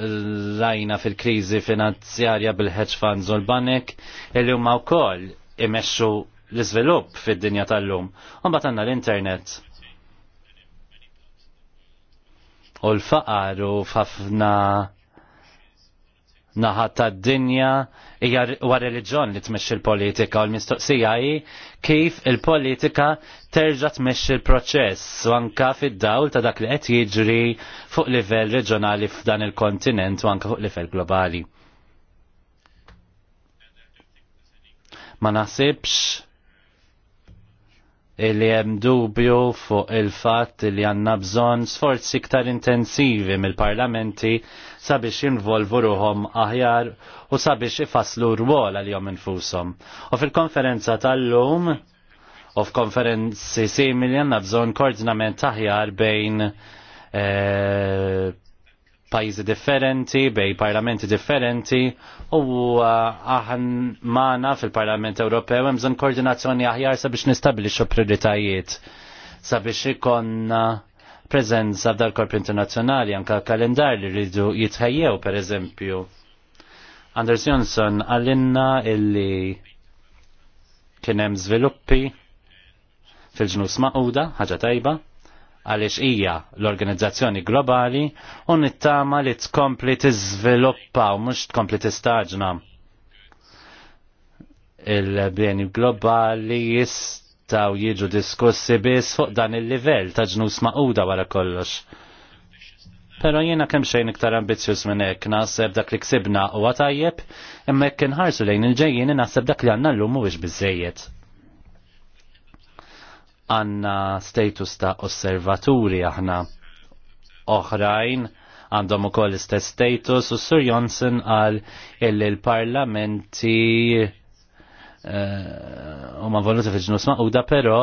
rajna fil-kriżi finanzjarja bil-hedge funds u l-banek illi huma wkoll imexxu l-iżvilupp fid-dinja tal-lum. Mbagħad għandna l-internet. U l-faqar u f'ħafna naħa tad-dinja hija wa reliġjon li tmexxi l-politika u l-mistoqsija hi kif il-politika terġa' tmexxi l-proċess u anka fid-dawl ta' dak li qed jiġri fuq livell reġjonali f'dan il-kontinent u anka fuq livell globali. Ma naħsibx li hemm dubju fuq il-fatt li għandna bżonn sforzi iktar intensivi mill-parlamenti sabiex jinvolvu ruhom aħjar u sabiex ifasslu rwol għal-jom infushom. U fil-konferenza tal-lum u f'konferenzi simili għandna bżonn koordinament aħjar bejn eh, pajjiżi differenti, bej parlamenti differenti u uh, aħan maħna fil-Parlament Ewropew hemm bżonn koordinazzjoni aħjar sabiex nistabilixxu prioritajiet sabiex ikonna preżenza dal korp internazzjonali anka kalendar li rridu jitħejjew pereżempju. Anders Johnson għallinna illi kien hemm żviluppi fil-ġnus maquda, ħaġa tajba, għaliex hija l-organizzazzjoni globali u nittama li tkompli tiżviluppa u mhux tkompli tistaġna. il bieni globali jistgħu jiġu diskussi biss fuq dan il-livell ta' ġnus maquda wara kollox. Pero jiena kemm xejn iktar ambizzjuż minn hekk naħseb dak li ksibna huwa tajjeb, imma jekk inħarsu lejn il-ġejjin naħseb dak li għandna llum mhuwiex biżejjed għanna status ta' osservaturi aħna oħrajn għandhom ukoll istess status u Sir Johnson għal illi l-parlamenti eh, u ma voluti fil-ġnus maquda però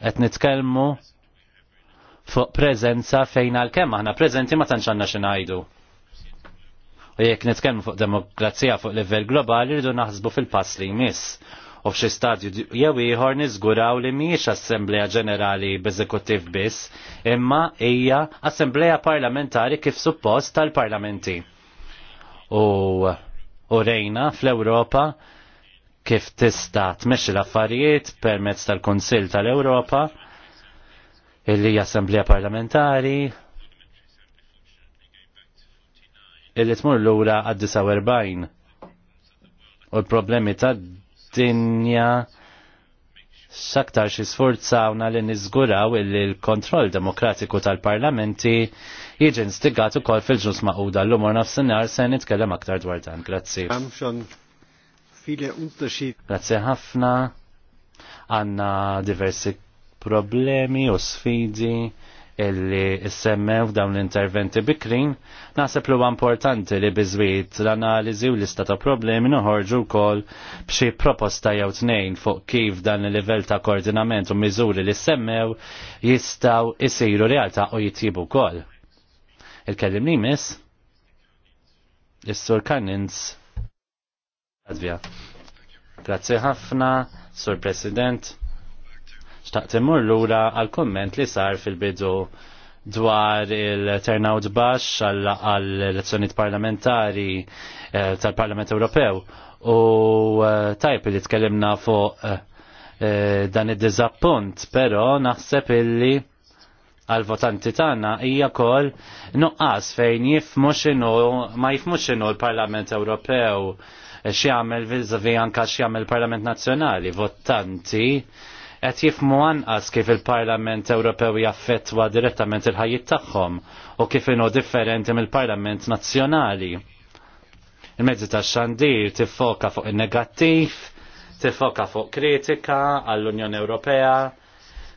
qed nitkellmu fuq preżenza fejn għal-kemm aħna preżenti ma tantx għandna xi ngħidu. U jekk nitkellmu fuq demokrazija fuq livell globali rridu naħsbu fil-pass li jmiss u f'xi stadju jew ieħor niżguraw li mhijiex assembleja ġenerali b'eżekuttiv biss, imma hija assembleja parlamentari kif suppost tal-parlamenti. U, u rejna fl-Ewropa kif tista' tmexxi l-affarijiet permezz tal-Kunsill tal-Ewropa illi hija assembleja parlamentari illi tmur lura għad-49 u l-problemi tad- dinja xaktar xi sforzawna li niżguraw illi l-kontroll demokratiku tal-parlamenti jiġi instigat ukoll fil-ġus maquda l-lumor nafsinhar se nitkellem aktar dwar dan. Grazzi. Grazzi ħafna għanna diversi problemi u sfidi illi semmew dawn l-interventi bikrin, naħseb li huwa importanti li biżwiet l-analiżi u l ta' problemi nħorġu wkoll b'xi proposta jew tnejn fuq kif dan il-livell ta' koordinament u miżuri li semmew jistgħu isiru realtà u jitjibu wkoll. Il-kellim nimis, miss is-Sur Kannins Grazzi ħafna, Sur President. Xtaqt imur lura għal komment li sar fil-bidu dwar il-turnout baxx għall-elezzjoniet parlamentari eh, tal-Parlament Ewropew u eh, tajp li tkellimna fuq eh, dan id-dizappunt, pero naħseb illi għal-votanti tagħna hija kol nuqqas fejn jifmu ma jifmux l-Parlament Ewropew x'jagħmel viżavi anke x'jagħmel il-Parlament Nazzjonali, votanti qed jifmu anqas kif il-Parlament Ewropew jaffettwa direttament il ħajjiet tagħhom u kif inhu differenti mill-Parlament Nazzjonali. Il-mezzi tax-xandir tiffoka fuq in-negattiv, tifoka fuq kritika għall-Unjoni Ewropea,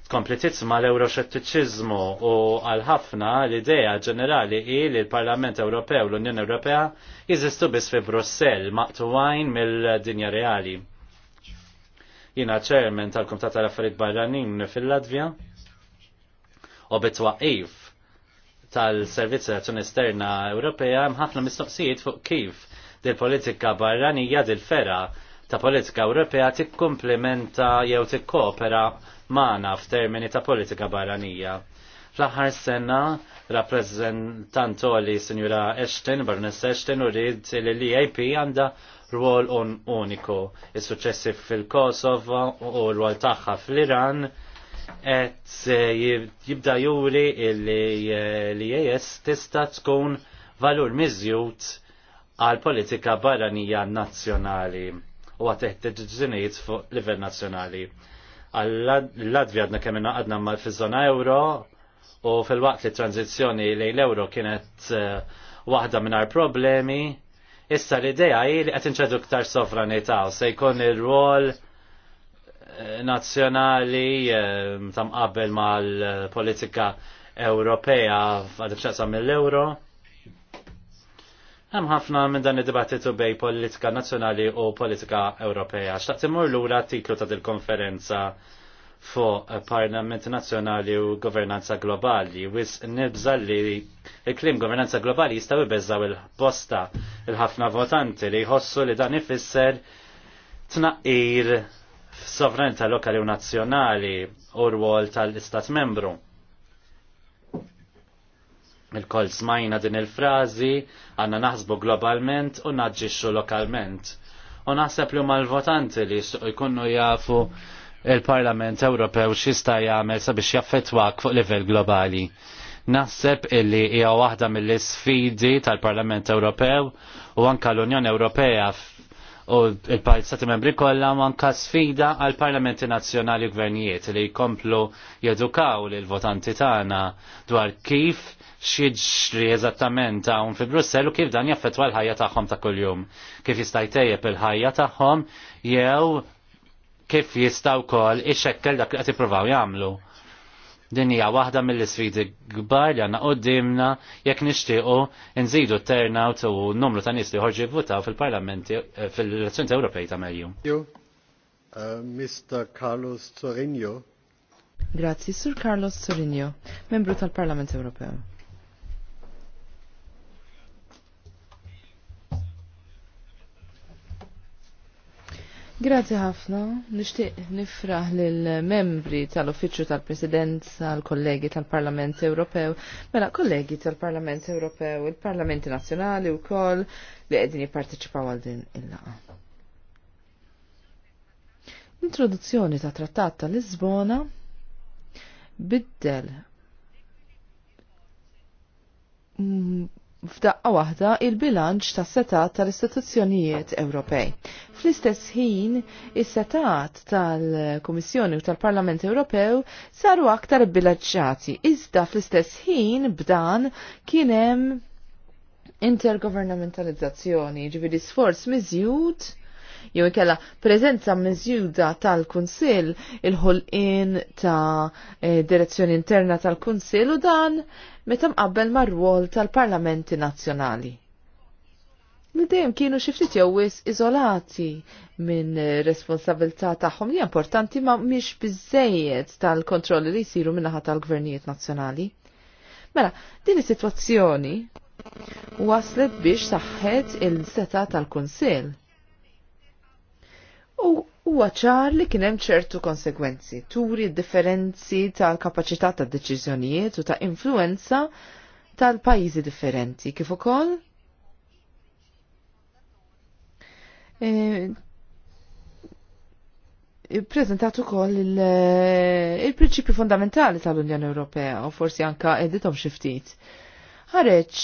tkompli titma l-euroxettiċizmu u għal ħafna l-idea ġenerali hi li l-Parlament Ewropew u l-Unjoni Ewropea jiżistu biss fi Brussell għajn mill-dinja reali jina ċermen tal-Komitat tal-Affarijiet Barranin fil-Latvja u bitwaqif tal-Servizz Azzjoni Esterna Ewropea hemm ħafna mistoqsijiet fuq kif dil-politika barranija dil-fera ta' politika Ewropea tikkumplementa jew tikkopera mana f'termini ta' politika barranija. Fl-aħħar sena rappreżentant li Sinjura Ashton, Barnes Ashton, u rrid li l-EIP għandha rwol un uniku. Is-suċessi fil-Kosovo u r-rwol tagħha fl-Iran qed eh, jibda juri eh, li jes tista' tkun valur miżjud għal politika barranija nazzjonali u għat deċiżjonijiet fuq livell nazzjonali. għall ladvi għadna kemm għadna mal fiż-żona euro u fil-waqt li tranzizzjoni lejn l-euro kienet eh, waħda minn problemi Issa l-ideja hi li qed inċedu ktar sovranità u se jkun ir-rol eh, nazzjonali eh, ta' mqabel mal-politika Ewropea għad mill-Euro. Hemm ħafna minn dan id-dibattitu bej politika nazzjonali u politika Ewropea. Xtaqt imur lura titlu ta' dil-konferenza fuq Parlament Nazzjonali u Governanza Globali. Wis nibża li il-klim Governanza Globali jistaw ibeżaw il-bosta il-ħafna votanti li jħossu li dan ifisser tnaqir f'sovranità lokali u nazzjonali u rwol tal-Istat membru il-koll smajna din il-frazi, għanna naħsbu globalment u naġġixxu lokalment. U naħseb li huma l-votanti li jkunnu jafu il-Parlament Ewropew xista jagħmel sabiex jaffettwak fuq livell globali. Naħseb illi hija waħda mill-isfidi tal-Parlament Ewropew u anka l-Unjoni Ewropea u l stati membri kollha u anka sfida għal parlamenti nazzjonali gvernijiet li jkomplu jedukaw lil votanti tagħna dwar kif xieġri eżattament hawn fi Brussell u kif dan jaffettwa l-ħajja tagħhom ta' kuljum. Kif jista' jtejjeb il-ħajja tagħhom jew kif jistaw kol ixekkel dak li qed provaw jagħmlu. Din hija waħda mill-isfidi kbar li għanna qudiemna jekk nixtiequ nżidu t-turnout u n-numru ta' nies li jħorġu jivvutaw fil-Parlamenti eh, fil-Elezzjoni Ewropej ta' Mejju. Uh, Mr. Carlos Sorinio. Grazzi, Sur Carlos Sorinio, membru tal-Parlament Ewropew. Grazie ħafna. Nixtieq nifraħ lill membri tal-Uffiċċju tal-President tal-Kollegi tal-Parlament Ewropew, mela kollegi tal-Parlament Ewropew, il-Parlamenti Nazzjonali wkoll li qegħdin jipparteċipaw għal din il-laqa. Introduzzjoni ta' Trattat ta' Lisbona biddel mm, f'daqqa waħda il-bilanċ tas setat tal-istituzzjonijiet Ewropej. Fl-istess ħin, is-setat tal-Kummissjoni u tal-Parlament Ewropew saru aktar bilanċati, iżda fl-istess ħin b'dan kien hemm intergovernmentalizzazzjoni, ġifieri sforz miżjud jew kella preżenza miżjuda tal-Kunsill il-ħolqien ta' eh, direzzjoni interna tal-Kunsill u dan meta mqabbel mar-rwol tal-Parlamenti Nazzjonali. Li dejjem kienu xi ftit jew iżolati minn eh, responsabilità tagħhom li importanti ma mhix biżejjed tal-kontrolli li jsiru min-naħa tal-gvernijiet nazzjonali. Mela, din is-sitwazzjoni waslet biex saħħet il-seta tal-Kunsill. U huwa ċar li kien hemm ċertu konsegwenzi, turi differenzi tal-kapaċità ta' deċiżjonijiet u ta' influenza tal-pajjiżi differenti kif ukoll e, Prezentat ukoll il-prinċipju fondamentali tal-Unjoni Ewropea u forsi anka editom xi ftit. Ħareġ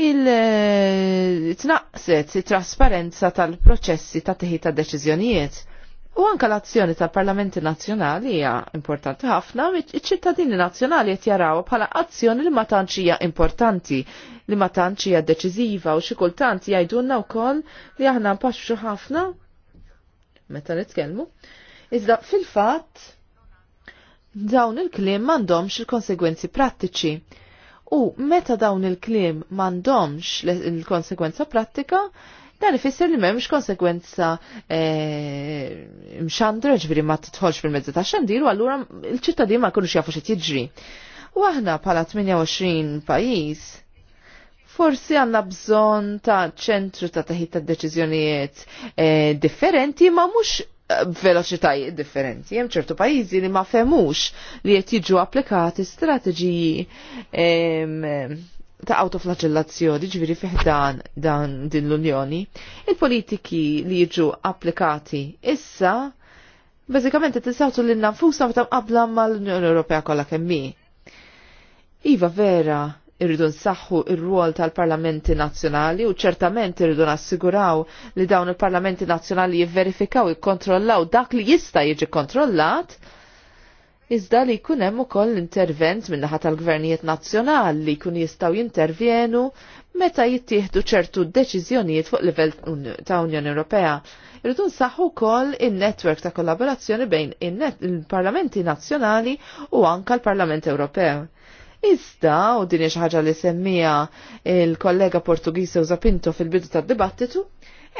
il-tnaqset il-trasparenza tal-proċessi ta' teħi ta' deċiżjonijiet. U anka l-azzjoni tal-parlamenti nazzjonali hija importanti ħafna, iċ-ċittadini nazzjonali qed jaraw bħala azzjoni li ma tantx hija importanti, li ma tantx hija deċiżiva u xi kultant jgħidulna wkoll li aħna mpaxxu ħafna meta nitkellmu. Iżda fil-fatt dawn il-kliem m'għandhomx il-konsegwenzi prattiċi U meta dawn il-kliem mandomx il-konsekwenza pratika, dan ifisser li memx konsekwenza eh, mxandra ġbiri ma t-tħolx fil-mezzi ta' xandir u allura il-ċittadin ma kunux jafu t jiġri. U aħna bħala 28 pajjiż forsi għanna bżon ta' ċentru ta' taħit ta' deċiżjonijiet eh, differenti ma' mux veloċitajiet differenti. Hemm ċertu pajjiżi li ma femux li qed jiġu applikati strateġiji ta' autoflagellazzjoni ġviri fih dan din l-Unjoni. Il-politiki li jiġu applikati issa bażikament qed insawtu lil nafusna meta qabla mal-Unjoni Ewropea kollha kemm Iva vera irridu nsaħħu ir-rwol tal-parlamenti nazzjonali u ċertament irridu nassiguraw li dawn il-parlamenti nazzjonali jivverifikaw jikkontrollaw dak li jista' jiġi kontrollat iżda li jkun hemm ukoll intervent min-naħa tal-gvernijiet nazzjonali li jkun jistgħu jintervjenu meta jittieħdu ċertu deċiżjonijiet fuq livell ta' Unjoni Ewropea. Irridu nsaħħu wkoll in-netwerk ta' kollaborazzjoni bejn il-Parlamenti Nazzjonali u anka l-Parlament Ewropew Iżda, u din xi ħaġa li semmija il-kollega Portugiż Ewza Pinto fil-bidu tad-dibattitu,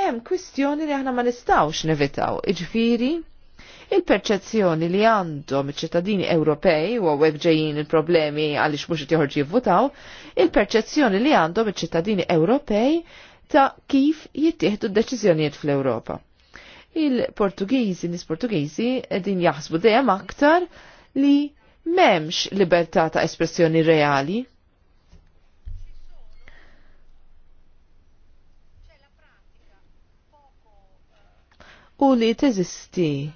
hemm kwistjoni li aħna ma nistgħux nevitaw. Iġifieri, il-perċezzjoni li għandhom iċ-ċittadini Ewropej u għawek ġejjin il-problemi għaliex mhux qed joħorġu jivvutaw, il-perċezzjoni li għandhom iċ-ċittadini Ewropej ta' kif jittieħdu d-deċiżjonijiet fl-Ewropa. Il-Portugiżi, nis Portugiżi qegħdin jaħsbu dejjem aktar li memx libertà ta' espressjoni reali. U li teżisti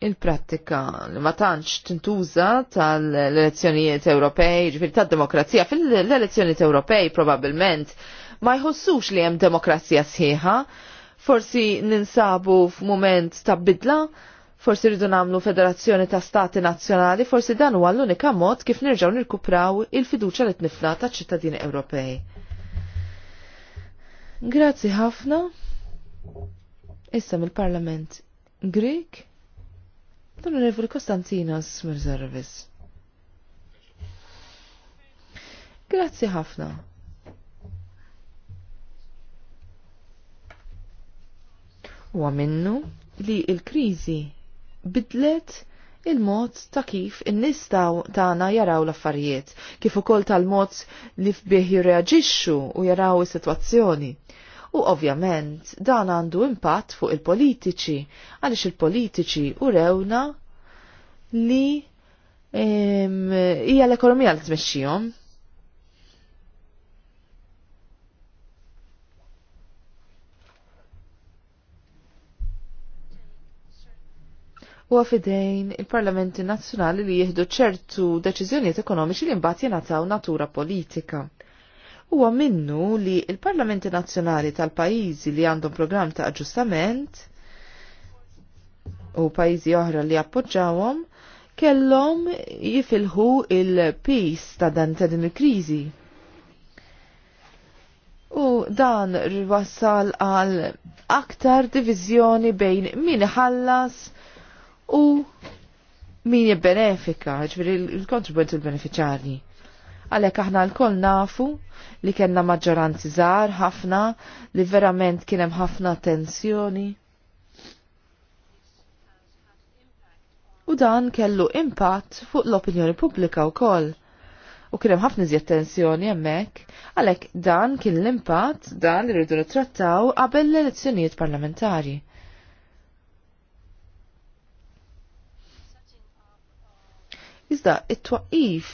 il-prattika li ma tantx tintuża tal-elezzjonijiet Ewropej, ġifir tad-demokrazija fil-elezzjonijiet Ewropej probabbilment ma jħossux li hemm demokrazija sħiħa, forsi ninsabu f'mument ta' bidla, Forsi rridu nagħmlu federazzjoni ta' stati nazzjonali, forsi dan huwa l-unika mod kif nerġgħu nirkupraw il-fiduċja li tnifla taċ ċittadini Ewropej. Grazzi ħafna. Issa mill-Parlament Grik. L-Onorevoli Kostantinas Mirzarvis. Grazzi ħafna. huwa minnu li il-kriżi bidlet il-mod ta' kif in-nies tagħna jaraw l-affarijiet, kif ukoll tal-mod li fbih jirreaġixxu u jaraw is-sitwazzjoni. U ovvjament dan għandu impatt fuq il-politiċi, għaliex il-politiċi u rewna li hija l-ekonomija li tmexxihom u għafidejn il-parlamenti nazzjonali li jihdu ċertu deċiżjonijiet ekonomiċi li mbagħad jingħataw natura politika. Huwa minnu li il-parlamenti nazzjonali tal-pajjiżi li għandhom programm ta' aġġustament u pajjiżi oħra li appoġġawhom kellhom jifilħu il peace ta' dan ta' din il-kriżi. U dan riwassal għal aktar diviżjoni bejn min ħallas u min jibbenefika, ġviri il kontribuenti il-beneficjari. Għalek aħna l-koll nafu li kena maġġoranzi żgħar ħafna li verament kienem ħafna tensjoni. U dan kellu impatt fuq l-opinjoni pubblika u koll. U kienem ħafna iżjed tensjoni hemmhekk, għalhekk dan kien l-impatt dan li rridu nittrattaw qabel l-elezzjonijiet parlamentari. Iżda, it-twaqif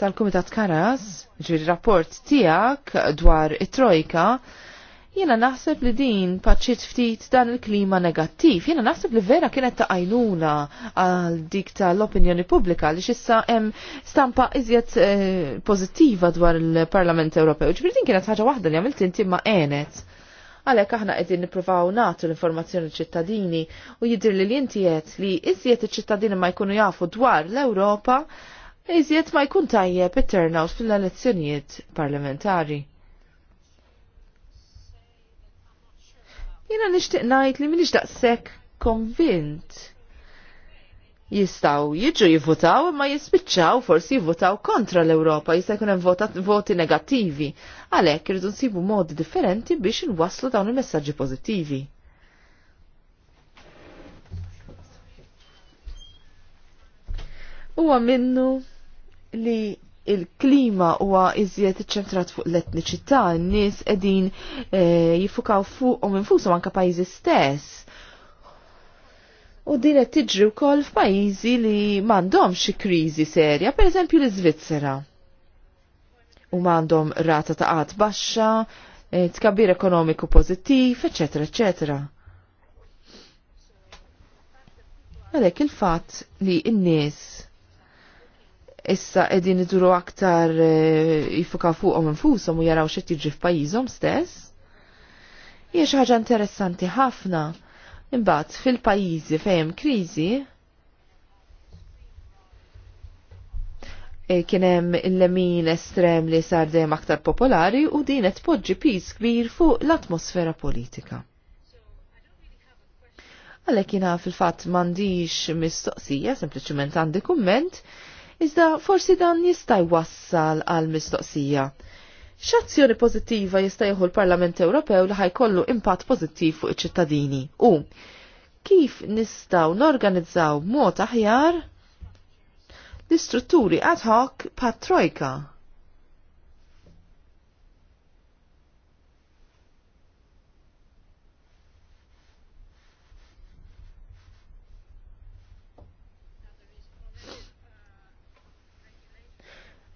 tal-Kumitat Karas, ġviri rapport tijak dwar it-Trojka, jena naħseb li din paċċiet ftit dan il-klima negattiv. Jena naħseb li vera kienet ta' għajnuna għal dik tal-opinjoni pubblika li xissa em stampa iżjed eh, pozittiva dwar il-Parlament Ewropew. Ġviri din kienet ħaġa waħda li għamilt inti ma' għenet għalhekk aħna qegħdin nippruvaw nagħtu l-informazzjoni ċittadini u jidir li l qed li iżjed iċ-ċittadini ma jkunu jafu dwar l-Ewropa, iżjed ma jkun tajjeb it-turnout fil-elezzjonijiet parlamentari. Jiena nixtieq ngħid li m'iniex daqshekk konvint jistaw jiġu jivvotaw imma jispiċċaw forsi jivvotaw kontra l-Ewropa jista' jkun hemm voti negattivi. Għalhekk irridu nsibu modi differenti biex inwasslu dawn il-messaġġi pożittivi. Huwa minnu li il-klima huwa iżjed iċċentrat fuq l-etniċità, n-nies qegħdin jifukaw eh, jiffukaw fuqhom infushom anke pajjiżi stess u din qed tiġri wkoll f'pajjiżi li m'għandhomx kriżi serja, pereżempju l-Iżvizzera. U m'għandhom rata ta' qatt baxxa, eh, tkabbir ekonomiku pożittiv, eċetera, eċetera. Għalhekk il-fatt li n-nies issa qegħdin iduru aktar eh, jifuka fuqhom infushom u jaraw xittiġi tiġri f'pajjiżhom stess, hija xi ħaġa interessanti ħafna Imbagħad fil-pajjiżi fejn kriżi eh, kien hemm il-lemin estrem li sar dejjem aktar popolari u din qed poġġi pis kbir fuq l-atmosfera politika. Għalhekk jiena fil-fatt m'għandix mistoqsija, sempliċement għandi kumment, iżda forsi dan jista' jwassal għal mistoqsija x'azzjoni pozittiva jista' jieħu l-Parlament Ewropew li ħajkollu impatt pożittiv fuq iċ-ċittadini u kif nistgħu norganizzaw mod aħjar l-istrutturi ad hoc pat trojka.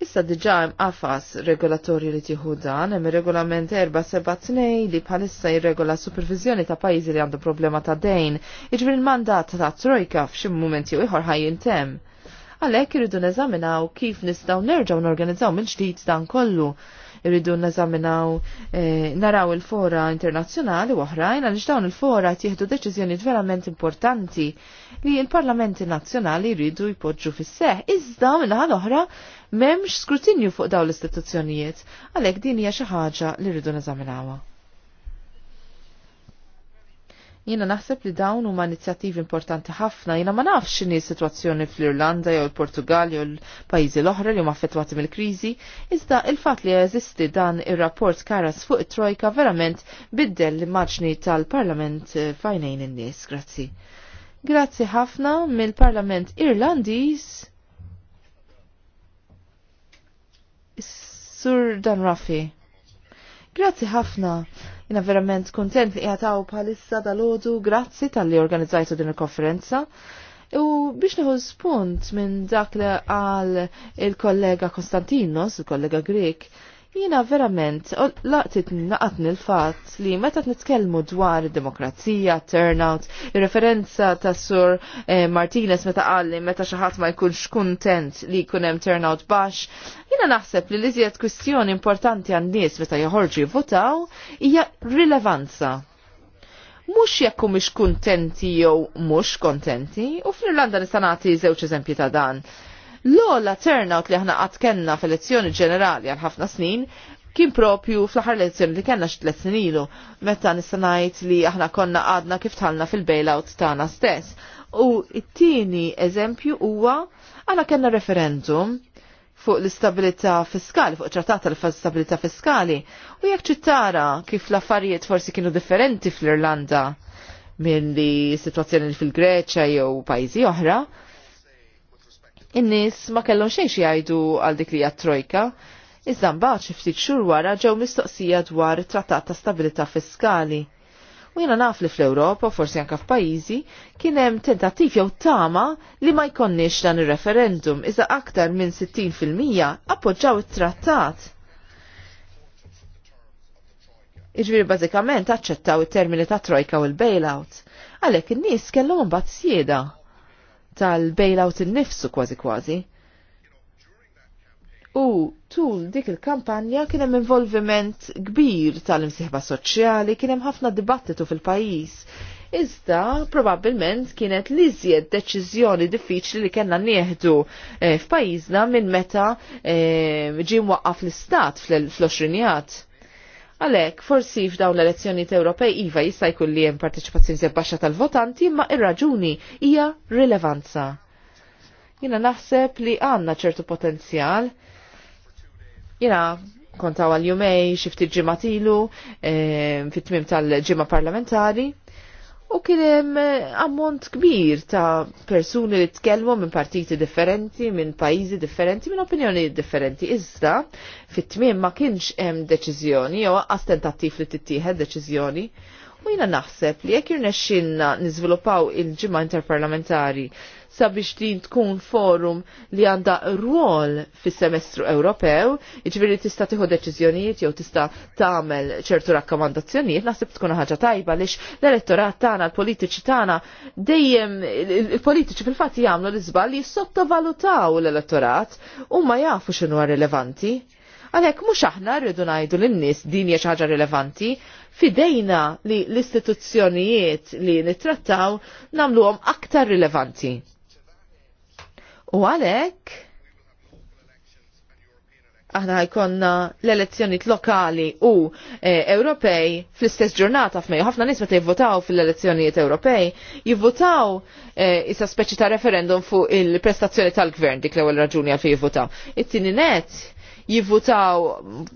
Issa diġa hemm għafas regolatorju li tieħu dan hemm regolament 472 li bħalissa jirregola supervizjoni ta' pajjiżi li għandu problema ta' dejn, jiġri l-mandat ta' trojka f'xi momenti u ieħor ħajjin tem. Għalhekk irridu neżaminaw kif nistgħu nerġgħu norganizzaw minn ġdid dan kollu irridu nazaminaw eh, naraw il-fora internazzjonali u oħrajn għaliex dawn il-fora tieħdu deċiżjonijiet verament importanti li l-parlamenti nazzjonali jridu jpoġġu fis-seħ. Iżda minnaħa l-oħra m'hemmx skrutinju fuq dawn l-istituzzjonijiet għalhekk din hija xi ħaġa li rridu nażaminawha. Jiena naħseb li dawn huma inizjattivi importanti ħafna, jiena ma nafx x'inhi s-sitwazzjoni fl-Irlanda jew il-Portugal jew l-pajjiżi l-oħra li huma affettwati mill-kriżi, iżda il-fatt li jeżisti dan ir-rapport karas fuq it-Trojka verament biddel l-immaġni tal-Parlament eh, fajnejn in-nies. Grazzi. Grazzi ħafna mill-Parlament Irlandiż. Sur Dan Raffi. Grazzi ħafna. Jina verament kontent li jgħataw bħalissa dal-ħodu, grazzi tal-li organizzajtu din il-konferenza. U biex neħu spunt minn dak li għal il-kollega Konstantinos, il-kollega Grek, Jina verament, laqtit naqatni l-fat li meta nitkellmu dwar demokrazija, turnout, referenza ta' sur eh, Martinez meta għalli meta xaħat ma jkunx kontent li kunem turnout bax, jina naħseb li liżiet kwistjoni importanti għan nies meta joħorġu jivvotaw hija rilevanza mux jekku mux kontenti jew mux kontenti, u fl-Irlanda nistanati zewċ eżempji ta' dan l-ola turnout li ħna qatt kellna f'elezzjoni ġenerali għal ħafna snin kien propju fl-aħħar lezzjoni li kellna x'tlet snin ilu, meta nista' ngħid li aħna konna għadna kif tħallna fil-bailout tagħna stess. U it-tieni eżempju huwa għala kellna referendum fuq l-istabilità fiskali, fuq trattat tal-istabilità fiskali. U jekk ċittara kif l-affarijiet forsi kienu differenti fl-Irlanda milli situazzjoni fil-Greċa jew pajjiżi oħra, in-nies ma kellhom xejn xi jgħidu għal dik li hija trojka. Iżda mbagħad xi ftit xhur wara ġew mistoqsija dwar it-Trattat ta' Stabilità Fiskali u jena naf li fl ewropa forsi anka f'pajjiżi, kien hemm tentattiv jew tama li ma jkonniex dan ir-referendum iżda aktar minn 60% appoġġaw it-trattat. Iġviri bażikament aċċettaw it-termini ta' trojka u l-bailout, għalhekk in-nies kellhom mbagħad sjeda tal-bailout in nifsu kważi kważi. U tul dik il-kampanja kien hemm involviment kbir tal-imsieħba soċjali, kien hemm ħafna dibattitu fil-pajjiż. Iżda probabbilment kienet li iżjed deċiżjoni diffiċli li kellna nieħdu eh, f'pajjiżna minn meta eh, ġie waqqaf l-istat fl-20 Għalek, forsi f'dawn l-elezzjonijiet Ewropej iva jista' jkun li hemm partecipazzjoni żebbaxxa tal-votanti, imma ir-raġuni hija rilevanza. Jina naħseb li għandna ċertu potenzjal. Jina kontaw għal jumej, xifti ġimatilu, e, eh, fit-tmim tal ġima parlamentari, u kien hemm eh, ammont kbir ta' persuni li tkellmu minn partiti differenti, minn pajjiżi differenti, minn opinjoni differenti. Iżda fit-tmiem ma kienx hemm deċiżjoni jew għas tentattiv li tittieħed deċiżjoni. U jina naħseb li jekk jirnexxinna niżviluppaw il-ġimgħa interparlamentari sabiex din tkun forum li għanda rwol fis semestru Ewropew, iġveri tista tiħu deċizjonijiet jew tista tagħmel ċertu rakkomandazzjonijiet, naħseb tkun ħaġa tajba lix l-elettorat tagħna, l-politiċi tagħna dejjem il-politiċi fil fat jagħmlu l izbal li sottovalutaw l-elettorat u ma jafu xinu rilevanti għalek mux aħna rridu najdu l innis din hija ħaġa rilevanti, fidejna li l-istituzzjonijiet li nittrattaw namluhom aktar rilevanti. U għalek, aħna ħajkonna l elezzjoni lokali u eh, Ewropej fl-istess ġurnata f'mej. ħafna nies meta jivvotaw fil-elezzjonijiet Ewropej, jivvotaw e, issa speċi ta' referendum fuq il-prestazzjoni tal-gvern dik l-ewwel raġuni għal jivvotaw. It-tieni net jivvotaw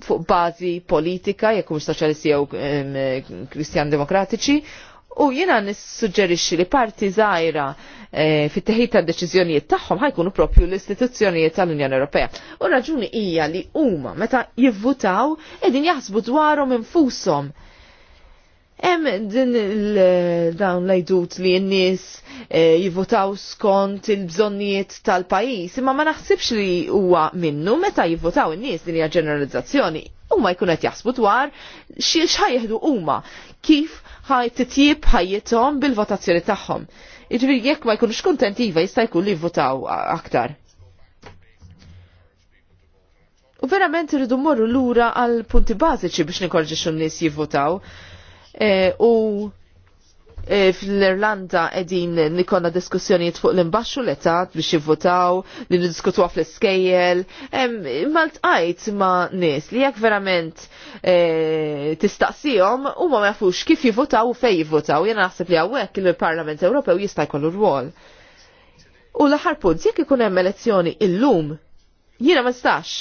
fuq bażi politika jekk hux soċjalisti jew ehm, eh, Kristjan Demokratiċi U jiena nissuġġerixxi li parti żgħira e, fit-teħid ta' deċiżjonijiet tagħhom ħajkunu propju l-istituzzjonijiet tal-Unjoni Ewropea. U raġuni hija li huma meta jivvutaw qegħdin jaħsbu dwarhom infushom. Hemm din dawn lajdut li n-nies e, eh, jivvotaw skont il-bżonnijiet tal-pajjiż, imma ma naħsibx li huwa minnu meta jivvotaw in-nies din hija ġeneralizzazzjoni u ma qed jasbu dwar u huma kif ħaj titjib ħajjithom bil-votazzjoni tagħhom. Jiġifieri jekk ma jkunux kuntenti iva jista' jkun li votaw aktar. U verament rridu morru lura għal punti bażiċi biex nikorġi xun nies jivvotaw. E, u Eh, fl-Irlanda edin nikonna diskussjonijiet fuq l-imbaxxu l-etat biex jivvotaw li niddiskutuha fl-iskejjel. Malt ma' nies li jekk verament eh, tistaqsihom u ma jafux kif jivvotaw u fej jivvotaw. Jena naħseb li hawnhekk il-Parlament Ewropew jista' jkollu rwol. U l-aħħar punt, jekk ikun hemm elezzjoni illum, jiena ma nistax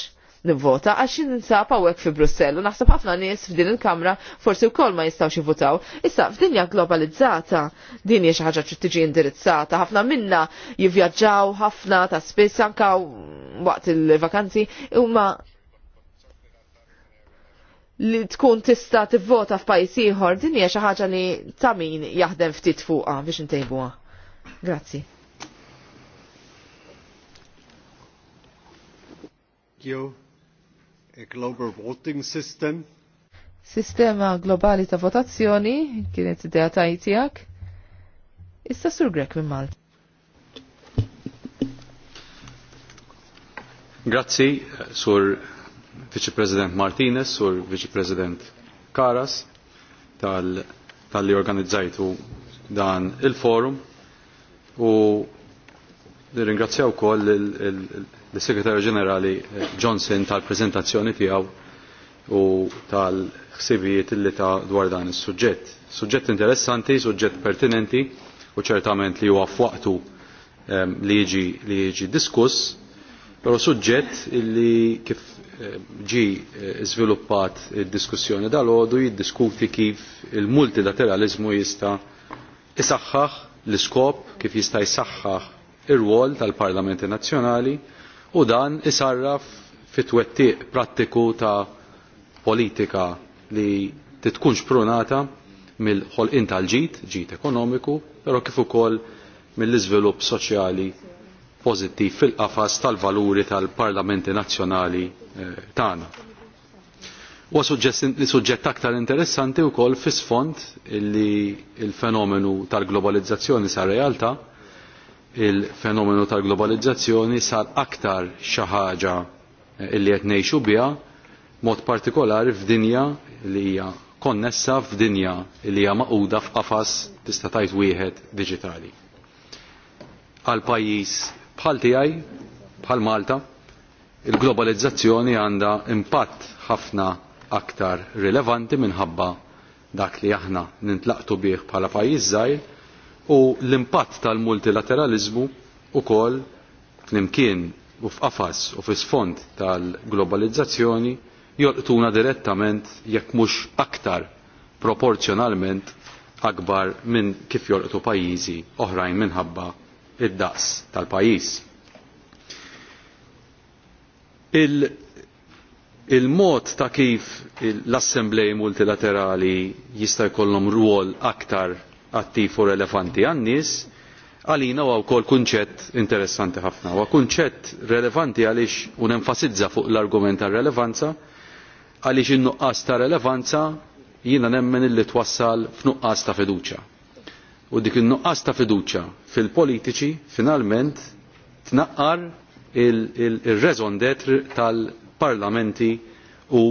nivvota għax ninsab hawnhekk fi Brussellu naħseb ħafna nies f'din il-Kamra forsi wkoll ma jistgħux jivvotaw. Issa f'dinja globalizzata din hija xi ħaġa trid tiġi indirizzata. Ħafna minna jivvjaġġaw ħafna ta' spiss anke waqt il-vakanzi huma li tkun tista tivvota f'pajjiż ieħor din hija xi ħaġa li ta' min jaħdem ftit fuqha biex intejbuha. Grazzi. Thank you a global voting system. Sistema globali ta' votazzjoni kienet idea ta' jtijak. Issa sur Grek minn Malta. Grazzi, sur Vice President Martinez, sur Vice President Karas, tal-li tal organizzajtu dan il-forum u Nirringrazzjaw kol l-Segretarju Ġenerali eh, Johnson tal-prezentazzjoni tiegħu u tal-ħsibijiet li ta' dwar dan is-suġġett. Suġġett interessanti, suġġett pertinenti u ċertament li huwa f'waqtu ehm, li jiġi li jiġi diskuss, però suġġett li kif ehm, ġi żviluppat eh, id-diskussjoni dal-għodu jiddiskuti kif il-multilateralizmu jista' isaħħaħ l-iskop kif jista' jsaħħaħ ir-rwol tal-Parlamenti Nazzjonali u dan isarraf fit twettiq prattiku ta' politika li titkunx prunata mill ħol tal-ġid, ġid ekonomiku, però kif ukoll mill-iżvilupp soċjali pożittiv fil-qafas tal-valuri tal-parlamenti nazzjonali eh, tagħna. U suġġett aktar interessanti wkoll fis-sfond li l-fenomenu tal-globalizzazzjoni sa' realtà il-fenomenu tal-globalizzazzjoni sar aktar xi ħaġa eh, illi qed ngħixu biha mod partikolari f'dinja li hija konnessa f'dinja li hija maquda f'qafas tista' tajt wieħed diġitali. Għal pajjiż bħal tiegħi, bħal Malta, il-globalizzazzjoni għandha impatt ħafna aktar rilevanti minħabba dak li aħna nintlaqtu bih bħala pajjiż żgħir u l-impatt tal-multilateralizmu ukoll flimkien u f'qafas u f'isfond tal-globalizzazzjoni jolqtuna direttament jekk mhux aktar proporzjonalment akbar minn kif jolqtu pajjiżi oħrajn minħabba id-daqs tal-pajjiż. Il-mod il ta' kif l-assemblej multilaterali jista' jkollhom rwol aktar attif u relevanti għan-nies għalina huwa wkoll kunċett interessanti ħafna. Huwa kunċett relevanti għaliex un nenfasizza fuq l-argument ta' relevanza għaliex il nuqqas ta' relevanza jiena nemmen illi twassal f'nuqqas ta' fiduċja. U dik in-nuqqas ta' fiduċa fil-politiċi finalment tnaqqar il-reżon detr tal-parlamenti u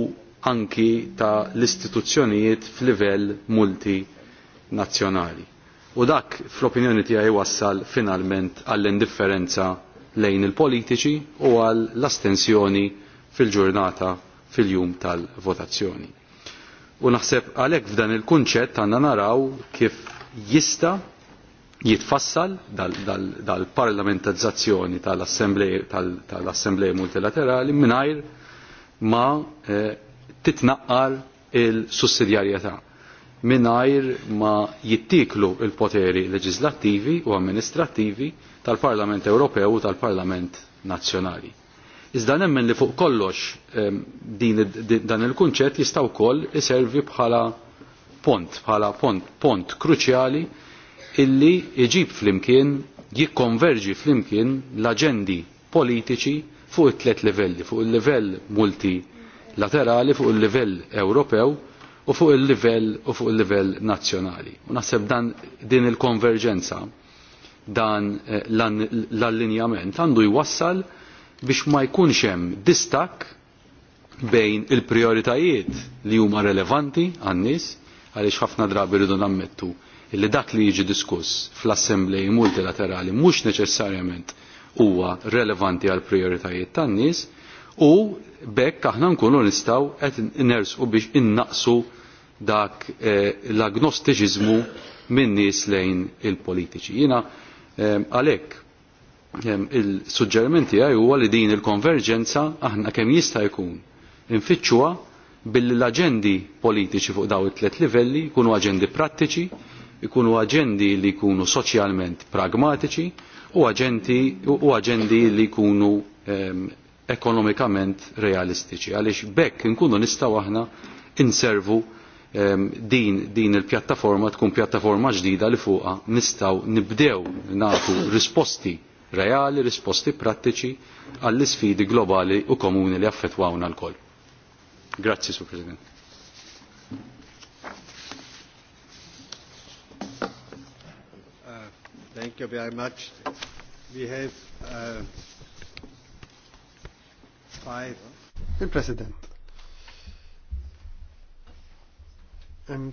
anki ta' l-istituzzjonijiet f'livell multi nazzjonali. U dak fl-opinjoni tiegħi wassal finalment għall-indifferenza lejn il-politiċi u għall-astensjoni fil-ġurnata fil-jum tal-votazzjoni. U naħseb għalhekk f'dan il-kunċett għandna naraw kif jista jitfassal dal-parlamentazzazzjoni dal, dal tal-assembleji tal multilaterali mingħajr ma eh, titnaqqar il-sussidjarjetà mingħajr ma jittiklu l poteri leġislattivi u amministrattivi tal-Parlament Ewropew u tal-Parlament Nazzjonali. Iżda nemmen li fuq kollox din, dan il-kunċett jista' wkoll iservi bħala pont, bħala pont, pont kruċjali illi iġib flimkien, jikkonverġi flimkien l-aġendi politiċi fuq it-tlet livelli, fuq il-livell multilaterali, fuq il-livell Ewropew, u fuq il-livell u fuq il-livell nazzjonali. U naħseb dan din il-konverġenza dan eh, l-allinjament għandu jwassal biex ma jkunx hemm distak bejn il-prioritajiet li huma relevanti għan-nies għaliex ħafna drabi rridu nammettu illi dak li jiġi diskuss fl-assemblej multilaterali mhux neċessarjament huwa relevanti għal prioritajiet tan-nies u bekk aħna nkunu nistgħu qed inersqu biex innaqsu dak eh, l-agnostiċiżmu minn nies lejn il-politiċi. Jiena eh, għalhekk eh, il-suġġerimenti għaj huwa li din il-konverġenza aħna kemm jista' jkun infittxuha billi l-aġendi politiċi fuq daw it-tlet livelli jkunu aġendi prattiċi, jkunu aġendi li jkunu soċjalment pragmatiċi u aġendi, u aġendi li jkunu ehm, ekonomikament realistiċi. Għalix bekk inkunu nistaw aħna inservu ehm, din, din il-pjattaforma tkun pjattaforma ġdida li fuqa nistgħu nibdew nagħtu risposti reali, risposti prattiċi għall isfidi globali u komuni li affettwawna l-koll. Grazzi, Sur President. Uh, thank you very much. We have uh, Il-President.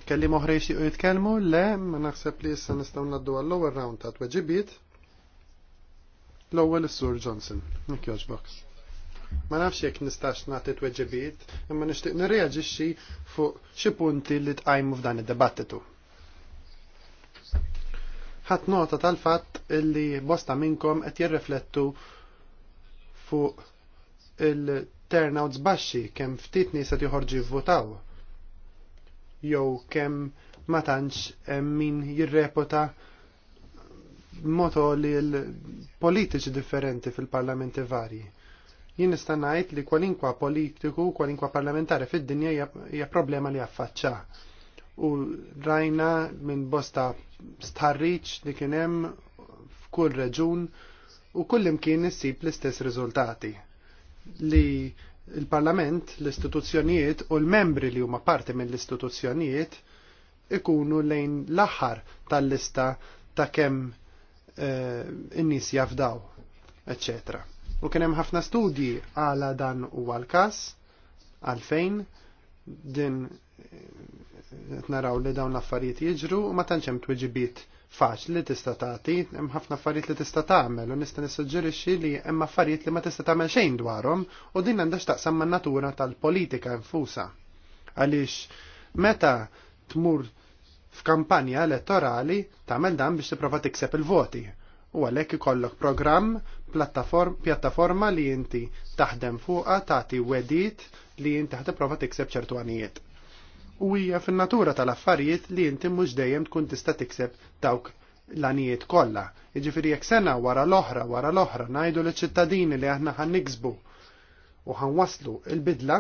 Kelli moħra u jitkellmu? Le, ma naħseb li issa nistgħu naddu għall-ewwel round ta' tweġibiet. L-ewwel is-Sur Johnson, Nick Box. Ma nafx jekk nistax nagħti tweġibiet, imma nixtieq nirreaġixxi fuq xi punti li tqajmu f'dan id-dibattitu. Ħadd nota tal-fatt illi bosta minnkom qed jirriflettu fuq il-turnouts baxxi kemm ftit nies qed joħorġu jivvotaw. Jew kemm ma tantx hemm min jirreputa moto li l-politiċi differenti fil-parlamenti varji. Jien nista' ngħid li kwalinkwa politiku, kwalinkwa parlamentari fid-dinja hija problema li affaċċa. U rajna minn bosta starriċ li kien hemm f'kull reġun u kullim kien issib l-istess riżultati li il-Parlament, l-istituzzjonijiet u l-membri li huma parti mill-istituzzjonijiet ikunu lejn l-aħħar tal-lista ta' kemm uh, in-nies jafdaw, eccetera. U kien hemm ħafna studji għala dan huwa l-każ għalfejn din eh, naraw li dawn l-affarijiet jiġru u ma tantx hemm tweġibiet faċli tista' tagħti, hemm ħafna affarijiet li tista' tagħmel u nista' nissuġġerixxi li hemm affarijiet li ma tista' tagħmel xejn dwarhom u din għandha x'taqsam man-natura tal-politika infusa. Għaliex meta tmur f'kampanja elettorali tagħmel dan biex tipprova tikseb il-voti u għalhekk ikollok programm pjattaforma li inti taħdem fuqha tagħti wedit li inti ħad tipprova tikseb ċertu għanijiet u hija fin-natura tal-affarijiet li inti mhux dejjem tkun tista' tikseb dawk l-anijiet kollha. Jiġifieri jekk sena wara l-oħra wara l-oħra ngħidu liċ-ċittadini li aħna ħan niksbu u ħan waslu il-bidla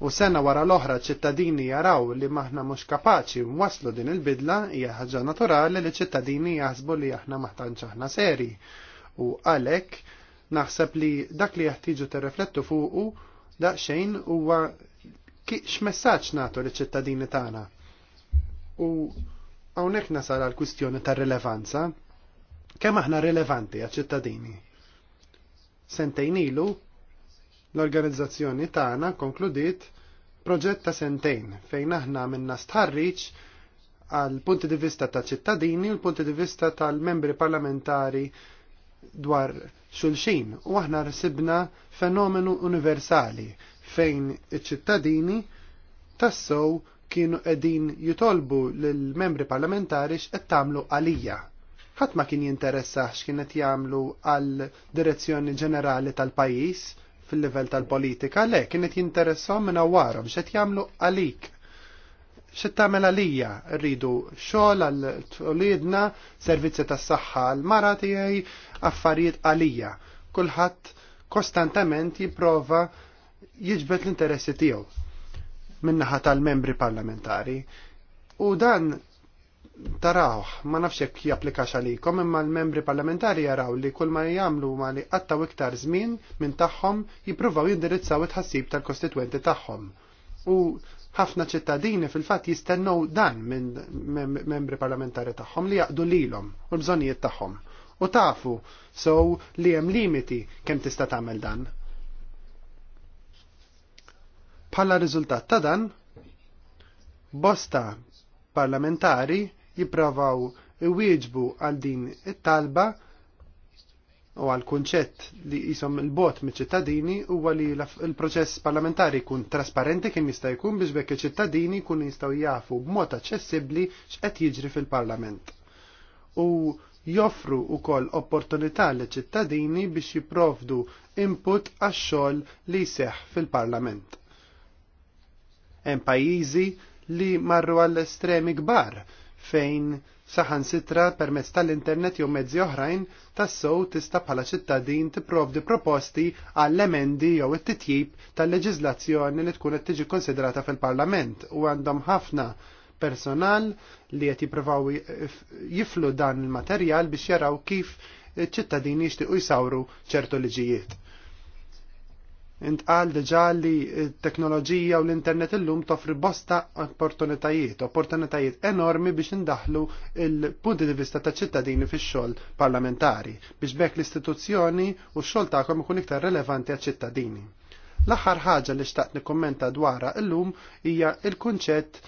u sena wara l-oħra ċittadini jaraw li maħna mhux kapaċi nwaslu din il-bidla hija ħaġa naturali li ċittadini jaħsbu li aħna maħtanċ aħna seri. U għalhekk naħseb li dak li jaħtiġu tirriflettu fuqu daqsxejn huwa x'messaġġ nagħtu li ċittadini tagħna. U hawnhekk nasal għal kwistjoni ta' rilevanza. Kemm aħna rilevanti għaċ-ċittadini? Sentejn ilu l-organizzazzjoni tagħna konkludiet proġett ta' sentejn fejn aħna minna stħarriċ għal punti di vista ta' ċittadini u l-punti di vista tal-membri parlamentari dwar xulxin u aħna rsibna fenomenu universali fejn iċ-ċittadini tassow kienu edin jitolbu l-membri parlamentari x'qed tagħmlu għalija. Ħadd ma kien kien x'kienet jagħmlu għal direzzjoni ġenerali tal-pajjiż fil-livell tal-politika, le kienet jinteressaw minn warhom x'qed jagħmlu għalik. X'qed tagħmel għalija rridu xogħol għal tolidna, servizzi tas-saħħa għal mara tiegħi, affarijiet għalija. Kulħadd kostantament jipprova jiġbet l-interessi tiegħu minnaħa tal-membri parlamentari. U dan tarawħ, ma nafx jekk japplikax għalikom, imma l-membri parlamentari jaraw li kull ma jagħmlu ma li għattaw iktar żmien minn tagħhom jippruvaw jindirizzaw it-ħassib tal-kostitwenti tagħhom. U ħafna ċittadini fil-fatt jistennew dan minn membri parlamentari tagħhom li jaqdu lilhom u l bżonijiet tagħhom. U tafu, so li hemm limiti kemm tista' tagħmel dan Bħala riżultat ta' dan, bosta parlamentari jipravaw iwieġbu għal din it-talba u għal kunċett li jisom il-bot mit ċittadini u li il-proċess parlamentari kun trasparenti kien jista' jkun biex bekk ċittadini kun jistaw jafu b'mod aċċessibbli x'qed jiġri fil-Parlament. U joffru koll opportunità li ċittadini biex jipprovdu input għax-xogħol li jseħħ fil-Parlament. Hemm pajjiżi li marru għall-estremi kbar fejn saħan sitra permezz tal-internet jew mezzi oħrajn tassow tista' bħala ċittadin tipprovdi proposti għall emendi jew it-titjib tal-leġiżlazzjoni li tkun qed tiġi konsiderata fil-Parlament u għandhom ħafna personal li qed jippruvaw jiflu dan il-materjal biex jaraw kif ċittadini jixtiequ jsawru ċertu liġijiet. Intqal diġa li t-teknoloġija u l-internet illum toffri bosta opportunitajiet, opportunitajiet enormi biex indaħlu il-punti di vista ta' ċittadini fix xogħol parlamentari, biex bekk l-istituzzjoni u x-xogħol tagħkom ikun iktar relevanti għal ċittadini. L-aħħar ħaġa li xtaqt nikkummenta dwarha illum hija il-kunċett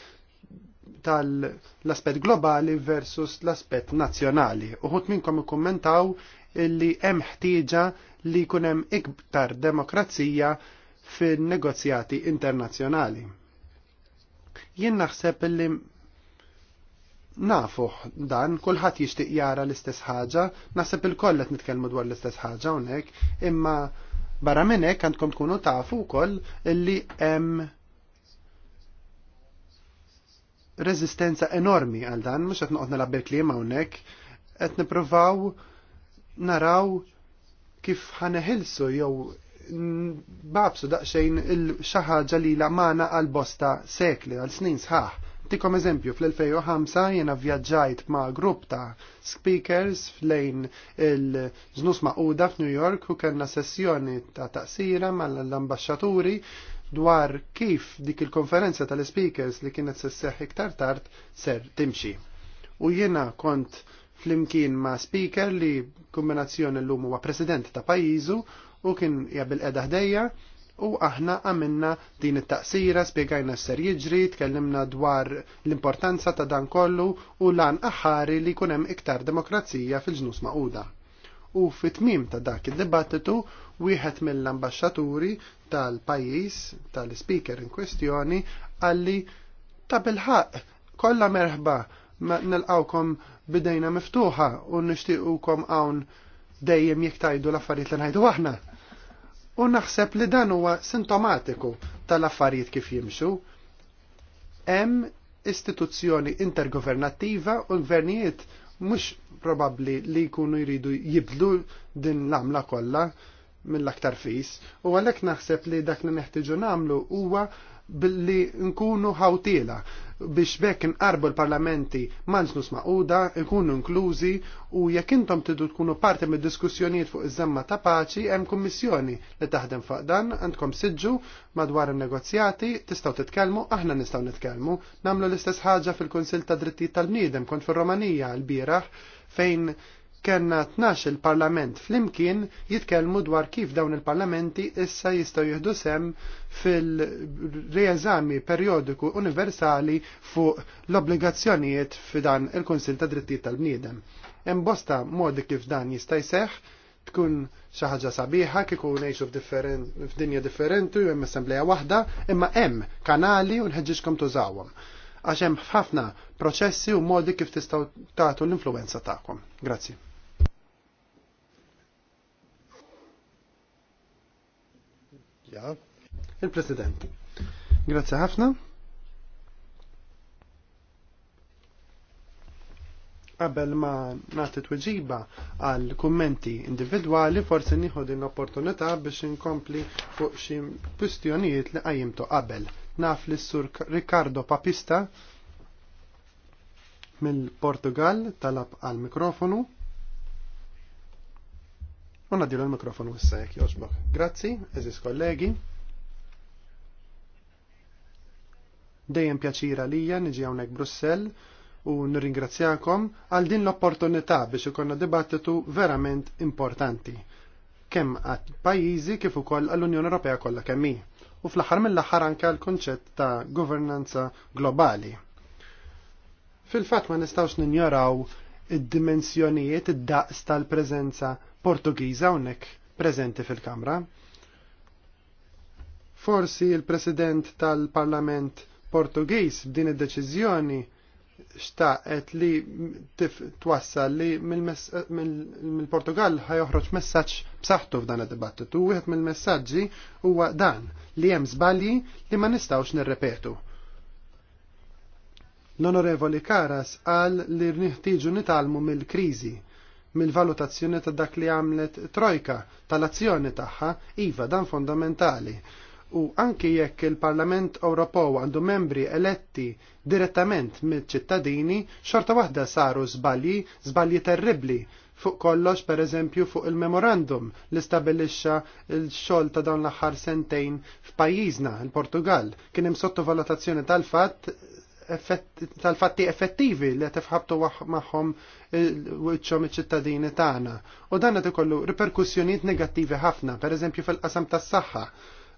tal-aspett globali versus l-aspett nazzjonali. Uħut minnkom ikkummentaw illi hemm ħtieġa li kunem iktar demokrazija fin negozjati internazzjonali. Jien naħseb li nafu dan, kulħadd jixtieq jara l-istess ħaġa, naħseb il qed nitkellmu dwar l-istess ħaġa hawnhekk, imma barra minn hekk għandkom tkunu tafu wkoll li hemm rezistenza enormi għal dan, mhux qed noqgħod nilab bil-kliem hawnhekk, qed nippruvaw naraw kif ħaneħilsu jew babsu daqxejn il xaħa ġalila maħna għal-bosta sekli, għal-snin sħaħ. Tikom eżempju, fl-2005 jena vjaġġajt ma' grupp ta' speakers flejn il-ġnus maquda f'New York u kellna sessjoni ta' taqsira mal-ambasċaturi dwar kif dik il-konferenza tal-speakers li kienet sesseħ iktar tard ser timxi. U jena kont flimkien ma' speaker li kombinazzjoni l-lum huwa president ta' pajizu u kien jabil edha ħdejja u aħna għamilna din it-taqsira, spiegajna s-ser jiġri, tkellimna dwar l-importanza ta' dan kollu u lan aħħari li kunem iktar demokrazija fil-ġnus maquda. U fit-tmim ta' dak id-dibattitu, wieħed mill-ambasċaturi tal-pajis, tal-speaker in kwestjoni, għalli ta' bil-ħak kolla merħba, nilqawkom bidejna miftuħa u nixtiequkom hawn dejjem jekk tajdu l-affarijiet li ngħidu aħna. U naħseb li dan huwa sintomatiku tal-affarijiet kif jimxu. Hemm istituzzjoni intergovernattiva u gvernijiet mhux probabbli li jkunu jridu jibdlu din l-għamla kollha mill-aktar fis u għalhekk naħseb li dak li neħtieġu nagħmlu huwa billi nkunu ħawtila biex bekk inqarbu l-parlamenti nus maquda, ikunu inklużi u jekk intom tidu tkunu parti mid diskussjonijiet fuq iż-żemma ta' paċi hemm kummissjoni li taħdem fuq dan għandkom siġġu madwar in-negozjati tistgħu titkellmu aħna nistgħu nitkellmu. Namlu l-istess ħaġa fil-Kunsill ta' Drittijiet tal-Bniedem kont fir-Romanija l-bieraħ fejn kellna 12 il-parlament flimkien jitkellmu dwar kif dawn il-parlamenti issa jistgħu jieħdu sem fil-reżami perjodiku universali fuq l-obbligazzjonijiet f'dan il konsil ta' Drittijiet tal-Bniedem. Hemm bosta modi kif dan jista' jseħħ tkun xi ħaġa sabiħa kieku ngħixu f'dinja differenti u hemm assembleja waħda, imma hemm kanali u nħeġġixkom tużawhom għax hemm ħafna proċessi u modi kif tistgħu tagħtu l-influenza tagħkom. Grazzi. Ja. Il-President. Grazie ħafna. qabel ma nagħti tweġiba għal kummenti individwali forsi nieħu din l-opportunità biex inkompli fuq xi kwistjonijiet li qajjimtu qabel. Naf li sur Riccardo Papista mill-Portugal talab għal mikrofonu. U nadilu l-mikrofonu s-sajk joġbok. Grazzi, eżis kollegi. Dejjem pjaċira lija niġi hawnhekk Brussell u nirringrazzjakom għal din l-opportunità biex ikonna dibattitu verament importanti. Kemm għat pajizi kif ukoll għall-Unjoni Ewropea kollha kemm hi. U fl-aħħar mill-aħħar anke l-konċett ta' governanza globali. Fil-fatt ma nistgħux ninjoraw id-dimensjonijiet id-daqs tal-preżenza Portugiża hawnhekk preżenti fil-Kamra. Forsi il-President tal-Parlament Portugiż b'din id-deċiżjoni xtaqet li twassal li mill-Portugal ħaj ħajoħroġ messaġġ b'saħħtu f'dan id-dibattitu. Wieħed mill-messaġġi huwa dan li hemm żbalji li ma nistgħux nirrepetu. L-Onorevoli Karas qal li rniħtiġu nitalmu mill-kriżi, mill-valutazzjoni ta' dak li għamlet trojka tal-azzjoni tagħha iva dan fondamentali. U anki jekk il-Parlament Ewropew għandu membri eletti direttament mill-ċittadini, xorta waħda saru żbalji, żbalji terribli fuq kollox per eżempju fuq il-memorandum li stabilixxa l-xogħol ta' dawn l-aħħar sentejn f'pajjiżna, il-Portugal, kien hemm sottovalutazzjoni tal-fatt tal-fatti effettivi li qed ifħabtu magħhom wiċċhom iċ-ċittadini tagħna. U dan qed ikollu riperkussjonijiet negattivi ħafna, pereżempju fil-qasam tas-saħħa.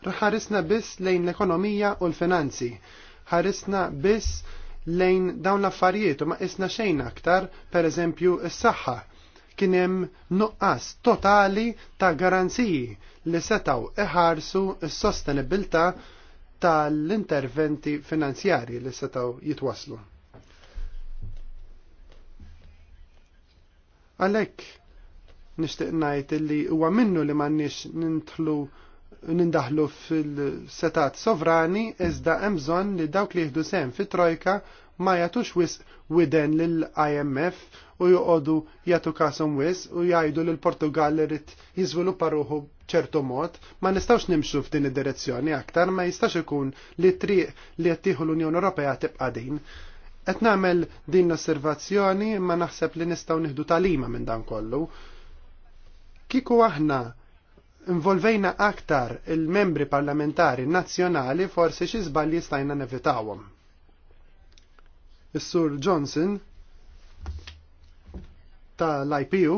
Rħarisna biss lejn l-ekonomija u l-finanzi. Ħarisna biss lejn dawn l-affarijiet u ma xejn aktar, pereżempju s-saħħa kien hemm nuqqas totali ta' garanziji li setaw iħarsu s-sostenibilta' tal-interventi finanzjarji li setaw jitwaslu. Għalek, nishtiqnajt najt li huwa minnu li mannix nintlu nindahlu fil-setat sovrani iżda hemm bżonn li dawk li jieħdu sem fit-trojka ma jagħtux wisq widen lill-IMF u joqogħdu jagħtu kasom wis u jgħidu li l-Portugal rrit jiżviluppa ruħu ċertu mod, ma nistgħux nimxu f'din id-direzzjoni aktar ma jistax ikun li triq li jattiħu l-Unjoni Ewropea tibqa' din. Qed nagħmel din l-osservazzjoni ma naħseb li nistgħu nieħdu talima minn dan kollu. Kiku aħna involvejna aktar il-membri parlamentari nazzjonali forsi xi żbalji stajna nevitawhom. Is-Sur Johnson tal-IPU,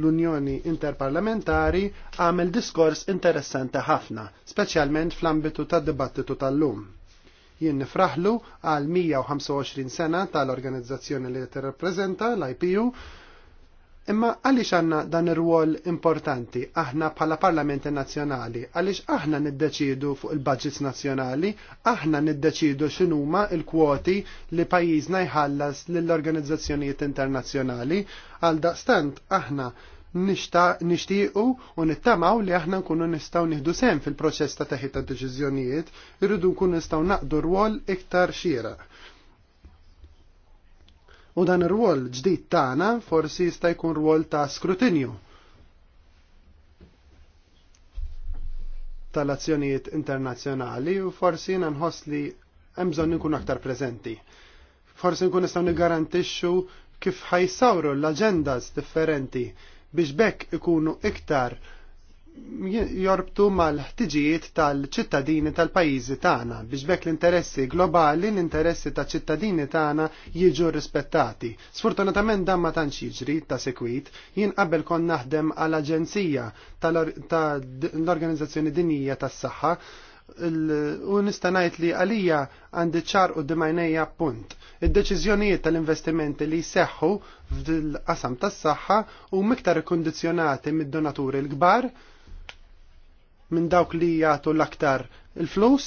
l-Unjoni Interparlamentari, għamel diskors interessanti ħafna, speċjalment fl-ambitu tad dibattitu tal-lum. Jien nifraħlu għal 125 sena tal-organizzazzjoni li tirrappreżenta l-IPU Imma għaliex għanna dan ir-rwol importanti aħna bħala Parlamenti Nazzjonali, għaliex aħna niddeċidu fuq il-budgets nazzjonali, aħna niddeċidu x'inhuma l-kwoti li pajjiżna jħallas lill-organizzazzjonijiet internazzjonali, għal daqstant aħna nixtiequ u nittamaw li aħna nkunu nistgħu nieħdu sem fil-proċess ta' taħid ta' deċiżjonijiet, irridu nkunu nistgħu naqdu rwol iktar xieraq U dan ir-rwol ġdid tagħna forsi jista' jkun rwol ta' skrutinju tal-azzjonijiet internazzjonali u forsi jina nħoss li hemm bżonn inkun aktar preżenti. Forsi nkun nistgħu niggarantixxu kif ħajsawru l-aġendas differenti biex bekk ikunu iktar jorbtu mal-ħtiġijiet tal-ċittadini tal-pajjiżi tagħna biex bekk l-interessi globali, l-interessi ta' ċittadini tagħna jiġu rispettati. Sfortunatament dan ma tantx jiġri ta' sekwit, jien qabel kon naħdem għal aġenzija tal-Organizzazzjoni Dinija tas-Saħħa u nista' ngħid li għalija għandi ċar u dimajnejja punt. Id-deċiżjonijiet tal-investimenti li jseħħu fil qasam tas-saħħa u miktar ikkundizzjonati mid-donaturi l-kbar minn dawk li jagħtu l-aktar il-flus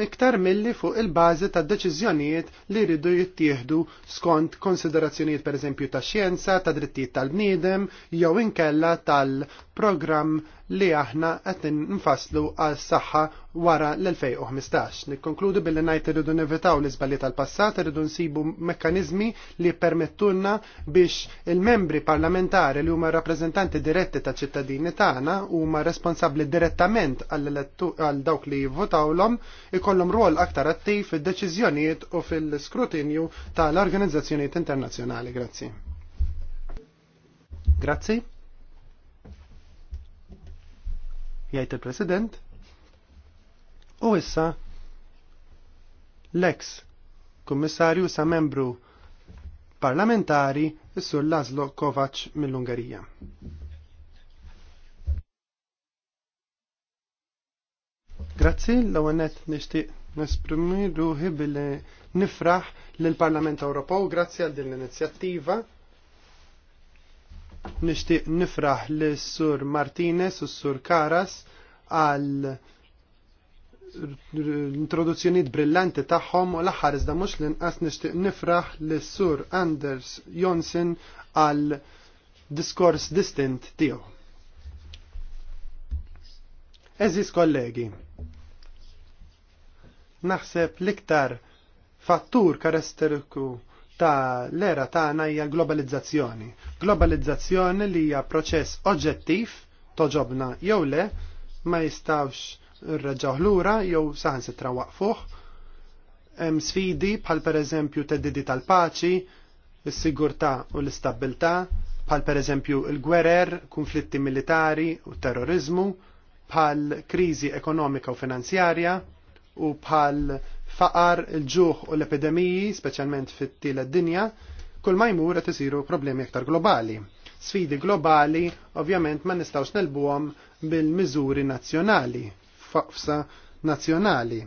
miktar milli fuq il-bażi ta' deċiżjonijiet li jridu jittieħdu skont konsiderazzjonijiet pereżempju ta' xjenza, ta' drittijiet tal-bniedem, jew inkella tal programm li aħna qed nfasslu għal saħħa wara l-2015. Nikkonkludu billi ngħid irridu nevitaw l-iżbalji tal-passat, irridu nsibu mekkaniżmi li permettunna biex il-membri parlamentari li huma rappreżentanti diretti ta' ċittadini tagħna huma responsabbli direttament għal dawk li jivvotawhom ikollhom rwol aktar attiv fid-deċiżjonijiet u fil-skrutinju tal-organizzazzjonijiet internazzjonali. Grazzi. Grazzi. jgħid il-President. U issa l-ex kummissarju sa membru parlamentari is-sur Lazlo Kovac mill-Ungerija. Grazzi, l-għonet nishtiq nesprimi ruħi billi nifraħ l-Parlament Ewropew, grazzi għal din l-inizjattiva nixtieq nifraħ li sur Martinez u sur Karas għal introduzzjoniet introduzzjonijiet brillanti tagħhom u l-aħħar iżda mhux l-inqas nixtieq nifraħ li sur Anders Jonsen għal diskors distint tiegħu. Eżis kollegi, naħseb l-iktar fattur karakteristiku ta' l-era tagħna hija globalizzazzjoni. Globalizzazzjoni li hija proċess oġġettiv toġobna jew le ma jistawx l-ura jew saħansitra waqfuh. Hemm sfidi bħal pereżempju teddidi tal-paċi, is-sigurtà u l-istabilità, bħal pereżempju il-gwerer, konflitti militari u terrorizmu, bħal kriżi ekonomika u finanzjarja u bħal faqar il-ġuħ u l-epidemiji, speċjalment fit-tiela dinja, kull ma jmur qed isiru problemi aktar globali. Sfidi globali ovvjament ma nistgħux nelbuhom bil-miżuri nazzjonali, faqsa nazzjonali.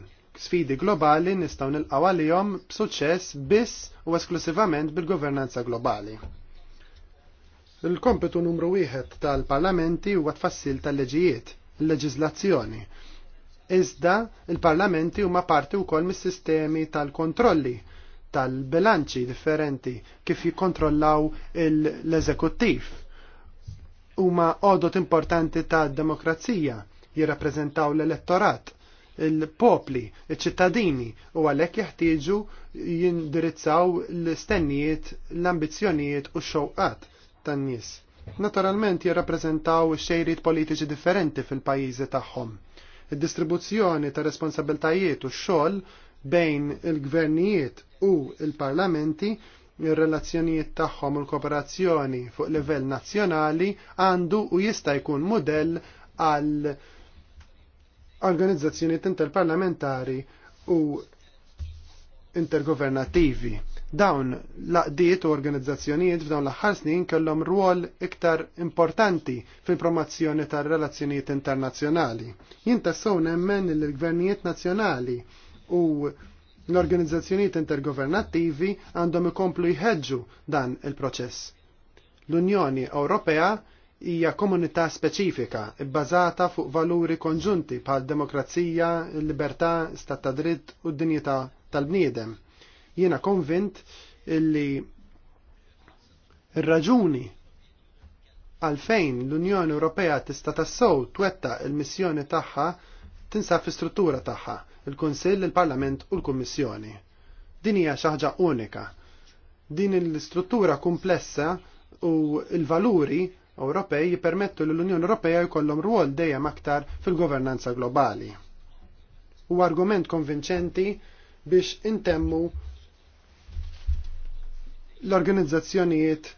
Sfidi globali nistgħu nilqgħu għalihom b'suċċess biss u esklusivament bil-governanza globali. Il-kompetu numru wieħed tal-parlamenti huwa tfassil tal-leġijiet, l-leġizlazzjoni. leġijiet il leġiżlazzjoni iżda il-parlamenti huma parti wkoll mis-sistemi tal-kontrolli tal-bilanċi differenti kif jikkontrollaw l-eżekuttiv. Huma għodot importanti tad-demokrazija, jirrappreżentaw l-elettorat, il-popli, il-ċittadini u għalhekk jeħtieġu jindirizzaw l-istennijiet, l-ambizzjonijiet u x-xewqat tan-nies. Naturalment jirrappreżentaw xejrit politiċi differenti fil-pajjiżi tagħhom Id-distribuzzjoni ta' responsabiltajiet u xogħol bejn il-gvernijiet u il-parlamenti il relazzjonijiet tagħhom u l-kooperazzjoni fuq livell nazzjonali għandu u jista' jkun mudell għal organizzazzjonijiet interparlamentari u intergovernativi. Dawn laqdiet u organizzazzjonijiet f'dawn l-aħħar snin kellhom rwol iktar importanti fil-promozzjoni tar-relazzjonijiet internazzjonali. Jien tassew nemmen li l-gvernijiet nazzjonali u l-organizzazzjonijiet intergovernattivi għandhom ikomplu jħeġġu dan il-proċess. L-Unjoni Ewropea hija komunità speċifika bbażata fuq valuri konġunti bħal demokrazija, libertà, stat ta' dritt u d-dinjità tal-bniedem. Jiena konvint illi il raġuni għalfejn l-Unjoni Ewropea tista' tassow twetta il-missjoni tagħha tinsab fi struttura tagħha, il-Kunsill, il-Parlament u l-Kummissjoni. Din hija xi ħaġa unika. Din l-istruttura komplessa u l-valuri Ewropej jippermettu l unjoni Ewropea jkollhom rwol dejjem aktar fil-governanza globali. U argument konvinċenti biex intemmu l-organizzazzjonijiet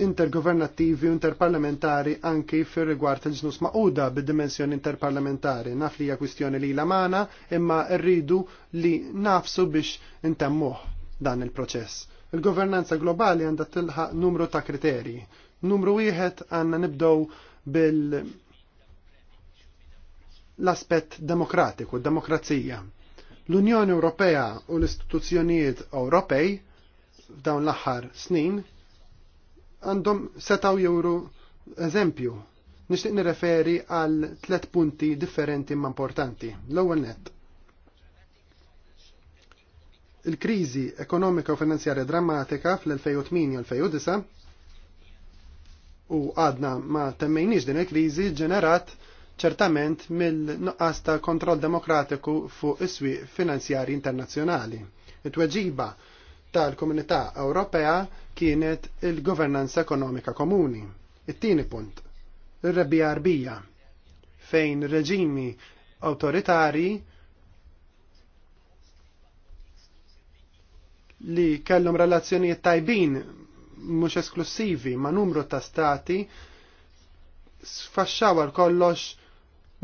intergovernattivi u interparlamentari anki fir rigward il-ġnus maquda bid-dimensjoni interparlamentari. Naf li hija kwistjoni li l-amana imma rridu li nafsu biex intemmuh dan il-proċess. Il-governanza globali għandha tilħaq numru ta' kriterji. Numru wieħed għandna nibdow bil l-aspett demokratiku, demokrazija. L-Unjoni Ewropea u l-istituzzjonijiet Ewropej f'dawn l-aħħar snin għandhom setaw juru eżempju. Nixtieq nirreferi għal tliet punti differenti ma importanti. L-ewwel net. Il-kriżi ekonomika u finanzjarja drammatika fl-2008 u l 2009 u għadna ma temmejniex din il-kriżi ġenerat ċertament mill-nuqqas ta' kontroll demokratiku fuq is-swieq finanzjari internazzjonali. It-tweġiba tal-Komunità Ewropea kienet il-Governanza Ekonomika Komuni. It-tieni punt, ir-rebbija arbija, fejn reġimi awtoritarji li kellhom relazzjonijiet tajbin mhux esklusivi ma' numru ta' stati sfaxxaw għal kollox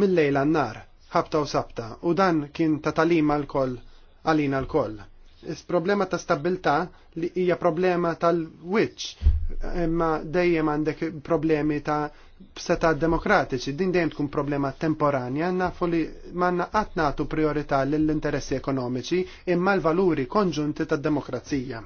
mill-lejla n-nar, ħabta u sabta, u dan kien ta' talima l-koll għalina l-koll problema ta' stabilta li hija problema tal wiċċ imma dejjem għandek problemi ta' seta demokratiċi din dejjem tkun problema temporanja nafu li manna qatt nagħtu priorità lill-interessi ekonomiċi imma l-valuri konġunti tad-demokrazija.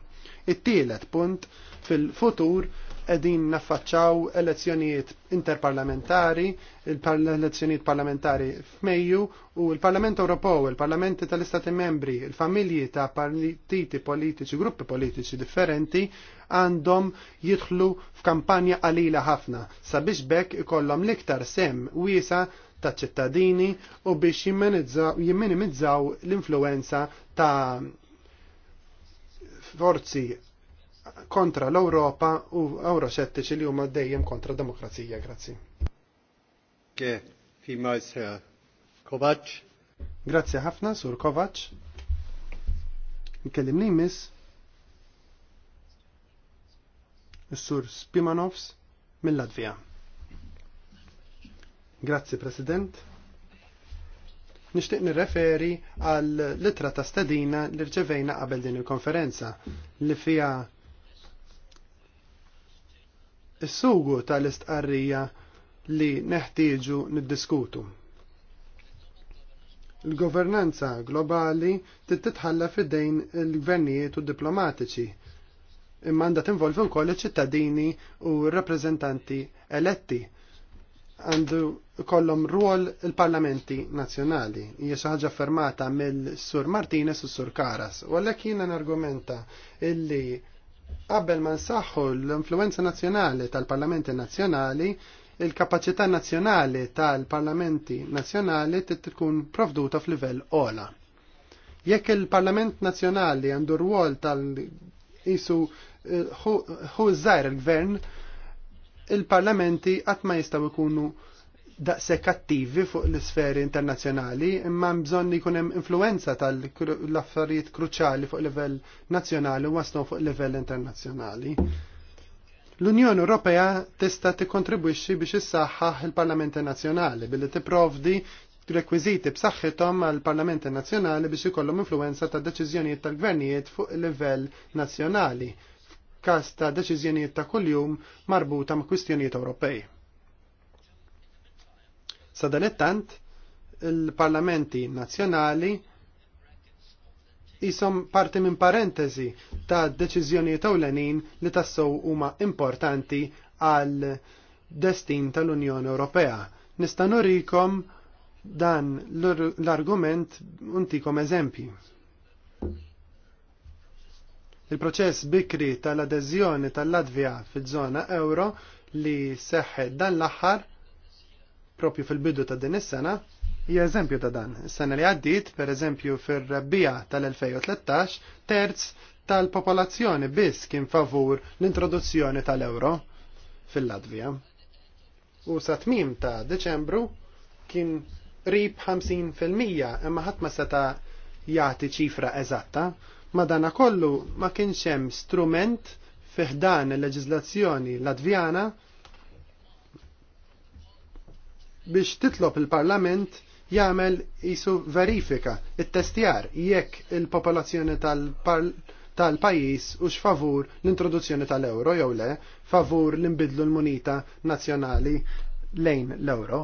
It-tielet punt fil-futur qegħdin naffaċċaw elezzjonijiet interparlamentari, l-elezzjonijiet parlamentari f'Mejju u l-Parlament Ewropew, il-Parlamenti tal-Istati Membri, il-familji ta' partiti politiċi, gruppi politiċi differenti għandhom jidħlu f'kampanja qalila ħafna sabiex bekk ikollhom l-iktar sem wiesa ta' ċittadini u biex jimminimizzaw l-influenza ta' forzi kontra l-Ewropa u Eurosettiċi li huma dejjem kontra demokrazija. Grazzi. Eh, Kovac. Grazzi ħafna, Sur Kovac. Nkellim li miss sur Spimanovs mill-Latvija. Grazzi President. Nixtieq nirreferi għal litra ta' stadina li rċevejna qabel din il-konferenza li fija is-sugu tal-istqarrija li neħtieġu niddiskutu. Il-governanza globali titħalla fidejn il-gvernijiet u diplomatiċi imma għandha tinvolvi wkoll iċ-ċittadini u r-rappreżentanti eletti għandu kollom ruol il-parlamenti nazjonali. Hija xi ħaġa affermata mill-Sur Martinez u Sur Karas. U għalhekk jiena nargumenta illi Qabel ma nsaħħu l-influenza nazzjonali tal-parlamenti nazzjonali, il-kapacità nazzjonali tal-parlamenti nazzjonali tkun provduta f'livell ola. Jekk il-parlament nazzjonali għandu rwol tal-isu eh, hu żgħar il-gvern, il-parlamenti qatt ma jistgħu jkunu daqshekk attivi fuq l-isferi internazzjonali, imma bżonn li jkun hemm influenza tal-affarijiet kruċali fuq livell nazzjonali u waslu fuq livell internazzjonali. L-Unjoni Ewropea tista' tikkontribwixxi biex issaħħaħ il-Parlamenti Nazzjonali billi tipprovdi rekwiżiti b'saħħithom għal parlamenti Nazzjonali biex ikollhom influenza ta' deċiżjonijiet tal-gvernijiet fuq livell nazzjonali f'każ ta' deċiżjonijiet ta' kuljum marbuta ma' kwistjonijiet Ewropej. Sa il-parlamenti nazzjonali jisom parti minn parentesi ta' ta' tawlenin li tassow huma importanti għal destin tal-Unjoni Ewropea. Nista' norikom dan l-argument untikom eżempi. Il-proċess bikri tal-adeżjoni tal latvija fil-żona euro li seħħet dan l-aħħar propju fil-bidu ta' din is-sena hija eżempju ta' dan. Is-sena li għaddiet, pereżempju fir-rebbija tal-2013, terz tal-popolazzjoni biss kien favur l-introduzzjoni tal-euro fil-Latvija. U sa tmim ta' Deċembru kien rib 50% imma ħadd ma seta' jagħti ċifra eżatta, ma dana kollu ma kienx hemm strument fiħdan il-leġiżlazzjoni Latvjana biex titlob il-Parlament jagħmel isu verifika it-testjar jekk il-popolazzjoni tal-pajjiż tal hux favur l-introduzzjoni tal-euro jew le favur l-inbidlu l-munita nazzjonali lejn l-euro.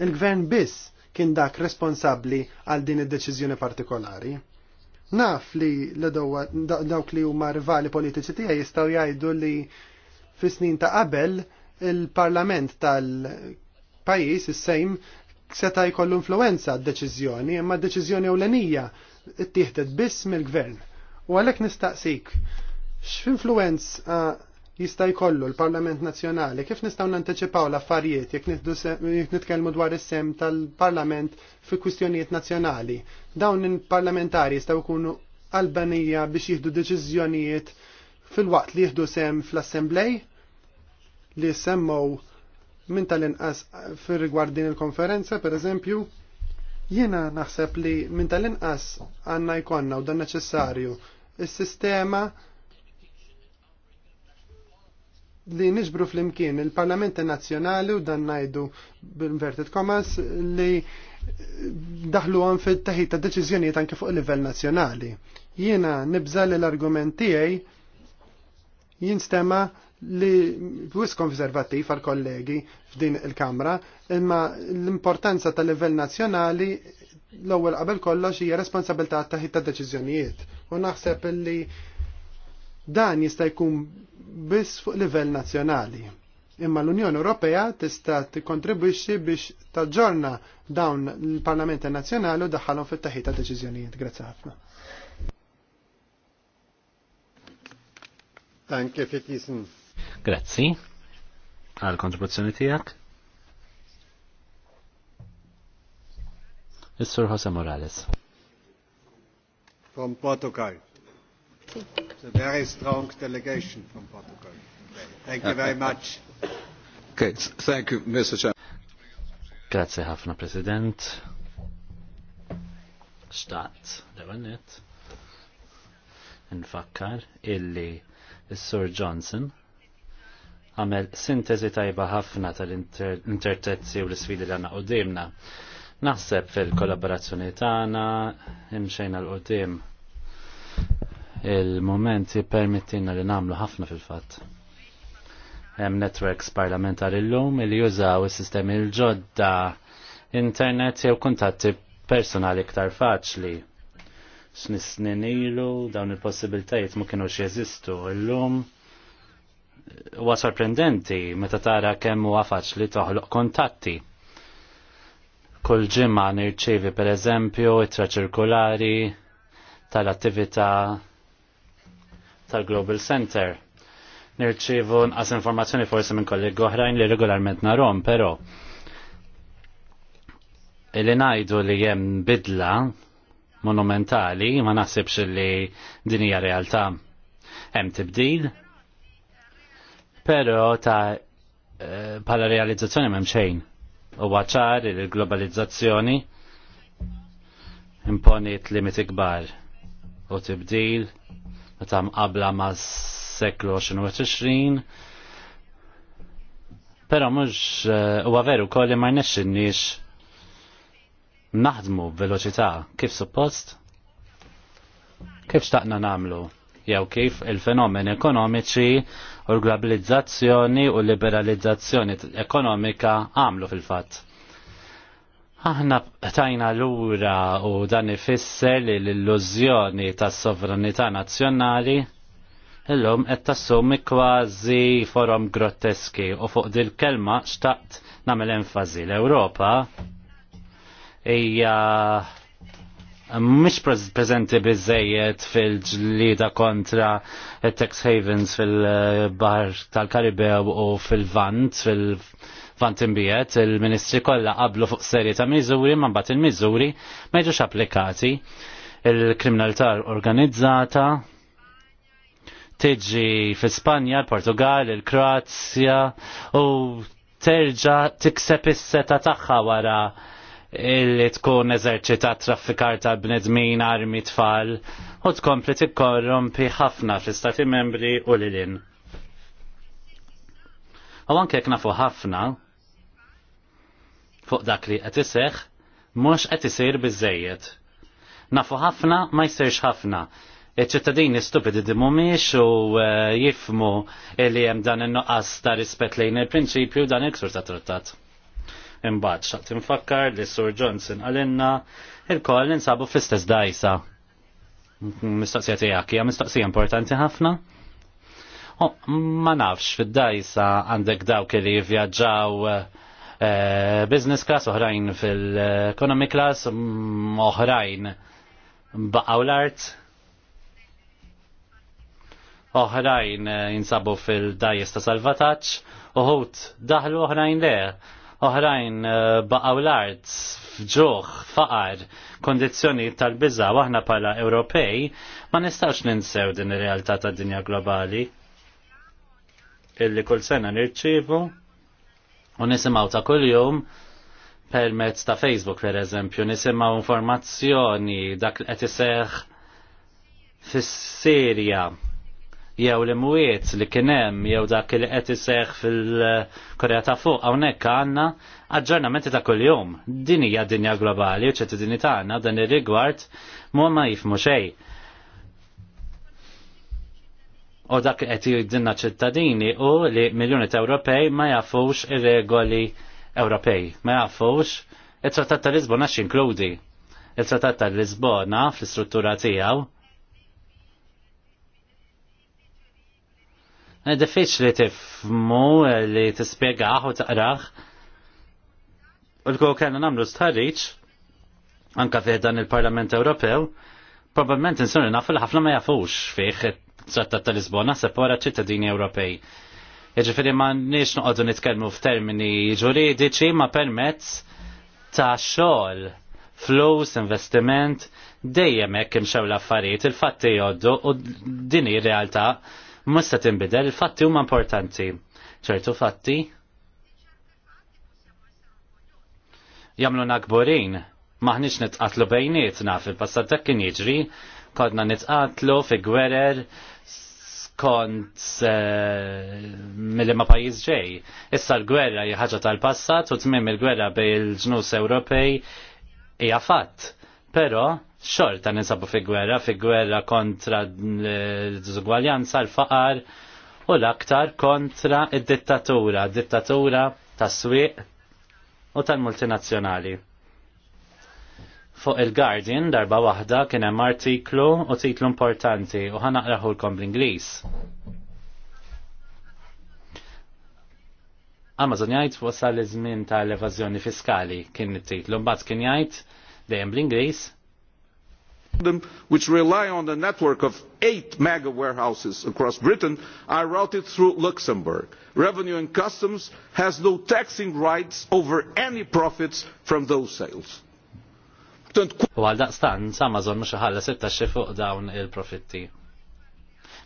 Il-gvern biss kien dak responsabli għal din id-deċiżjoni partikolari. Naf li dawk li huma rivali politiċi tiegħi jistgħu jgħidu li fis-snin ta' qabel il-parlament tal-pajis, il-sejm, seta' jkollu influenza d-deċizjoni, imma d-deċizjoni ewlenija ttieħdet biss mill-gvern. U għalek nistaqsik, x'influenza jista' jkollu l-Parlament Nazzjonali, kif nistgħu nanteċipaw l-affarijiet jekk nitkellmu dwar is-sem tal-Parlament fi kwistjonijiet nazzjonali. Dawn il-parlamentari jistgħu jkunu qalbanija biex jieħdu deċiżjonijiet fil-waqt li jieħdu sem fl-Assemblej? li semmow minn tal-inqas fir rigward din il-konferenza, per eżempju, jiena naħseb li minn tal-inqas għanna jkonna u dan neċessarju il sistema li nixbru fl-imkien il-Parlament Nazzjonali u dan najdu b'inverted commas li daħlu għan fil-taħita deċizjoniet anke fuq livell nazzjonali. Jiena nibżal l-argument tiegħi jinstema' li wis konservattiv għal kollegi f'din il-Kamra, imma l-importanza tal level nazzjonali l-ewwel qabel kollox hija responsabilità ta' ħit ta' deċiżjonijiet. U naħseb li dan jista' jkun biss fuq livell nazzjonali. Imma l-Unjoni Ewropea tista' tikkontribwixxi biex taġġorna dawn il-Parlamenti Nazzjonali u daħħalhom fit-taħid ta' deċiżjonijiet. Grazzi ħafna. Danke für diesen Grazzi għal kontribuzzjoni tijak. Is-Sur Jose Morales. From Portugal. It's a very strong delegation from Portugal. Thank you very much. Okay, thank you, Mr. Chairman. Grazie Hafna, President. Stat, Levanet. Nfakkar illi is-Sur Johnson għamel sintesi tajba ħafna tal-intertezzi u l-sfidi li għanna dimna. Naħseb fil-kollaborazzjoni tagħna imxejna l qoddim il-moment jippermettina li namlu ħafna fil-fatt. Hemm networks parlamentari llum li jużaw is-sistemi l-ġodda internet jew kuntatti personali iktar faċli. Snisnin ilu dawn il-possibiltajiet ma kienux jeżistu llum. Il huwa sorprendenti meta tara kemm huwa faċli toħloq kontatti. Kull ġimma nirċievi pereżempju ittra ċirkulari tal-attività tal-Global Center. Nirċievu nqas informazzjoni forsi minn kollegi oħrajn li regolarment narhom, però li ngħidu li hemm bidla monumentali ma naħsibx li din hija realtà. Hemm tibdil, Pero ta' eh, pala realizzazzjoni m'hemm xejn. Huwa ċar il-globalizzazzjoni imponiet limiti kbar u tibdil meta mqabla ma' seklu 20. Pero mhux huwa eh, veru kolli ma jnexxinniex naħdmu veloċità kif suppost kif xtaqna namlu jew kif il-fenomeni ekonomiċi u l-globalizzazzjoni u liberalizzazzjoni ekonomika għamlu fil-fatt. Aħna tajna l-ura u dan ifisser li l-illużjoni tas sovranità nazzjonali illum qed tassumi kważi forom grotteski u fuq dil-kelma xtaqt nagħmel enfasi l-Ewropa hija Mhix preżenti biżejjed fil-ġlida kontra tax havens fil-Baħar tal-Karibew u fil-Vant fil-Vant imbiet, il-Ministri kollha qablu fuq serje ta' miżuri ma bat il-miżuri ma jiġux applikati il-kriminalità organizzata tiġi fil Spanja, il-Portugal, il-Kroazja u terġa tikseb is-seta tagħha wara illi tkun eżerċita traffikar ta' bnedmin armi tfal u tkompli tikkorrompi ħafna fl-istati membri u lilin. U anke jekk nafu ħafna fuq dak li qed iseħħ mhux qed isir biżejjed. Nafu ħafna ma jsirx ħafna. Iċ-ċittadini stupidi dimu miex u eh, jifmu li hemm dan in-nuqqas ta' rispett lejn il-prinċipju dan il-ksur ta' trattat. Imbagħad xaqt infakkar li Sur Johnson għalinna il-koll ninsabu fl-istess dajsa. Mistoqsija tiegħek hija mistoqsija importanti ħafna. Ma nafx fid-dajsa għandek dawk li jivvjaġġaw eh, business class, oħrajn fil-economy class, mm, oħrajn baqaw l-art. Oħrajn eh, jinsabu fil-dajjes ta' salvataċ, uħut daħlu oħrajn le oħrajn eh, baqaw l-art fġuħ, faqar, kondizjoni tal-biża waħna pala Ewropej ma nistax ninsew din ir-realtà tad-dinja globali illi kull sena nirċivu u nisimaw ta' kuljum permezz ta' Facebook per eżempju nisimaw informazzjoni dak li qed iseħħ fis-Sirja jew l-imwiet li kienem jew dak li qed iseħħ fil-Korea ta' fuq hawnhekk għandna aġġornamenti ta' kuljum. Din hija dinja globali u ċittadini tagħna dan ir-rigward mhu ma jifmu xejn. U dak qed jgħidilna ċittadini u li miljuni ta' Ewropej ma jafux ir-regoli Ewropej, ma jafux it-Trattat ta' Lisbona x'inkludi. Il-Trattat ta' Lisbona fl-istruttura tiegħu Eh, Diffiċ li tifmu eh, li tispiegaħ u taqraħ. U l kow kellna namlu stħarriċ anka fih dan il-Parlament Ewropew, probabbilment insuni nafu li ħafna ma jafux fih trattat tal-Lisbona sepora ċittadini Ewropej. Jiġifieri ma nix noqogħdu nitkellmu f'termini ġuridiċi ma permezz ta' xogħol, flus, investiment, dejjem hekk imxew l-affarijiet, il-fatti jgħoddu u din hi realtà musta tinbidel, il-fatti huma importanti. ċertu fatti jamlu nakburin, m'aħniex nitqatlu bejnietna fil-passat dak kien jiġri, kodna nitqatlu fi gwerer skont eh, mill ma pajjiż ġej. Issa l-gwerra hija ħaġa tal-passat u tmiem il-gwerra bej il-ġnus Ewropej hija fatt. Però xorta ninsabu fi gwerra, fi gwerra kontra l-dizugwaljanza, l-faqar u l-aktar kontra id-dittatura, dittatura tas-swieq u tal-multinazzjonali. Fuq il-Guardian darba waħda kien hemm artiklu u titlu importanti u ħanaqraħulkom bl-Ingliż. Amazon jgħid wasal iż-żmien tal-evażjoni fiskali kien it-titlu, mbagħad kien jgħid dejjem bl-Ingliż which rely on a network of eight mega warehouses across Britain, are routed through Luxembourg. Revenue and Customs has no taxing rights over any profits from those sales. U għal daqstan, Amazon mux ħalla sitta fuq dawn il-profitti.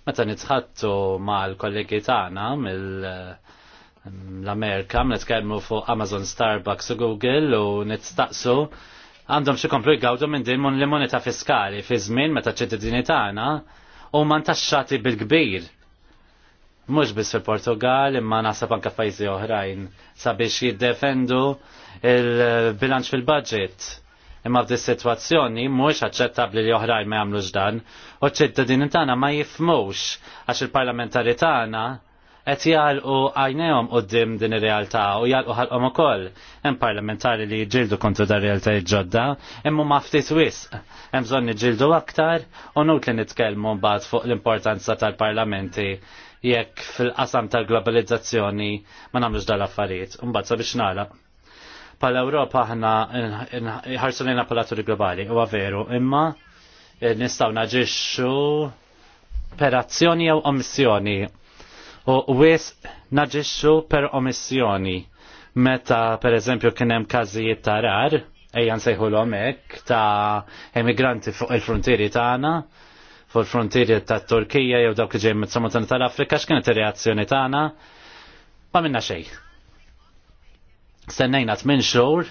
Meta nitħattu ma' l-kollegi tagħna mill- l-Amerika, nitkellmu fuq Amazon, Starbucks u Google u nistaqsu għandhom xie komplu jgawdu minn din mon l-moneta fiskali fi żmien meta ċittadini tagħna u man ntaxxati bil-kbir. Mhux biss fil-Portugal imma nasab anke fajzi oħrajn sabiex jiddefendu il-bilanċ fil-budget. Imma f'di situazzjoni mhux aċċettabbli li oħrajn ma jagħmlux dan u ċ-ċittadini tagħna ma jifmux għax il-parlamentari tagħna qed jgħalqu għajnejhom qudiem din ir-realtà u jgħalqu ħalqhom ukoll. Hemm parlamentari li jġildu kontu dar realtà ġodda, imma ma ftit wisq. Hemm bżonn niġġieldu aktar u nut li nitkellmu mbagħad fuq l-importanza tal-parlamenti jekk fil-qasam tal-globalizzazzjoni ma nagħmlux dal-affarijiet. Mbagħad sabiex nagħlaq pal Ewropa ħna ħarsu lejna palaturi globali, huwa veru, imma nistgħu naġixxu per azzjoni jew omissjoni u wis naġixxu per omissjoni. Meta per eżempju kien hemm każijiet ta' rar, ejjan sejħu l-omek ta' emigranti fuq il-frontieri tagħna, fuq il-frontieri ta' Turkija jew dawk li ġej mit-Samutan tal-Afrika, x'kienet ir-reazzjoni tagħna? Ma minna xejn. Stennejna tmien xhur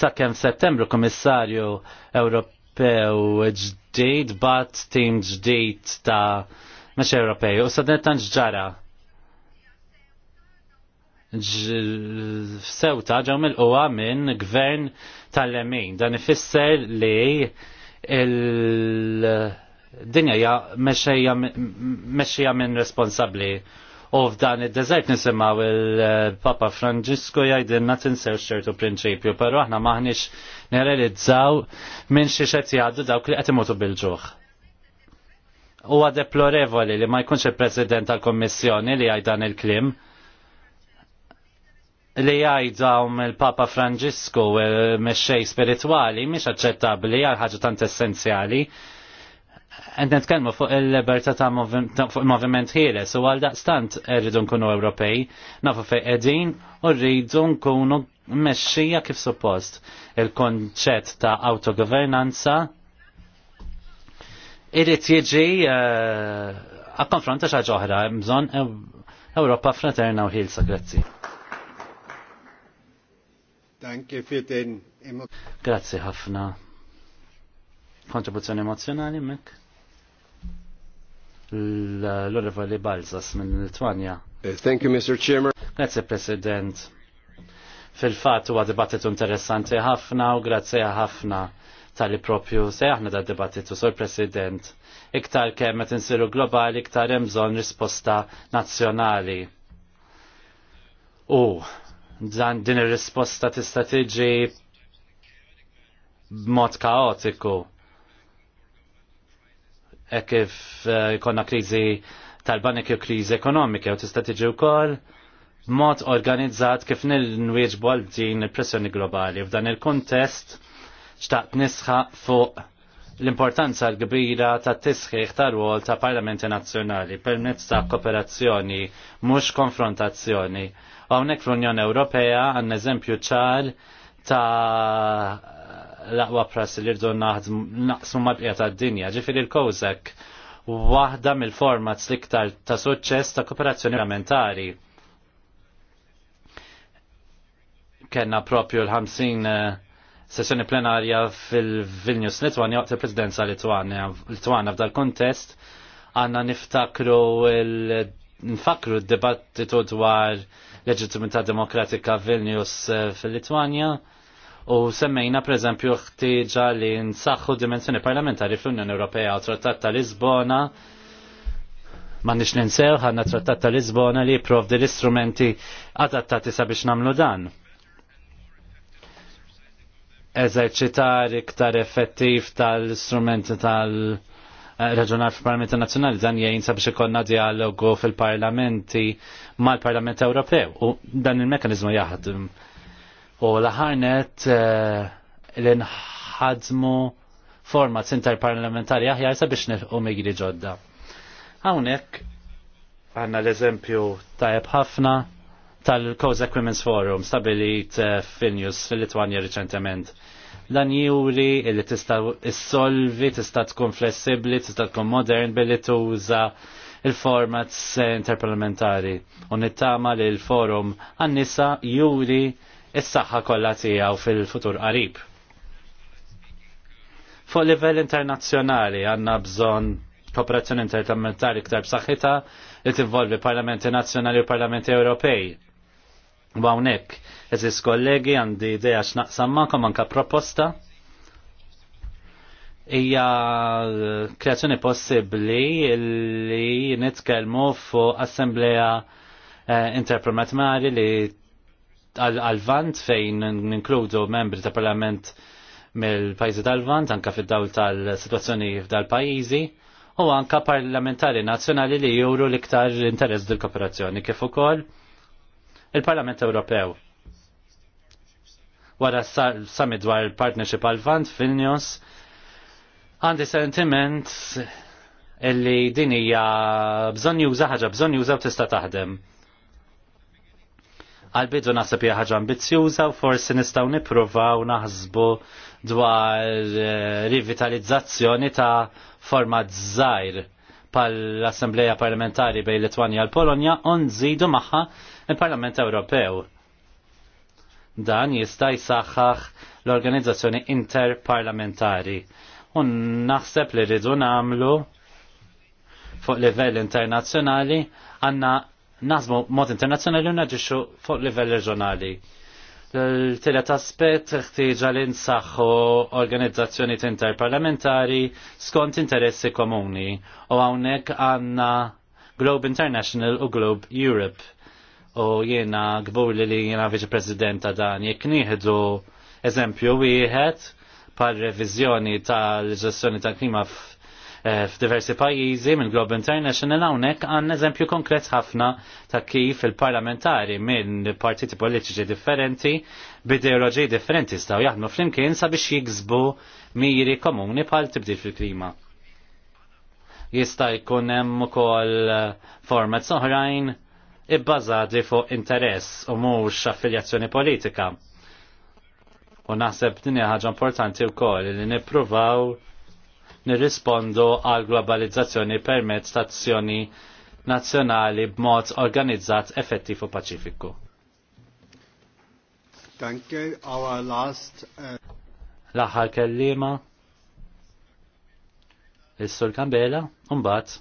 sakemm Settembru Kummissarju Ewropew ġdid bat tim ġdid ta' mhux Ewropej u sadet tan ġġara sewta ġew mill-qwa minn gvern tal-lemin. Dan ifisser li il-dinja hija minn responsabbli. U f'dan id-deżert nisimgħu il-Papa Franġisku jgħidilna tinsew xertu prinċipju, però aħna maħniex nerealizzaw minn xi qed jgħaddu dawk li qed imutu bil-ġuħ huwa deplorevoli li ma jkunx il-President tal-Kommissjoni li għajdan il-klim li jgħidaw il papa Franġisku mexxej spirituali mhix aċċettabbli għal ħaġa tant essenzjali. Qed nitkellmu fuq il-libertà ta' fuq il-moviment ħieles u għal daqstant rridu nkunu Ewropej, nafu fejn qegħdin u rridu nkunu mexxija kif suppost. Il-konċett ta' autogovernanza irrid jiġi għakkonfronta eh, xi ħaġa oħra, bżonn Ewropa fraterna u ħilsa, grazzi. Danke für den Grazie ħafna. Kontribuzzjoni emozjonali mek? L-Orevali Balzas minn Litwanja. Eh, thank you, Mr. Chairman. Grazie, President. Fil-fat huwa dibattitu interessanti ħafna u grazie ħafna tal-li propju aħna da dibattitu, Sur President. Iktar kemm qed insiru globali, iktar hemm bżonn risposta nazzjonali. U dan din ir-risposta tista' tiġi b'mod kaotiku. E kif e, jkollna kriżi tal-banik jew kriżi ekonomika u tista' tiġi wkoll b'mod organizzat kif nil-nwieġbu għal din il-pressjoni globali. F'dan il-kontest xtaqt nisħaq fuq l-importanza l-kbira ta' tisħiħ ta' rwol ta' parlamenti nazzjonali permezz ta' kooperazzjoni, mhux konfrontazzjoni. Hawnhekk fl-Unjoni Ewropea għandna eżempju ċar ta' laqwa pras li rridu naqsmu mal-qija tad-dinja, ġifieri l-Kowzek waħda mill-formats l-iktar ta' suċċess ta' kooperazzjoni parlamentari. Kenna propju l-50 eh, sessjoni plenarja fil-Vilnius Litwanja waqt il-Presidenza Litwana f'dal kontest għanna niftakru nfakru d-dibattitu dwar leġitimità demokratika Vilnius eh, fil-Litwanja u semmejna preżempju ħtieġa li nsaħħu dimensjoni parlamentari fl-Unjoni Ewropea u Trattat ta' Lisbona ma nix ninsew ħanna trattat ta' Lisbona li jiprovdi l-istrumenti adattati sabiex namlu dan. Eżerċitar iktar effettiv tal-istrumenti tal-, -istrumenti tal raġunar fil-Parlament Nazzjonali dan jgħin sabiex ikonna dialogu fil-Parlamenti mal-Parlament Ewropew u dan il-mekanizmu jaħdem. U laħarnet eh, li nħadmu format interparlamentari aħjar sabiex nilħu migri ġodda. Hawnhekk għandna l-eżempju tajjeb ħafna tal-Kozak Women's Forum stabilit eh, fil-News fil-Litwanja riċentement dan juri li tista' issolvi, tista' tkun flessibli, tista' tkun modern billi tuża il-formats interparlamentari. U nittama li l-forum għannisa juri is-saħħa kollha tiegħu fil-futur qarib. Fuq livell internazzjonali għandna bżonn kooperazzjoni interparlamentari ktar b'saħħitha li tinvolvi parlamenti nazzjonali u parlamenti Ewropej Bawnek, eżis kollegi għandi ideja x'naqsam magħkom anka proposta. Hija kreazzjoni possibbli li nitkellmu fuq assembleja eh, interpromatmari li għal-vant fejn ninkludu membri ta' parlament mill-pajzi tal-vant, anka fid-dawl tal-situazzjoni fdal pajzi u anka parlamentari nazzjonali li juru l-iktar interess dil-kooperazzjoni kif ukoll Il-Parlament Ewropew wara summit dwar il partnership għal-Vant Vilnius għandi sentiment illi din hija bżonn juża ħaġa bżonn juża u tista' taħdem. Għal-bidu naħseb hija ħaġa ambizzjuża u forsi nistgħu nippruvaw naħsbu dwar eh, rivitalizzazzjoni ta' format żgħir pal-Assembleja Parlamentari bejn Litwanja l polonja u nżidu magħha il-Parlament Ewropew. Dan jista' jsaħħaħ l-organizzazzjoni interparlamentari u naħseb li rridu nagħmlu fuq livell internazzjonali għandna naħsmu mod internazzjonali u naġixxu fuq livell reġjonali. L-tielet aspett ħtieġa li nsaħħu organizzazzjoni interparlamentari skont interessi komuni u hawnhekk għandna Globe International u Globe Europe u jiena gbur li li jiena viċi-president ta' dan, jek nieħdu eżempju wieħed par revizjoni tal-ġestjoni tal-klima eh, f'diversi pajjiżi minn Globe International hawnhekk għandna eżempju konkret ħafna ta' kif il-parlamentari minn partiti politiċi differenti b'ideoloġiji differenti staw jaħdmu flimkien sabiex jiksbu miri komuni bħal tibdil fil-klima. Jista' jkun hemm ukoll format oħrajn ibbażati fuq interess u mhux affiljazzjoni politika. U naħseb din ħaġa importanti wkoll li nippruvaw nirrispondu għal globalizzazzjoni permezz ta' azzjoni nazzjonali b'mod organizzat, effettiv u paċifiku. Danke, our last... Uh, L-aħħar kellima. Is-sur Kambela, un-bat.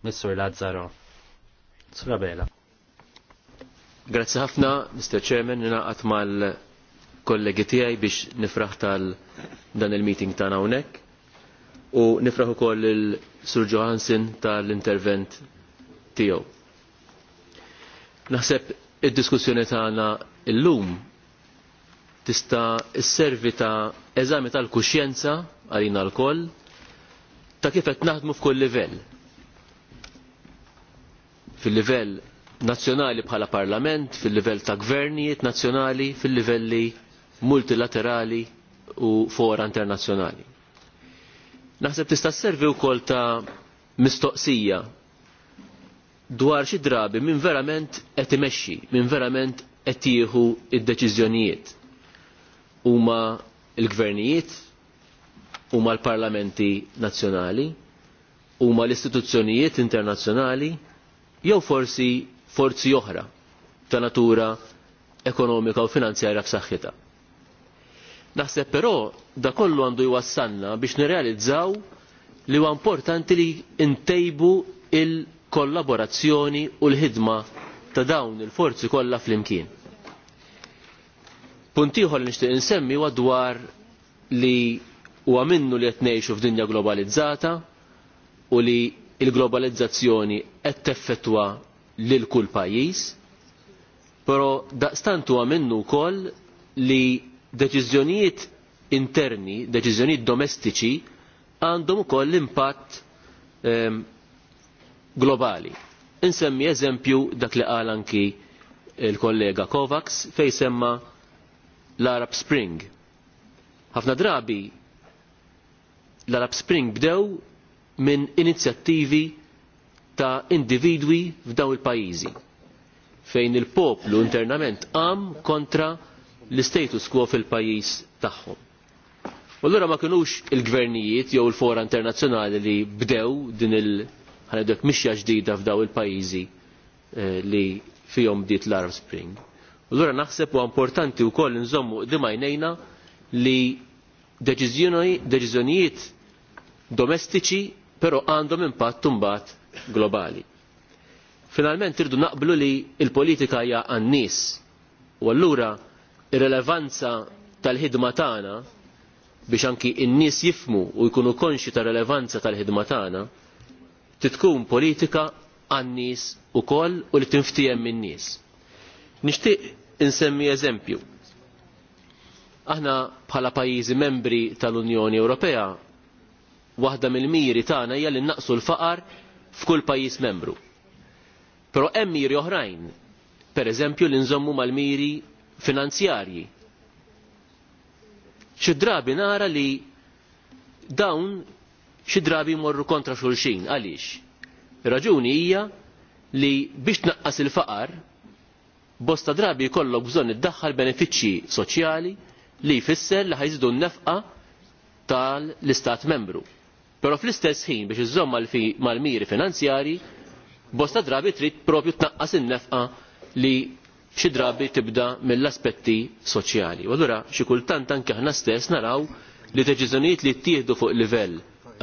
Missur Lazzaro. Srabela. Grazzi ħafna, Mr. Chairman, naqat mal-kollegi tiegħi biex nifraħ tal dan il-meeting tagħna hawnhekk u nifraħu ukoll il-Sur Johansen tal-intervent tiegħu. Naħseb id-diskussjoni tagħna lum tista' il-servi ta' eżami tal-kuxjenza għalina l-koll ta' kif qed naħdmu f'kull livell fil-livell nazzjonali bħala parlament, fil-livell ta' gvernijiet nazzjonali, fil-livelli multilaterali u fora internazzjonali. Naħseb tista' servi wkoll ta' mistoqsija dwar xi drabi minn verament qed imexxi, minn verament qed jieħu id-deċiżjonijiet. Huma l-gvernijiet, huma l-parlamenti nazzjonali, huma l-istituzzjonijiet internazzjonali, jew forsi forzi oħra ta' natura ekonomika u finanzjarja f'saħħitha. Naħseb però da kollu għandu jwassanna biex nirrealizzaw li huwa importanti li ntejbu il-kollaborazzjoni u l-ħidma ta' dawn il-forzi kollha flimkien. Punt ieħor li nixtieq insemmi huwa dwar li huwa minnu li qed f'dinja globalizzata u li il-globalizzazzjoni qed teffettwa lil kull pajjiż, però daqstant huwa minnu wkoll li deċiżjonijiet interni, deċiżjonijiet domestiċi għandhom ukoll impatt um, globali. Insemmi eżempju dak li qal anki il-kollega Kovacs fej semma l-Arab Spring. Ħafna drabi l-Arab Spring bdew minn inizjattivi ta' individwi f'dawn il-pajjiżi fejn il-poplu internament għam kontra l-status quo fil-pajis tagħhom. U l-għura ma kinux il-gvernijiet jew il-fora internazzjonali li bdew din il- ħanedek mixja ġdida f'daw il-pajjiżi eh, li fihom bdiet l arab Spring. U allura naħseb huwa importanti wkoll nżommu dimajnejna li deċiżjonijiet domestiċi però għandhom impatt imbagħad globali. Finalment irdu naqblu li l politika hija għan-nies u allura ir relevanza tal-ħidma tagħna biex anki n-nies jifmu u jkunu konxi ta' relevanza tal-ħidma tagħna titkun politika għan-nies ukoll u li tinftijem min-nies. Nixtieq insemmi eżempju. Aħna bħala pajjiżi membri tal-Unjoni Ewropea waħda mill-miri tagħna hija li naqsu l-faqar f'kull pajjiż membru. Però hemm miri oħrajn, pereżempju li nżommu mal-miri finanzjarji. Xi drabi nara li dawn xi drabi jmorru kontra xulxin għaliex. Ir-raġuni hija li biex tnaqqas il-faqar bosta drabi jkollok bżonn iddaħħal benefiċċji soċjali li jfisser li ħajżidu n-nefqa tal-istat membru. Però fl-istess ħin biex iżżomm mal-miri finanzjarji, bosta drabi trid propju tnaqqas in-nefqa li xi drabi tibda mill-aspetti soċjali. U allura xi kultant anke aħna stess naraw li deċiżjonijiet li ttieħdu fuq livell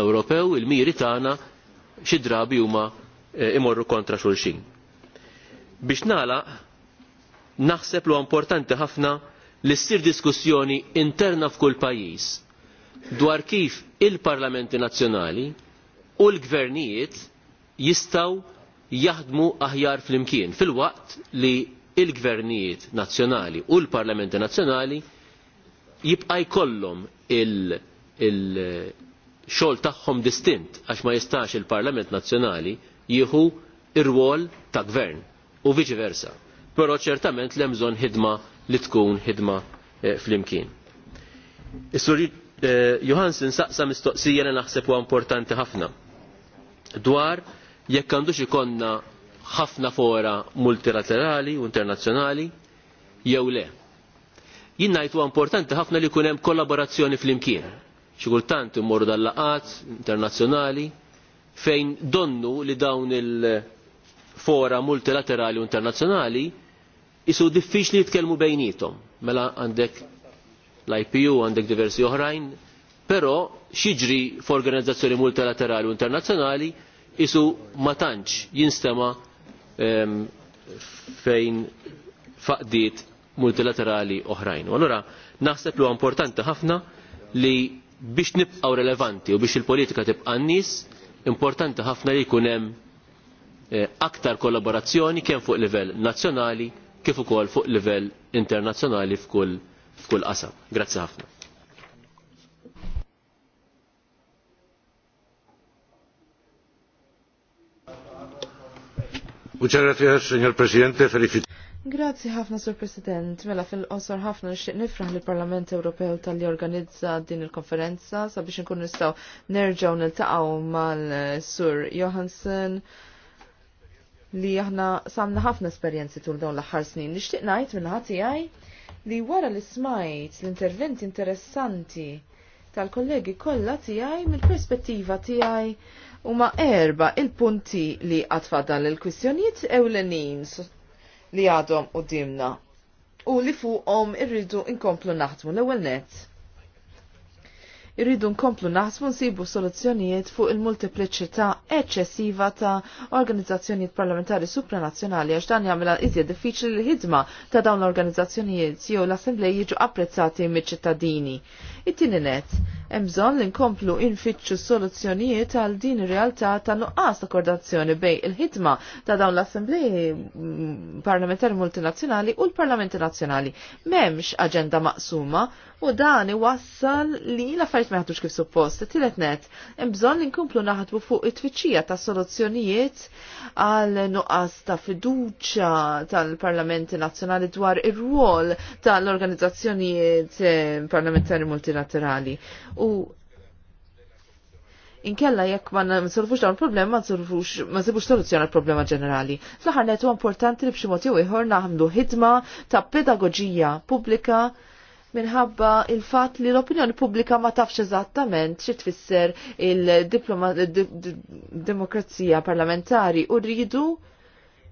Ewropew il-miri tagħna xi drabi huma eh, imorru kontra xulxin. Biex nagħlaq naħseb lu importanti ħafna li ssir diskussjoni interna f'kull pajjiż dwar kif il-parlamenti nazzjonali u l-gvernijiet jistgħu jaħdmu aħjar flimkien fil-waqt li il-gvernijiet nazzjonali u l-parlamenti nazzjonali jibqa' jkollhom il-xogħol tagħhom distint għax ma jistax il-Parlament Nazzjonali jieħu ir-rwol ta' gvern u viċi versa. Però ċertament l bżonn ħidma li tkun ħidma eh, flimkien. Is-sur Eh, Johansen saqsa mistoqsija li naħseb huwa importanti ħafna. Dwar jekk għandux ikonna ħafna fora multilaterali u internazzjonali jew le. Jien ngħid huwa importanti ħafna li jkun hemm kollaborazzjoni flimkien. Xi kultant immorru dal-laqat internazzjonali fejn donnu li dawn il-fora multilaterali u internazzjonali isu diffiċli jitkellmu bejnietom. Mela għandek l-IPU għandek diversi oħrajn, però xiġri f'organizzazzjoni multilaterali u internazzjonali isu ma tantx jinstema um, fejn faqdiet multilaterali oħrajn. U naħseb li importanti ħafna li biex nibqaw relevanti u biex il-politika tibqa' n-nies, importanti ħafna li jkun hemm eh, aktar kollaborazzjoni kemm fuq livell nazzjonali kif ukoll fuq livell internazzjonali f'kull f'kull qasam. Grazzi ħafna. Muchas gracias, señor presidente. Felicito. Grazzi ħafna, Sur President. Mela fil-qosor ħafna nixtieq nifraħ li parlament Ewropew tal-li organizza din il-konferenza sabiex nkun nistgħu nerġgħu niltaqgħu mal-Sur Johansen li aħna samna ħafna esperjenzi tul dawn l-aħħar snin. Nixtieq ngħid mill-ħadd li wara li smajt l-interventi interessanti tal-kollegi kollha tiegħi mill-perspettiva tiegħi huma erba il-punti li għatfadal il-kwistjonijiet ewlenin li għadhom u dimna u li fuqhom irridu inkomplu naħdmu l-ewwel nett irridu nkomplu naħsmu nsibu soluzzjonijiet fuq il-multipliċità eċċessiva ta' organizzazzjonijiet parlamentari supranazzjonali għax dan jagħmilha iżjed diffiċli l-ħidma ta' dawn l-organizzazzjonijiet jew l-assembleji jiġu apprezzati miċ-ċittadini. It-tieni net, hemm bżonn li nkomplu infittxu soluzzjonijiet għal din ir-realtà ta' nuqqas ta' koordinazzjoni bej il-ħidma ta' dawn l-assembleji mm, parlamentari multinazzjonali u l-parlamenti nazzjonali. M'hemmx aġenda maqsuma u dan iwassal li l-affarijiet ma jaħdux kif suppost. Tielet net, hemm bżonn li nkomplu naħatbu fuq it-tfittxija ta' soluzzjonijiet għal nuqqas ta' fiduċja tal-Parlamenti Nazzjonali dwar ir-rwol tal-organizzazzjonijiet eh, parlamentari multinazzjonali multilaterali. U inkella jekk ma nsolvux dawn il-problema ma nsolvux ma nsibux soluzzjoni għal problema ġenerali. Fl-aħħar huwa importanti li b'xi mod iħor ieħor naħmlu ħidma ta' pedagoġija pubblika minħabba il-fat li l-opinjoni pubblika ma tafx eżattament xi tfisser il-demokrazija parlamentari u rridu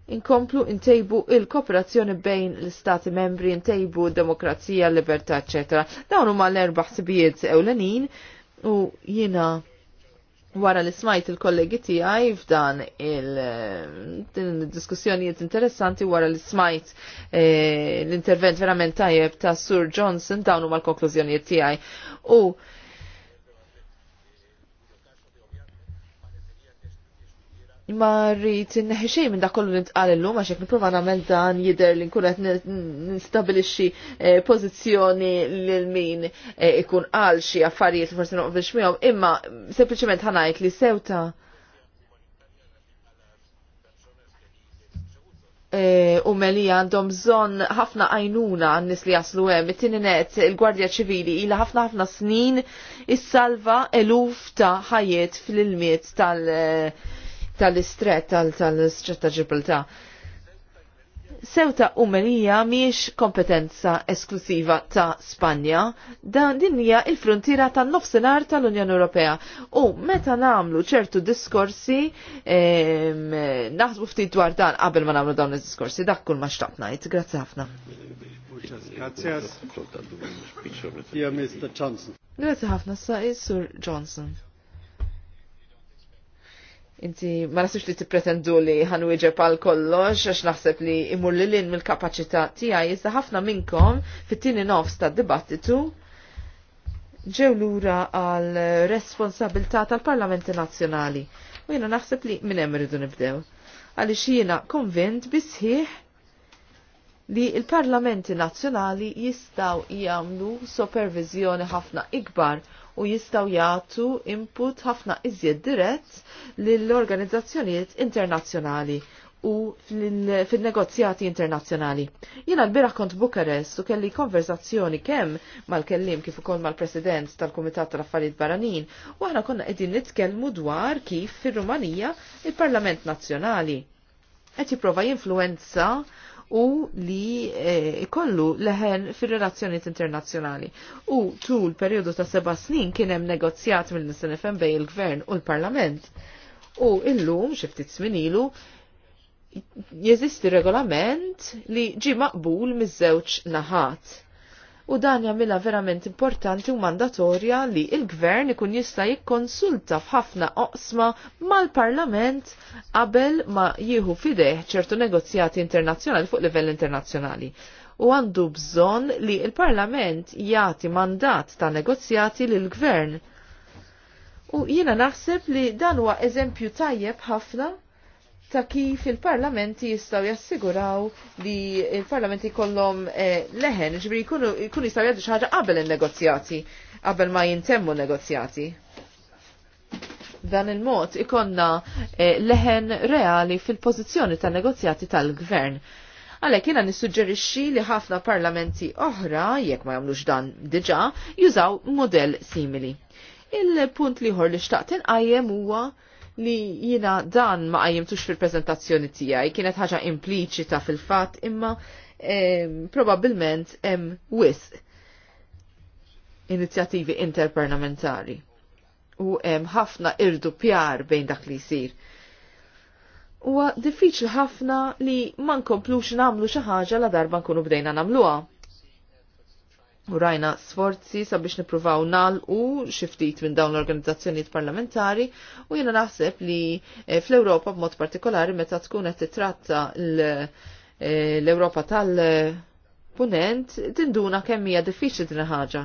inkomplu intejbu il-kooperazzjoni bejn l-istati membri, intejbu demokrazija, libertà, ecc. Dawn huma l-erba' ħsibijiet ewlenin u jiena wara li smajt il-kollegi tiegħi f'dan il-diskussjonijiet interessanti wara li smajt eh, l-intervent verament tajjeb ta' Sur Johnson dawn huma l-konklużjonijiet tiegħi. U ma rrit neħi xej minn dak kollu l illum għaxek jekk nipprova nagħmel dan jidher li nkun qed nistabilixxi eh, pożizzjoni lil min eh, ikun għal xi affarijiet li forsi noqbilx miegħu, imma sempliċement ħanajt li sewta eh, u melija għandhom bżonn ħafna għajnuna għan li jaslu hemm. It-tieni il-Gwardja Ċivili ilha ħafna ħafna snin is-salva eluf ta' ħajiet fil ilmiet tal- uh, tal-istret tal-istret ta' ġibilta. Sewta Umerija miex kompetenza esklusiva ta' Spanja, dan din hija il-frontiera tan-nofsinhar tal-Unjoni Ewropea. U meta nagħmlu ċertu diskorsi naħsbu ftit dwar dan qabel ma nagħmlu dawn id-diskorsi, dak kull ma xtaqt ngħid. Grazzi ħafna. Grazie ħafna sa' Sur Johnson. Inti ma nasibx li tippretendu li ħanwieġeb għal kollox għax naħseb li imur li lin mill-kapaċità tiegħi iżda ħafna minnkom fit-tieni nofs tad-dibattitu ġew lura għal responsabilità tal-Parlamenti Nazzjonali. U jiena naħseb li minn hemm nibdew. Għaliex jiena konvint bisħiħ li il-parlamenti nazzjonali jistaw jagħmlu supervizjoni ħafna ikbar u jistaw jagħtu input ħafna iżjed dirett lill-organizzazzjonijiet internazzjonali u fil-negozjati internazzjonali. Jena l kont Bukarest u kelli konverzazzjoni kemm mal-kellim kif ukoll mal-president tal-Kumitat tal-Affarijiet Baranin u aħna konna qegħdin nitkellmu dwar kif fir-Rumanija il-Parlament Nazzjonali qed jipprova jinfluenza u li e, ikollu leħen fir-relazzjonijiet internazzjonali. U tul periodu ta' seba' snin kien hemm negozjat mill-SNFM bej il-Gvern u l-Parlament. U illum xi ftit ilu jeżisti regolament li ġi maqbul miż-żewġ naħat u dan jagħmilha verament importanti u mandatorja li il-gvern ikun jista' jikkonsulta f'ħafna oqsma mal-Parlament qabel ma jieħu fideh ċertu negozjati internazzjonali fuq livell internazzjonali u għandu bżonn li il-Parlament jagħti mandat ta' negozjati lil gvern U jiena naħseb li dan huwa eżempju tajjeb ħafna ta' kif il-parlamenti jistaw jassiguraw li il-parlamenti kollom eh, leħen, ġbri jkunu jistaw jaddu xaħġa qabel il-negozjati, qabel ma jintemmu negozjati. Dan il-mod ikonna eh, leħen reali fil-pozizjoni tal-negozjati tal-gvern. Għalek jina nissuġġerixxi li ħafna parlamenti oħra, jekk ma jagħmlux dan diġà, jużaw modell simili. Il-punt liħor li xtaqt inqajjem huwa li jina dan ma għajimtux fil-prezentazzjoni tiegħi kienet ħaġa impliċita fil-fatt imma probabilment probabbilment hemm wisq inizjattivi interparlamentari u hemm ħafna irdu pjar bejn dak li jsir. Huwa diffiċli ħafna li ma nkomplux nagħmlu xi ħaġa la darba nkunu bdejna nagħmluha u rajna sforzi sabiex nipruvaw u xiftit minn dawn l-organizzazzjonijiet parlamentari u jena naħseb li eh, fl-Europa b'mod partikolari meta tkun qed titratta eh, l-Europa tal-punent tinduna kemm hija diffiċli din ħaġa.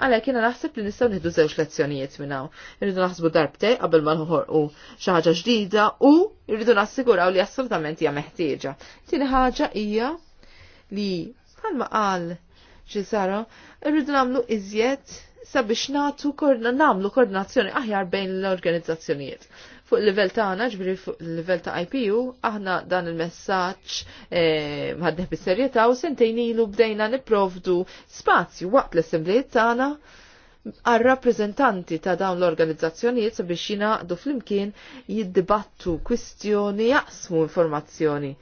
Għalhekk jiena naħseb li nistgħu nieħdu żewġ lezzjonijiet minn hawn. Irridu naħsbu darbte qabel ma nħorqu xi ħaġa ġdida u jridu nassiguraw li assolutament hija meħtieġa. Tieni ħaġa hija li bħalma qal ċizara, rridu namlu iżjed sabiex natu korna, namlu koordinazzjoni aħjar bejn l-organizzazzjonijiet. Fuq il-level ta' għana, ġbiri fuq il-level ta' IPU, aħna dan il-messagġ eh, mħaddeħ bis-serjetà u sentejn ilu bdejna niprovdu spazju waqt l ta' tagħna għal-rappresentanti ta' dawn l-organizzazzjonijiet sabiex du fl-imkien jiddibattu kwistjoni jaqsmu informazzjoni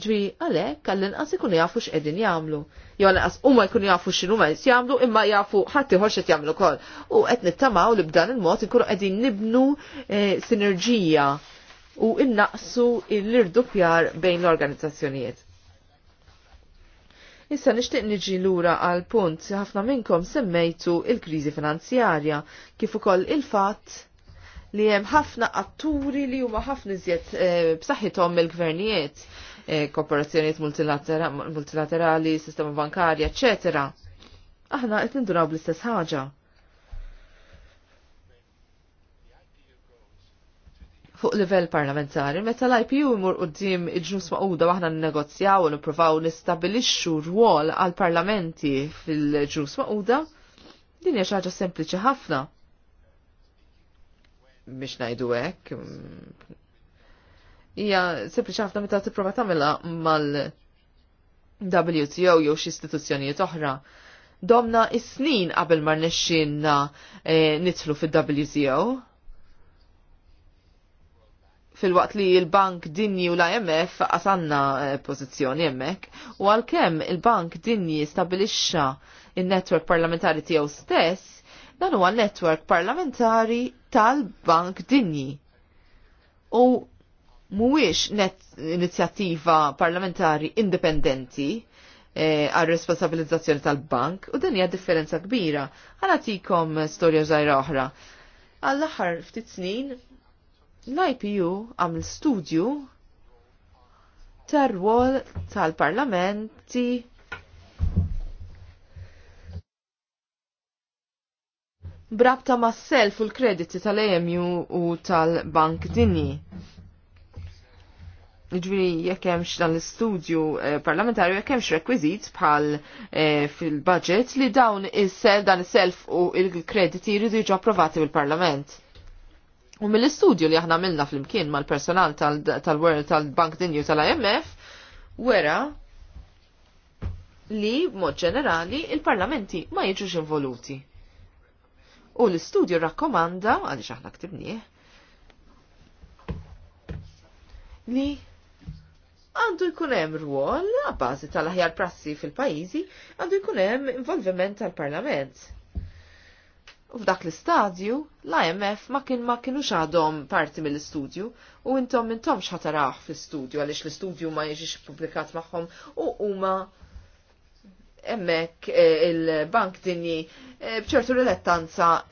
Ġviri, għale, kallin għas ikun jafu x'qegħdin jagħmlu. Jo għale għas huma jkunu jafu x'inhu ma jagħmlu imma jafu ħadd ħorxet jamlu jagħmlu wkoll. U qed nittamaw li b'dan il-mod ikunu qegħdin nibnu eh, sinerġija u innaqsu l-irdupjar bejn l-organizzazzjonijiet. Issa nixtieq niġi lura għal punt ħafna minnkom semmejtu il-kriżi finanzjarja kif ukoll il-fatt li hemm ħafna atturi li huma ħafna iżjed eh, b'saħħithom mill-gvernijiet Eh, kooperazzjoniet multilaterali, sistema bankarja, ecc. Aħna qed ninduraw bl-istess ħaġa. fuq livell parlamentari, meta l-IPU imur qoddim iġnus maquda waħna n-negozjaw u niprofaw nistabilixxu rwol għal parlamenti fil-ġnus maquda, din hija ħaġa sempliċi ħafna. Biex ngħidu hekk, hija sempliċi ħafna meta tipprova tagħmilha mal-WTO jew xi istituzzjonijiet oħra. Domna is-snin qabel ma rnexxinna e, eh, nitlu fil-WTO. Fil-waqt li l-Bank Dinji u l-IMF għasanna eh, pożizzjoni hemmhekk, u għalkemm il-Bank Dinji stabilixxa il netwerk parlamentari tiegħu stess, dan huwa netwerk parlamentari tal-Bank Dinji. U mhuwiex net inizjattiva parlamentari indipendenti eh, għal responsabilizzazzjoni tal-bank u din hija differenza kbira. Ħanatikom storja żgħira oħra. Għall-aħħar ftit snin l-IPU għamil studju tar-rwol tal-parlamenti brabta mas-self u l-krediti tal-EMU u tal-Bank Dinji ġviri jekk hemmx dan l-istudju eh, parlamentarju jekk hemmx rekwiżit bħal eh, fil-budget li dawn is-sel dan is-self u il-krediti jridu jiġu approvati mill-Parlament. U mill-istudju li aħna għamilna fl-imkien mal-personal tal-World tal-Bank Dinju tal-IMF wera li mod ġenerali il-parlamenti ma jiġux involuti. U l-istudju rakkomanda, għaliex aħna ktibnieh, li għandu jkun hemm rwol għabbażi tal-aħjar prassi fil-pajjiżi, għandu jkun hemm involviment tal-Parlament. U f'dak l-istadju, l-IMF ma kien ma kienu għadhom parti mill-istudju u intom intom xataraħ fl-istudju għaliex l-istudju ma jiġix publikat magħhom u huma emmek eh, il-bank dinji eh, bċertu rilettanza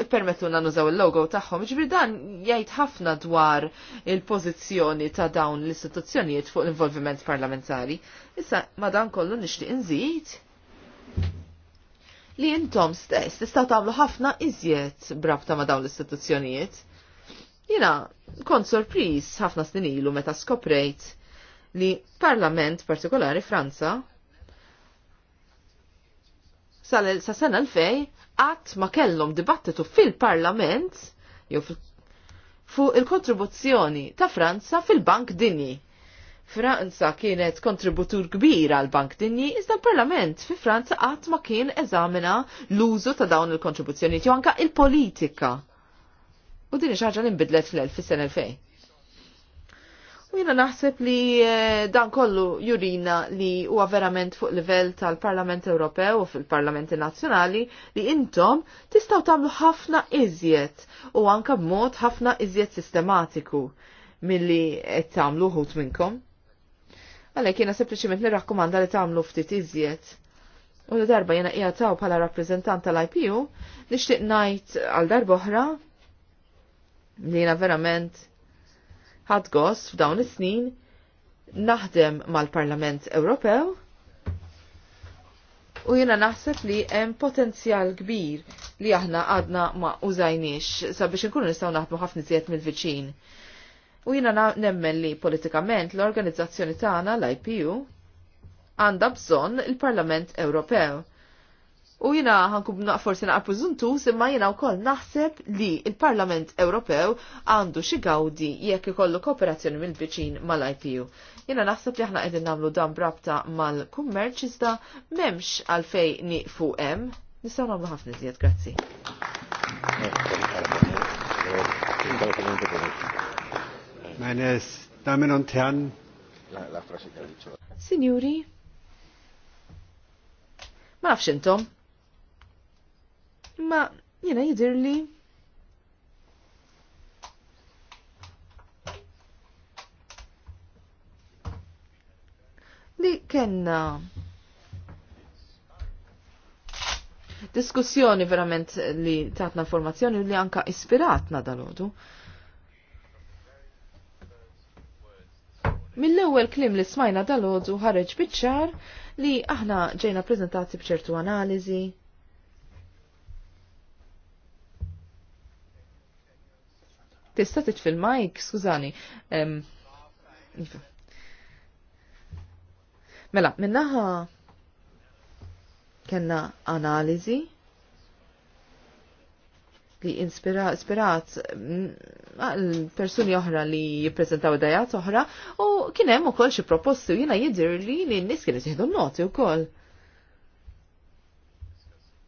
na nużaw il-logo tagħhom. Ġifri dan jgħid ħafna dwar il-pożizzjoni ta' dawn l-istituzzjonijiet fuq l-involviment parlamentari. Issa ma dan kollu nixtieq nżid li intom stess tista' tagħmlu ħafna iżjed brabta ma' dawn l-istituzzjonijiet. Jina kont sorpriż ħafna snin ilu meta skoprejt li parlament partikolari Franza sa sena l-fej għat ma kellhom dibattitu fil-parlament jew fuq il-kontribuzzjoni ta' Franza fil-Bank Dinji. Franza kienet kontributur kbir għal Bank Dinji, iżda l-Parlament fi Franza qatt ma kien eżamina l-użu ta' dawn il-kontribuzzjoni jew anka il-politika. U din xaġa l-imbidlet nbidlet fl-1000 fis-sena 2000 jina naħseb li eh, dan kollu jurina li huwa verament fuq livell tal-Parlament Ewropew u fil-Parlamenti Nazzjonali li intom tistaw tagħmlu ħafna iżjed u anka b'mod ħafna iżjed sistematiku milli qed tagħmlu ħut minnkom. Għalhekk jiena sempliċiment nirrakkomanda li tagħmlu ftit iżjed. U li darba jena taw bħala rappreżentant tal-IPU, nixtieq ngħid għal darba oħra li jiena verament ħadd gost f'dawn is-snin naħdem mal-Parlament Ewropew u jina naħseb li hemm potenzjal kbir li aħna għadna ma użajniex sabiex inkunu nistgħu naħdmu ħafna iżjed mill-viċin. U jina nemmen li politikament l-organizzazzjoni tagħna l-IPU għandha bżonn il-Parlament Ewropew U jina ħankub forsi naqfu zuntu, simma jina u koll naħseb li il-Parlament Ewropew għandu xi gawdi jekk ikollu kooperazzjoni mill-viċin mal-IPU. Jina naħseb li aħna qegħdin nagħmlu dan brabta mal-kummerċ iżda m'hemmx għalfej nieqfu hemm. Nistaw nagħmlu ħafna iżjed, grazzi. Meine Damen Signori, ma nafx intom, Ma jiena jidirli li kena. diskussjoni verament li tatna informazzjoni li anka ispiratna dal-ħodu. Mill-ewwel klim li smajna dal-ħodu ħareġ biċċar li aħna ġejna prezentazzi bċertu analiżi, Tista' titfil majk, skużani. Iva. Mela, minnaħa kena analizi li inspirat mm, persuni oħra li jippreżentaw dajat oħra u kien hemm ukoll xi proposti u jiena jidher li n-nies kienet jihdu noti wkoll.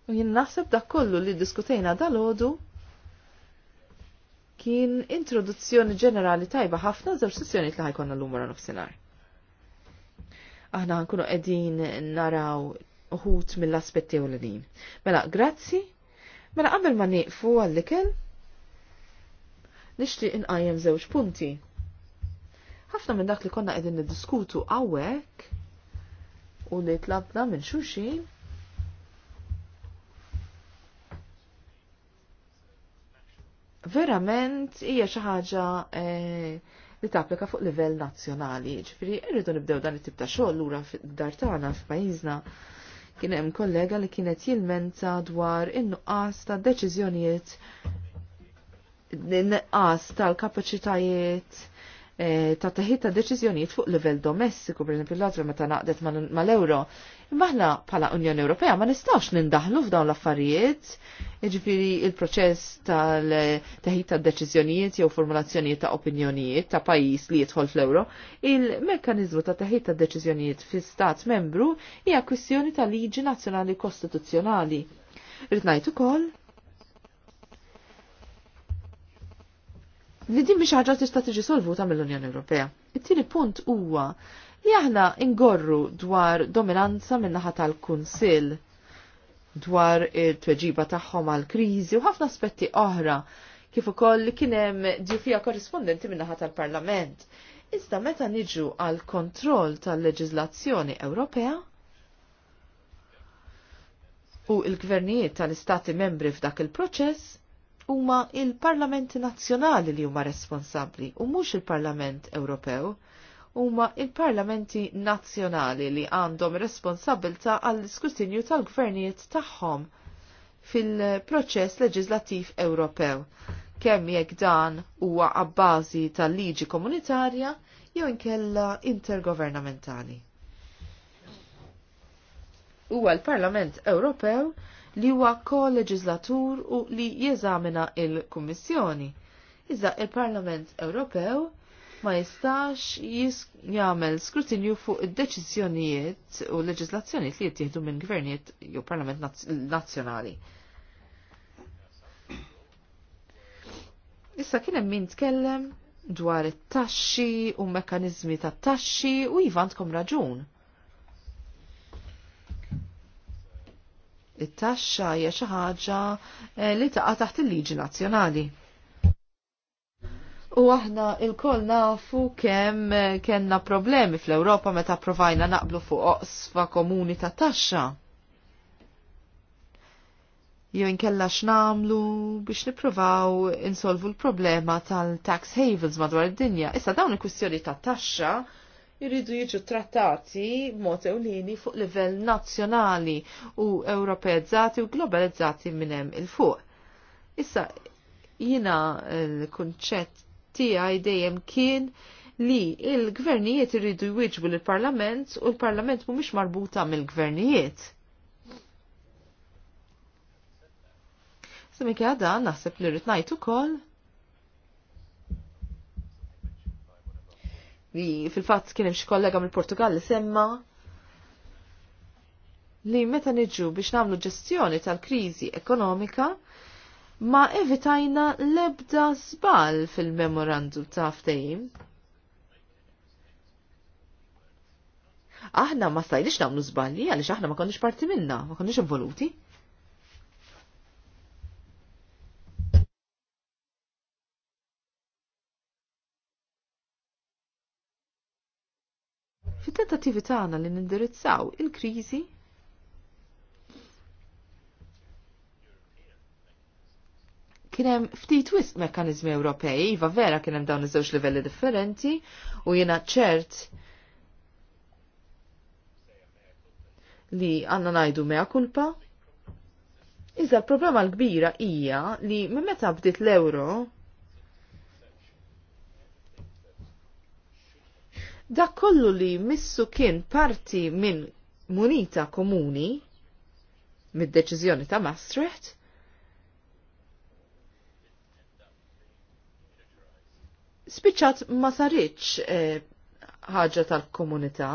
U jien naħseb dak kollu li diskutejna dal ħodu kien introduzzjoni ġenerali tajba ħafna żewġ sessjonijiet li ħajkonna l-lum wara nofsinhar. Aħna nkunu qegħdin naraw uħut mill-aspetti u l-din. Mela, grazzi. Mela, qabel ma nieqfu għall-ikel, nixtieq inqajjem żewġ punti. Ħafna minn dak li konna qegħdin niddiskutu hawnhekk u li tlabna minn xuxin verament hija xi ħaġa eh, li tapplika fuq livell nazzjonali. Ġifieri irridu nibdew dan it-tip ta' xogħol lura fid-dar tagħna f'pajjiżna kien hemm kollega li kienet jilmenta dwar in-nuqqas ta' deċiżjonijiet in-nuqqas tal-kapaċitajiet E, ta' teħid ta' deċiżjonijiet fuq livell domestiku, per esempio l-għazra meta naqdet mal-euro. Maħna bħala Unjoni Ewropea ma nistax nindaħlu f'dawn l-affarijiet, ġifiri il-proċess tal-teħid ta' deċiżjonijiet jew formulazzjonijiet ta' opinjonijiet ta' pajis li jidħol fl-euro. Il-mekkanizmu ta' teħid ta' deċiżjonijiet fil-stat membru hija kwistjoni ta' liġi nazzjonali kostituzzjonali. Rritnajt ukoll li din biex ħaġa tista' tiġi solvuta mill-Unjoni Ewropea. It-tieni punt huwa li aħna ingorru dwar dominanza min-naħa tal-Kunsill dwar it-tweġiba tagħhom għal kriżi u ħafna aspetti oħra kif ukoll li kien hemm ġufija korrispondenti min-naħa tal-Parlament. Iżda meta niġu għal kontroll tal-leġiżlazzjoni Ewropea, u il-gvernijiet tal-istati membri f'dak il-proċess, huma il-parlamenti nazzjonali li huma responsabbli u mhux il-Parlament Ewropew huma il-parlamenti nazzjonali li għandhom responsabilta għall iskutinju tal-gvernijiet tagħhom fil-proċess leġislattiv Ewropew, kemm jekk dan huwa abbażi tal-liġi komunitarja jew inkella intergovernamentali huwa l-Parlament Ewropew li huwa ko-leġislatur u li jeżamina il-Kummissjoni. Iżda il-Parlament Ewropew ma jistax jagħmel skrutinju fuq id-deċiżjonijiet u leġislazzjonijiet li jittieħdu minn gvernijiet jew Parlament Nazzjonali. Issa kien hemm min tkellem dwar it-taxxi u mekkaniżmi tat-taxxi u għandkom raġun it-taxxa hija xi ħaġa eh, li taqa' taħt il-liġi nazzjonali. U aħna il-koll nafu kemm eh, kellna problemi fl-Ewropa meta provajna naqblu fuq oqsfa komuni ta' taxxa. Jew inkella x'namlu biex nippruvaw insolvu l-problema tal-tax havens madwar id-dinja. Issa dawn il-kwistjoni ta' taxxa jiridu jiġu trattati b'mod ewlieni fuq livell nazzjonali u Ewropeizzati u globalizzati minn hemm il-fuq. Issa jina l-kunċett tiegħi dejjem kien li il-gvernijiet irridu jwiġbu l-parlament u l-parlament mhumiex marbuta mill-gvernijiet. Semmi kħada, naħseb li rritnajtu ngħid ukoll li fil-fatt kien hemm xi kollega mill-Portugal li semma li meta niġu biex nagħmlu ġestjoni tal-kriżi ekonomika ma evitajna lebda żball fil-memorandum ta' ftehim. Aħna ma stajniex nagħmlu żbalji għaliex aħna ma konniex parti minna, ma konniex involuti. fit-tentattivi tagħna li nindirizzaw il-kriżi Kien hemm ftit wisq mekkaniżmi Ewropej, iva vera kien hemm dawn iż-żewġ livelli differenti u jiena ċert li għandna ngħidu mea kulpa. Iżda l-problema l-kbira hija li minn meta bdiet l-euro Dak kollu li missu kien parti minn munita komuni mid-deċiżjoni ta' Maastricht, spiċċat ma saritx eh, ħaġa eh, tal-komunità.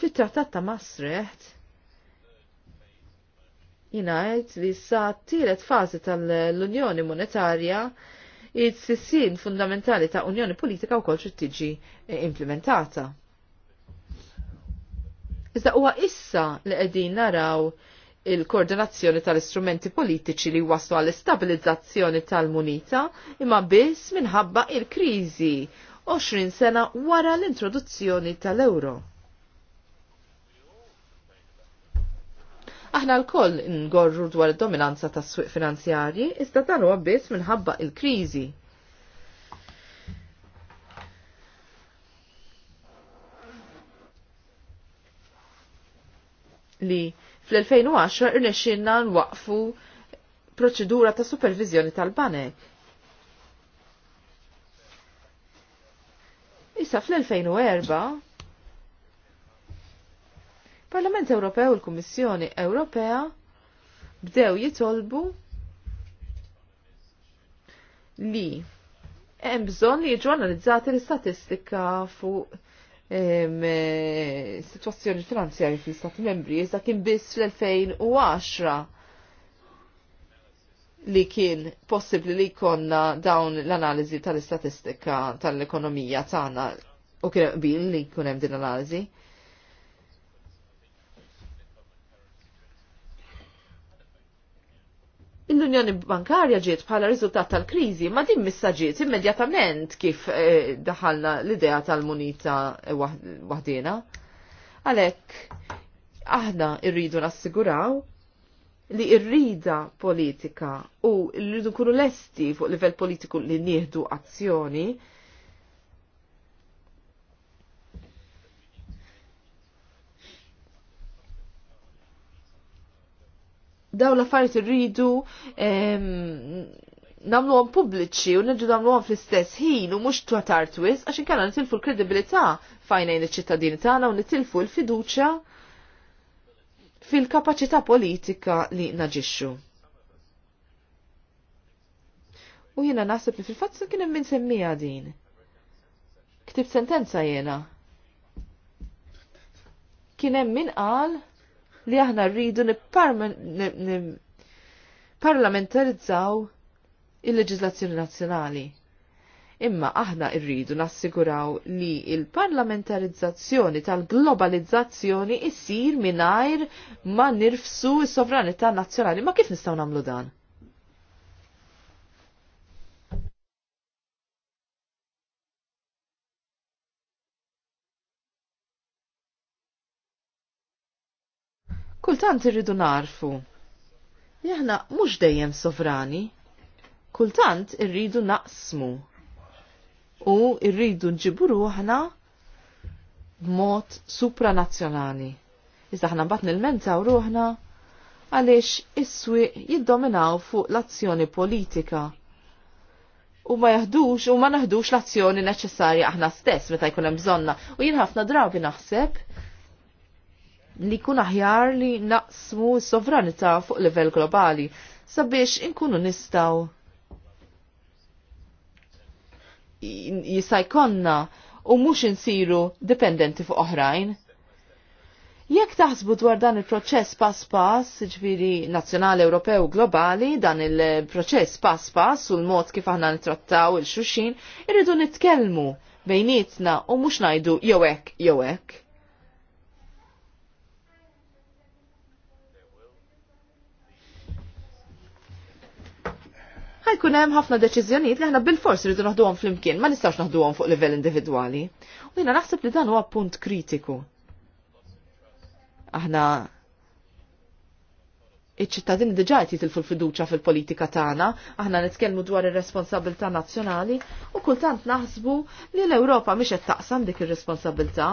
Fit-trattat ta' Maastricht, jinajt li sa tielet fażi tal-Unjoni Monetarja il-sissin fundamentali ta' unjoni politika u kolċu tiġi eh, implementata. Iżda huwa issa li qegħdin naraw il-koordinazzjoni tal-istrumenti politiċi li waslu għall-istabilizzazzjoni tal-munita imma biss minħabba il-kriżi 20 sena wara l-introduzzjoni tal-euro. Aħna l-koll ngorru dwar id-dominanza tas swieq finanzjarji, iżda dan huwa biss minħabba il-kriżi. li fl-2010 irnexxinna nwaqfu proċedura ta' supervizjoni tal-banek. Issa fl-2004 Parlament Ewropew u l-Kummissjoni Ewropea bdew jitolbu li hemm bżonn li jiġu analizzati l-istatistika fuq eh, situazzjoni finanzjari fl-Stati Membri, iżda kien biss fl-2010 li kien possibli li konna dawn l-analizi tal-istatistika tal-ekonomija tagħna u kien qbil li kien hemm din analiżi. l-Unjoni Bankarja ġiet bħala riżultat tal-kriżi, ma din missa ġiet immedjatament kif eh, daħalna l-idea tal-munita eh, waħdina. Għalhekk aħna rridu nassiguraw li irrida politika u rridu nkunu lesti fuq livell politiku li nieħdu azzjoni daw l-affarijiet irridu namluhom pubbliċi u namlu namluhom fl-istess ħin u mhux twatar twis għax inkella nitilfu l-kredibilità fajnejn iċ-ċittadini tagħna u nitilfu l-fiduċja fil-kapaċità politika li naġixxu. U jiena naħseb li fil-fatt kien hemm min semmija din. Ktib sentenza jiena. Kien hemm min qal li aħna rridu nipparlamentarizzaw il-leġizlazzjoni nazzjonali. Imma aħna rridu nassiguraw li il-parlamentarizzazzjoni tal-globalizzazzjoni issir mingħajr ma nirfsu s-sovranità nazzjonali. Ma kif nistgħu nagħmlu dan? Kultant irridu narfu. Jaħna mhux dejjem sovrani. Kultant irridu naqsmu. U irridu nġibu ruħna b'mod supranazzjonali. Iżda ħna mbagħad nilmentaw ruħna għaliex is-swieq jiddominaw fuq l-azzjoni politika u ma jaħdux u ma naħdux l-azzjoni neċessarja aħna stess meta jkun hemm bżonna. U jien ħafna drabi naħseb li kun aħjar li naqsmu sovranità fuq livell globali sabiex inkunu nistaw jisajkonna u mux insiru dipendenti fuq oħrajn. Jekk taħsbu dwar dan il-proċess pass pass, ġviri nazzjonali Ewropew globali, dan il-proċess pass pass u l-mod kif aħna nittrattaw il-xuxin, irridu nitkellmu bejnietna u mux najdu jowek jowek. ħajkun hemm ħafna deċiżjonijiet li aħna bil-fors rridu naħduhom flimkien, ma nistgħux naħduhom fuq livell individwali. U jiena naħseb li dan huwa punt kritiku. Aħna iċ-ċittadini diġà qed jitilfu l-fiduċja fil-politika tagħna, aħna nitkellmu dwar ir-responsabilità nazzjonali u kultant naħsbu li l-Ewropa mhix qed taqsam dik ir-responsabilità.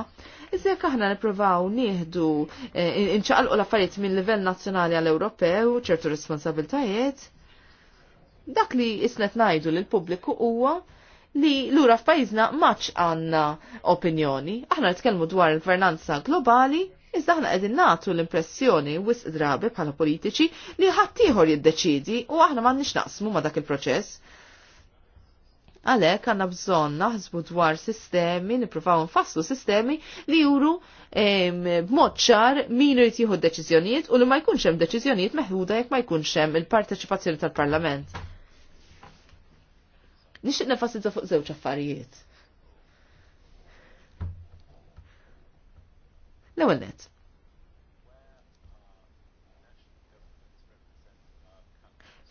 Iżda jekk aħna nippruvaw nieħdu eh, inċaqalqu l-affarijiet minn livell nazzjonali għall Ewropew ċertu responsabiltajiet, Dak li isnet najdu lil pubbliku huwa li lura f'pajjiżna maċ għanna opinjoni. Aħna nitkellmu dwar il-gvernanza globali, iżda aħna qegħdin nagħtu l-impressjoni wisq drabi bħala politiċi li ħaddieħor jiddeċidi u aħna m'għandniex naqsmu ma' dak il-proċess. Għalek għanna bżon naħsbu dwar sistemi, niprofaw nfasslu sistemi li juru b'mod ċar min jrid jieħu deċiżjonijiet u li ma jkunx hemm deċiżjonijiet meħuda jekk ma jkunx hemm il-parteċipazzjoni tal-Parlament. Nixtieq nefassizza fuq żewġ affarijiet. L-ewwel nett.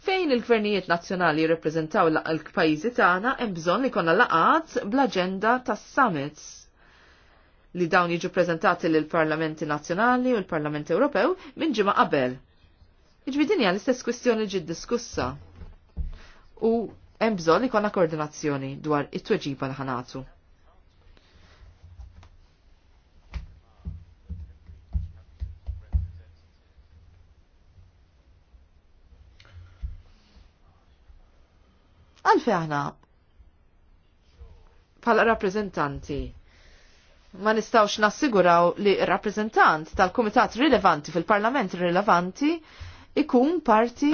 fejn il-gvernijiet nazzjonali jirrepreżentaw l-pajjiżi tagħna hemm bżonn li konna laqat bl-aġenda tas-summits li dawn jiġu preżentati lill parlamenti nazzjonali u l-Parlament Ewropew minn ġimgħa qabel. Iġbidini l istess kwistjoni ġid diskussa. U hemm bżonn ikollna koordinazzjoni dwar it-tweġiba li ħanatu. Għalfej aħna bħala rappreżentanti ma nistawx nassiguraw li rappreżentant tal-kumitat rilevanti fil-parlament rilevanti ikun parti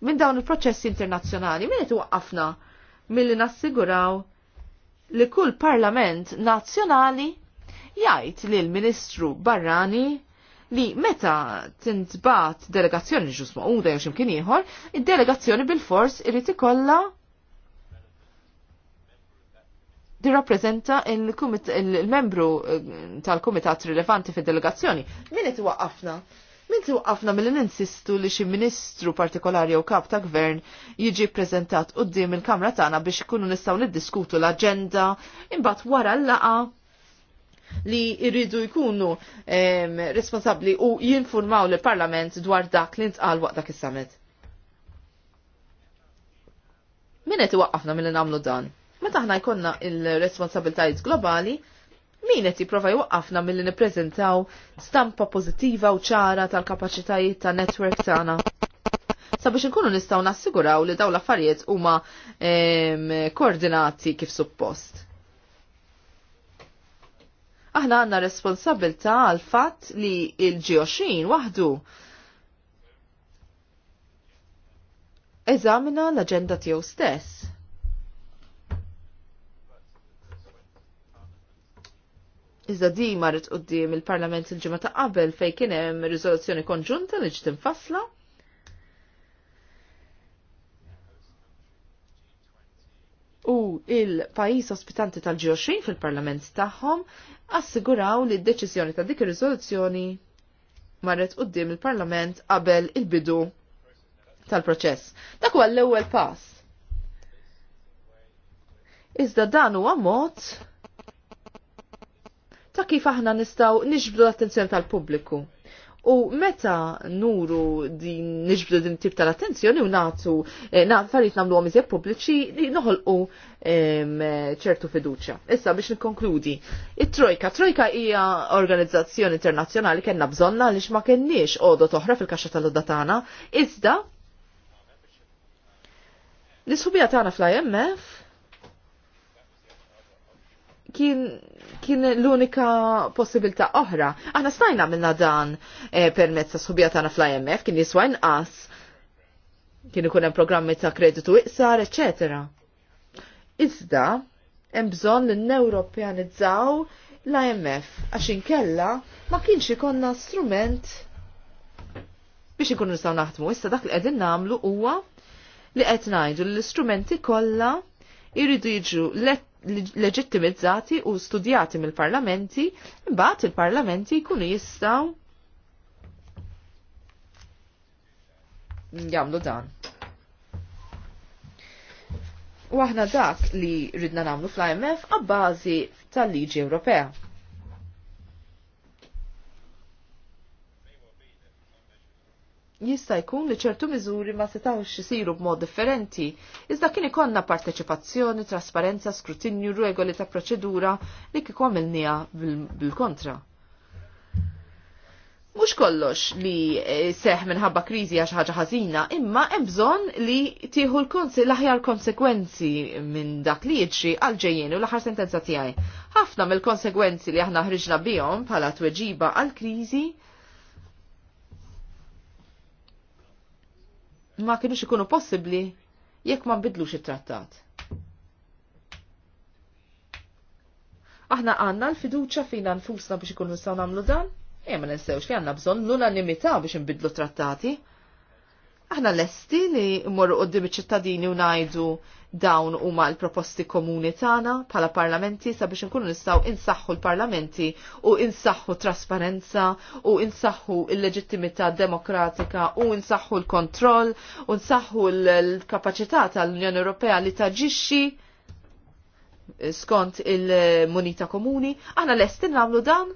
minn dawn il-proċessi internazzjonali, min qed waqqafna milli nassiguraw li kull parlament nazzjonali jgħid l ministru barrani li meta tintbat delegazzjoni ġus maquda jew x'imkien ieħor, id-delegazzjoni bil-fors irid ikollha dirrappreżenta il-membru eh, tal-kumitat rilevanti fil delegazzjoni Min qed waqqafna? Min għafna mill ninsistu li xi ministru partikolari jew kap ta' gvern jiġi prezentat qudiem il-Kamra tagħna biex ikunu nistgħu niddiskutu l-aġenda imbagħad wara l-laqa li jridu jkunu responsabbli u jinformaw lill parlament dwar dak li ntqal waqt dak is-summit. Min qed iwaqqafna milli nagħmlu dan? Meta aħna jkollna il-responsabiltajiet globali, min qed jipprova jwaqqafna milli nippreżentaw stampa pożittiva u ċara tal-kapaċitajiet ta' netwerk tagħna. Sabiex inkunu nistgħu nassiguraw li dawn l-affarijiet huma koordinati kif suppost. Aħna għandna responsabilta għal fatt li il g waħdu eżamina l-aġenda tiegħu stess Iżda di marret qoddim il-Parlament il-ġimgħa ta' qabel fejn kien hemm riżoluzzjoni konġunta li ġtim fasla. U il-pajis ospitanti tal-G20 fil-Parlament tagħhom assiguraw li d-deċiżjoni ta' dik ir-riżoluzzjoni marret qoddim il-Parlament qabel il-bidu tal-proċess. Dak huwa l-ewwel pass. Iżda dan huwa mod ta' kif aħna nistaw nixbdu l-attenzjoni tal-pubbliku. U meta nuru din nixbdu din tip tal-attenzjoni u natu eh, farit namlu għom iżjed pubbliċi noħolqu ċertu fiduċa. Issa biex nikkonkludi. il trojka Trojka hija organizzazzjoni internazzjonali kellna bżonna għaliex ma kenniex odo toħra fil-kaxxa tal-oddatana, iżda Nisħubija isħubija tagħna fl-IMF kien, kien l-unika possibilità oħra. Aħna stajna minna dan e, permezz ta' subjata tagħna fl-IMF kien jiswa inqas. Kien ikun hemm programmi ta' kreditu iqsar, etc. Iżda hemm bżonn n europeanizzaw l-IMF għax inkella ma kienx ikonna strument biex ikunu nistgħu naħdmu. Issa dak li qegħdin nagħmlu huwa li qed ngħidu l-istrumenti kollha jridu jiġu lett leġittimizzati u studjati mill-parlamenti, imbagħad il-parlamenti jkunu jistgħu jagħmlu dan. U aħna dak li ridna nagħmlu fl-IMF għabbażi tal-liġi Ewropea. jista' jkun li ċertu miżuri ma setawx isiru b'mod differenti, iżda kien ikonna parteċipazzjoni, trasparenza, skrutinju, regoli ta' proċedura li kieku għamilnija bil-kontra. Mux kollox li e, seħ minħabba krizi għax ħaġa ħażina, imma hemm bżonn li tieħu l-konsi l-aħjar konsekwenzi minn dak li jiġri għal ġejjien u l-aħħar sentenza tiegħi. Ħafna mill-konsegwenzi li aħna ħriġna bihom bħala tweġiba għal krizi ma kienux ikunu possibbli jekk ma nbidlux it-trattat. Aħna għanna l-fiduċa fina nfusna biex ikunu saw nagħmlu dan, Ema ma ninsewx li għandna bżonn l-unanimità biex nbidlu trattati. Aħna lesti li morru qoddim iċ-ċittadini u ngħidu dawn huma l-proposti komuni tagħna bħala parlamenti sabiex inkunu nistgħu insaħħu l-parlamenti u insaxħu trasparenza u insaxħu l-leġittimità demokratika u insaxħu l-kontroll u nsaħħu l-kapaċità tal-Unjoni Ewropea li taġixxi skont il-munita komuni. Aħna lesti nagħmlu dan?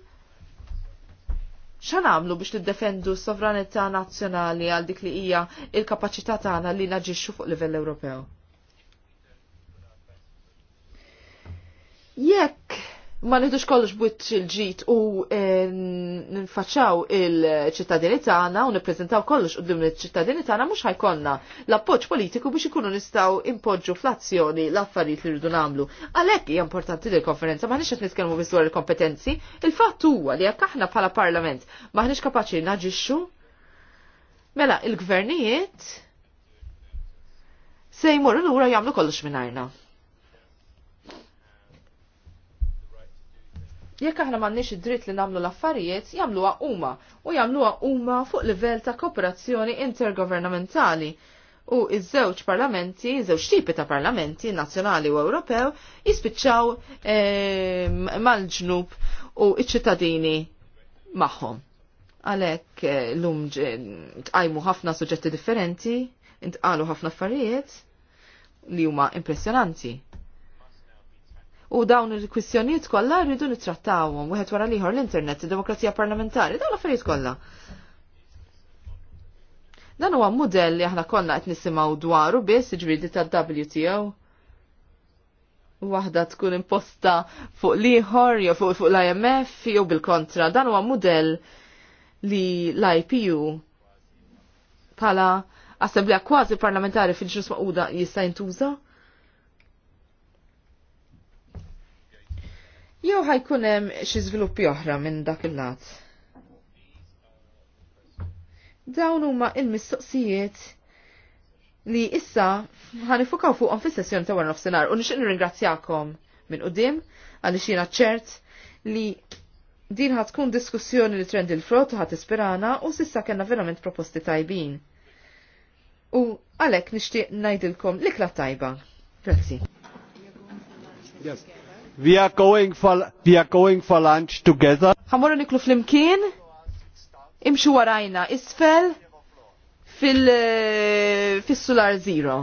xan għamlu biex t s-sovranità nazzjonali għal dik li hija il-kapacità tagħna li naġixxu fuq livell Ewropew? Jekk ma nħidux kollox bwit il-ġit u eh, nfaċċaw il-ċittadini tagħna u nippreżentaw kollox qudiem il-ċittadini tagħna mhux ħajkonna l-appoġġ politiku biex ikunu nistgħu impoġġu fl-azzjoni l-affarijiet li rridu nagħmlu. Għalhekk hija importanti il konferenza ma qed nitkellmu biss dwar il-kompetenzi, il-fatt huwa li jekk aħna bħala Parlament maħniex kapaċi naġixxu mela il-gvernijiet se jmorru lura jagħmlu kollox minn Jekk aħna m'għandniex id-dritt li nagħmlu l-affarijiet, jagħmluha huma u jagħmluha huma fuq livell ta' kooperazzjoni intergovernamentali. U iż-żewġ parlamenti, żewġ tipi ta' parlamenti, nazzjonali u Ewropew, jispiċċaw e, mal-ġnub u iċ-ċittadini magħhom. Għalhekk eh, lum tqajmu ħafna suġġetti differenti, intqalu ħafna affarijiet li huma impressjonanti. U dawn il-kwistjonijiet kollha rridu nittrattawhom wieħed wara liħor l-internet, id-demokrazija parlamentari, dawn l-affarijiet kollha. Dan huwa mudell li aħna kollha qed nisimgħu dwaru biss ġriedi tad-WTO. Waħda tkun imposta fuq liħor jew fuq, fuq l-IMF jew bil-kontra. Dan huwa mudell li l-IPU pala assemblea kważi parlamentari fil-ġus maquda jista' jintuża? jew ħajkun hemm xi żviluppi oħra minn dak il-lat. Dawn huma il-mistoqsijiet li issa ħanifukaw fuqhom fis-sessjoni ta' wara nofsinhar u nixtieq nirringrazzjakom minn qudiem għaliex jiena ċert li din ħad tkun diskussjoni li trend il-frott ħad isperana u sissa kena verament proposti tajbin. U għalek nishtiq najdilkom likla tajba. Grazzi. Yes. We are going for, we are going for lunch together. Ħamorru niklu flimkien? Imxu warajna, isfel fil-Solar eh, Zero.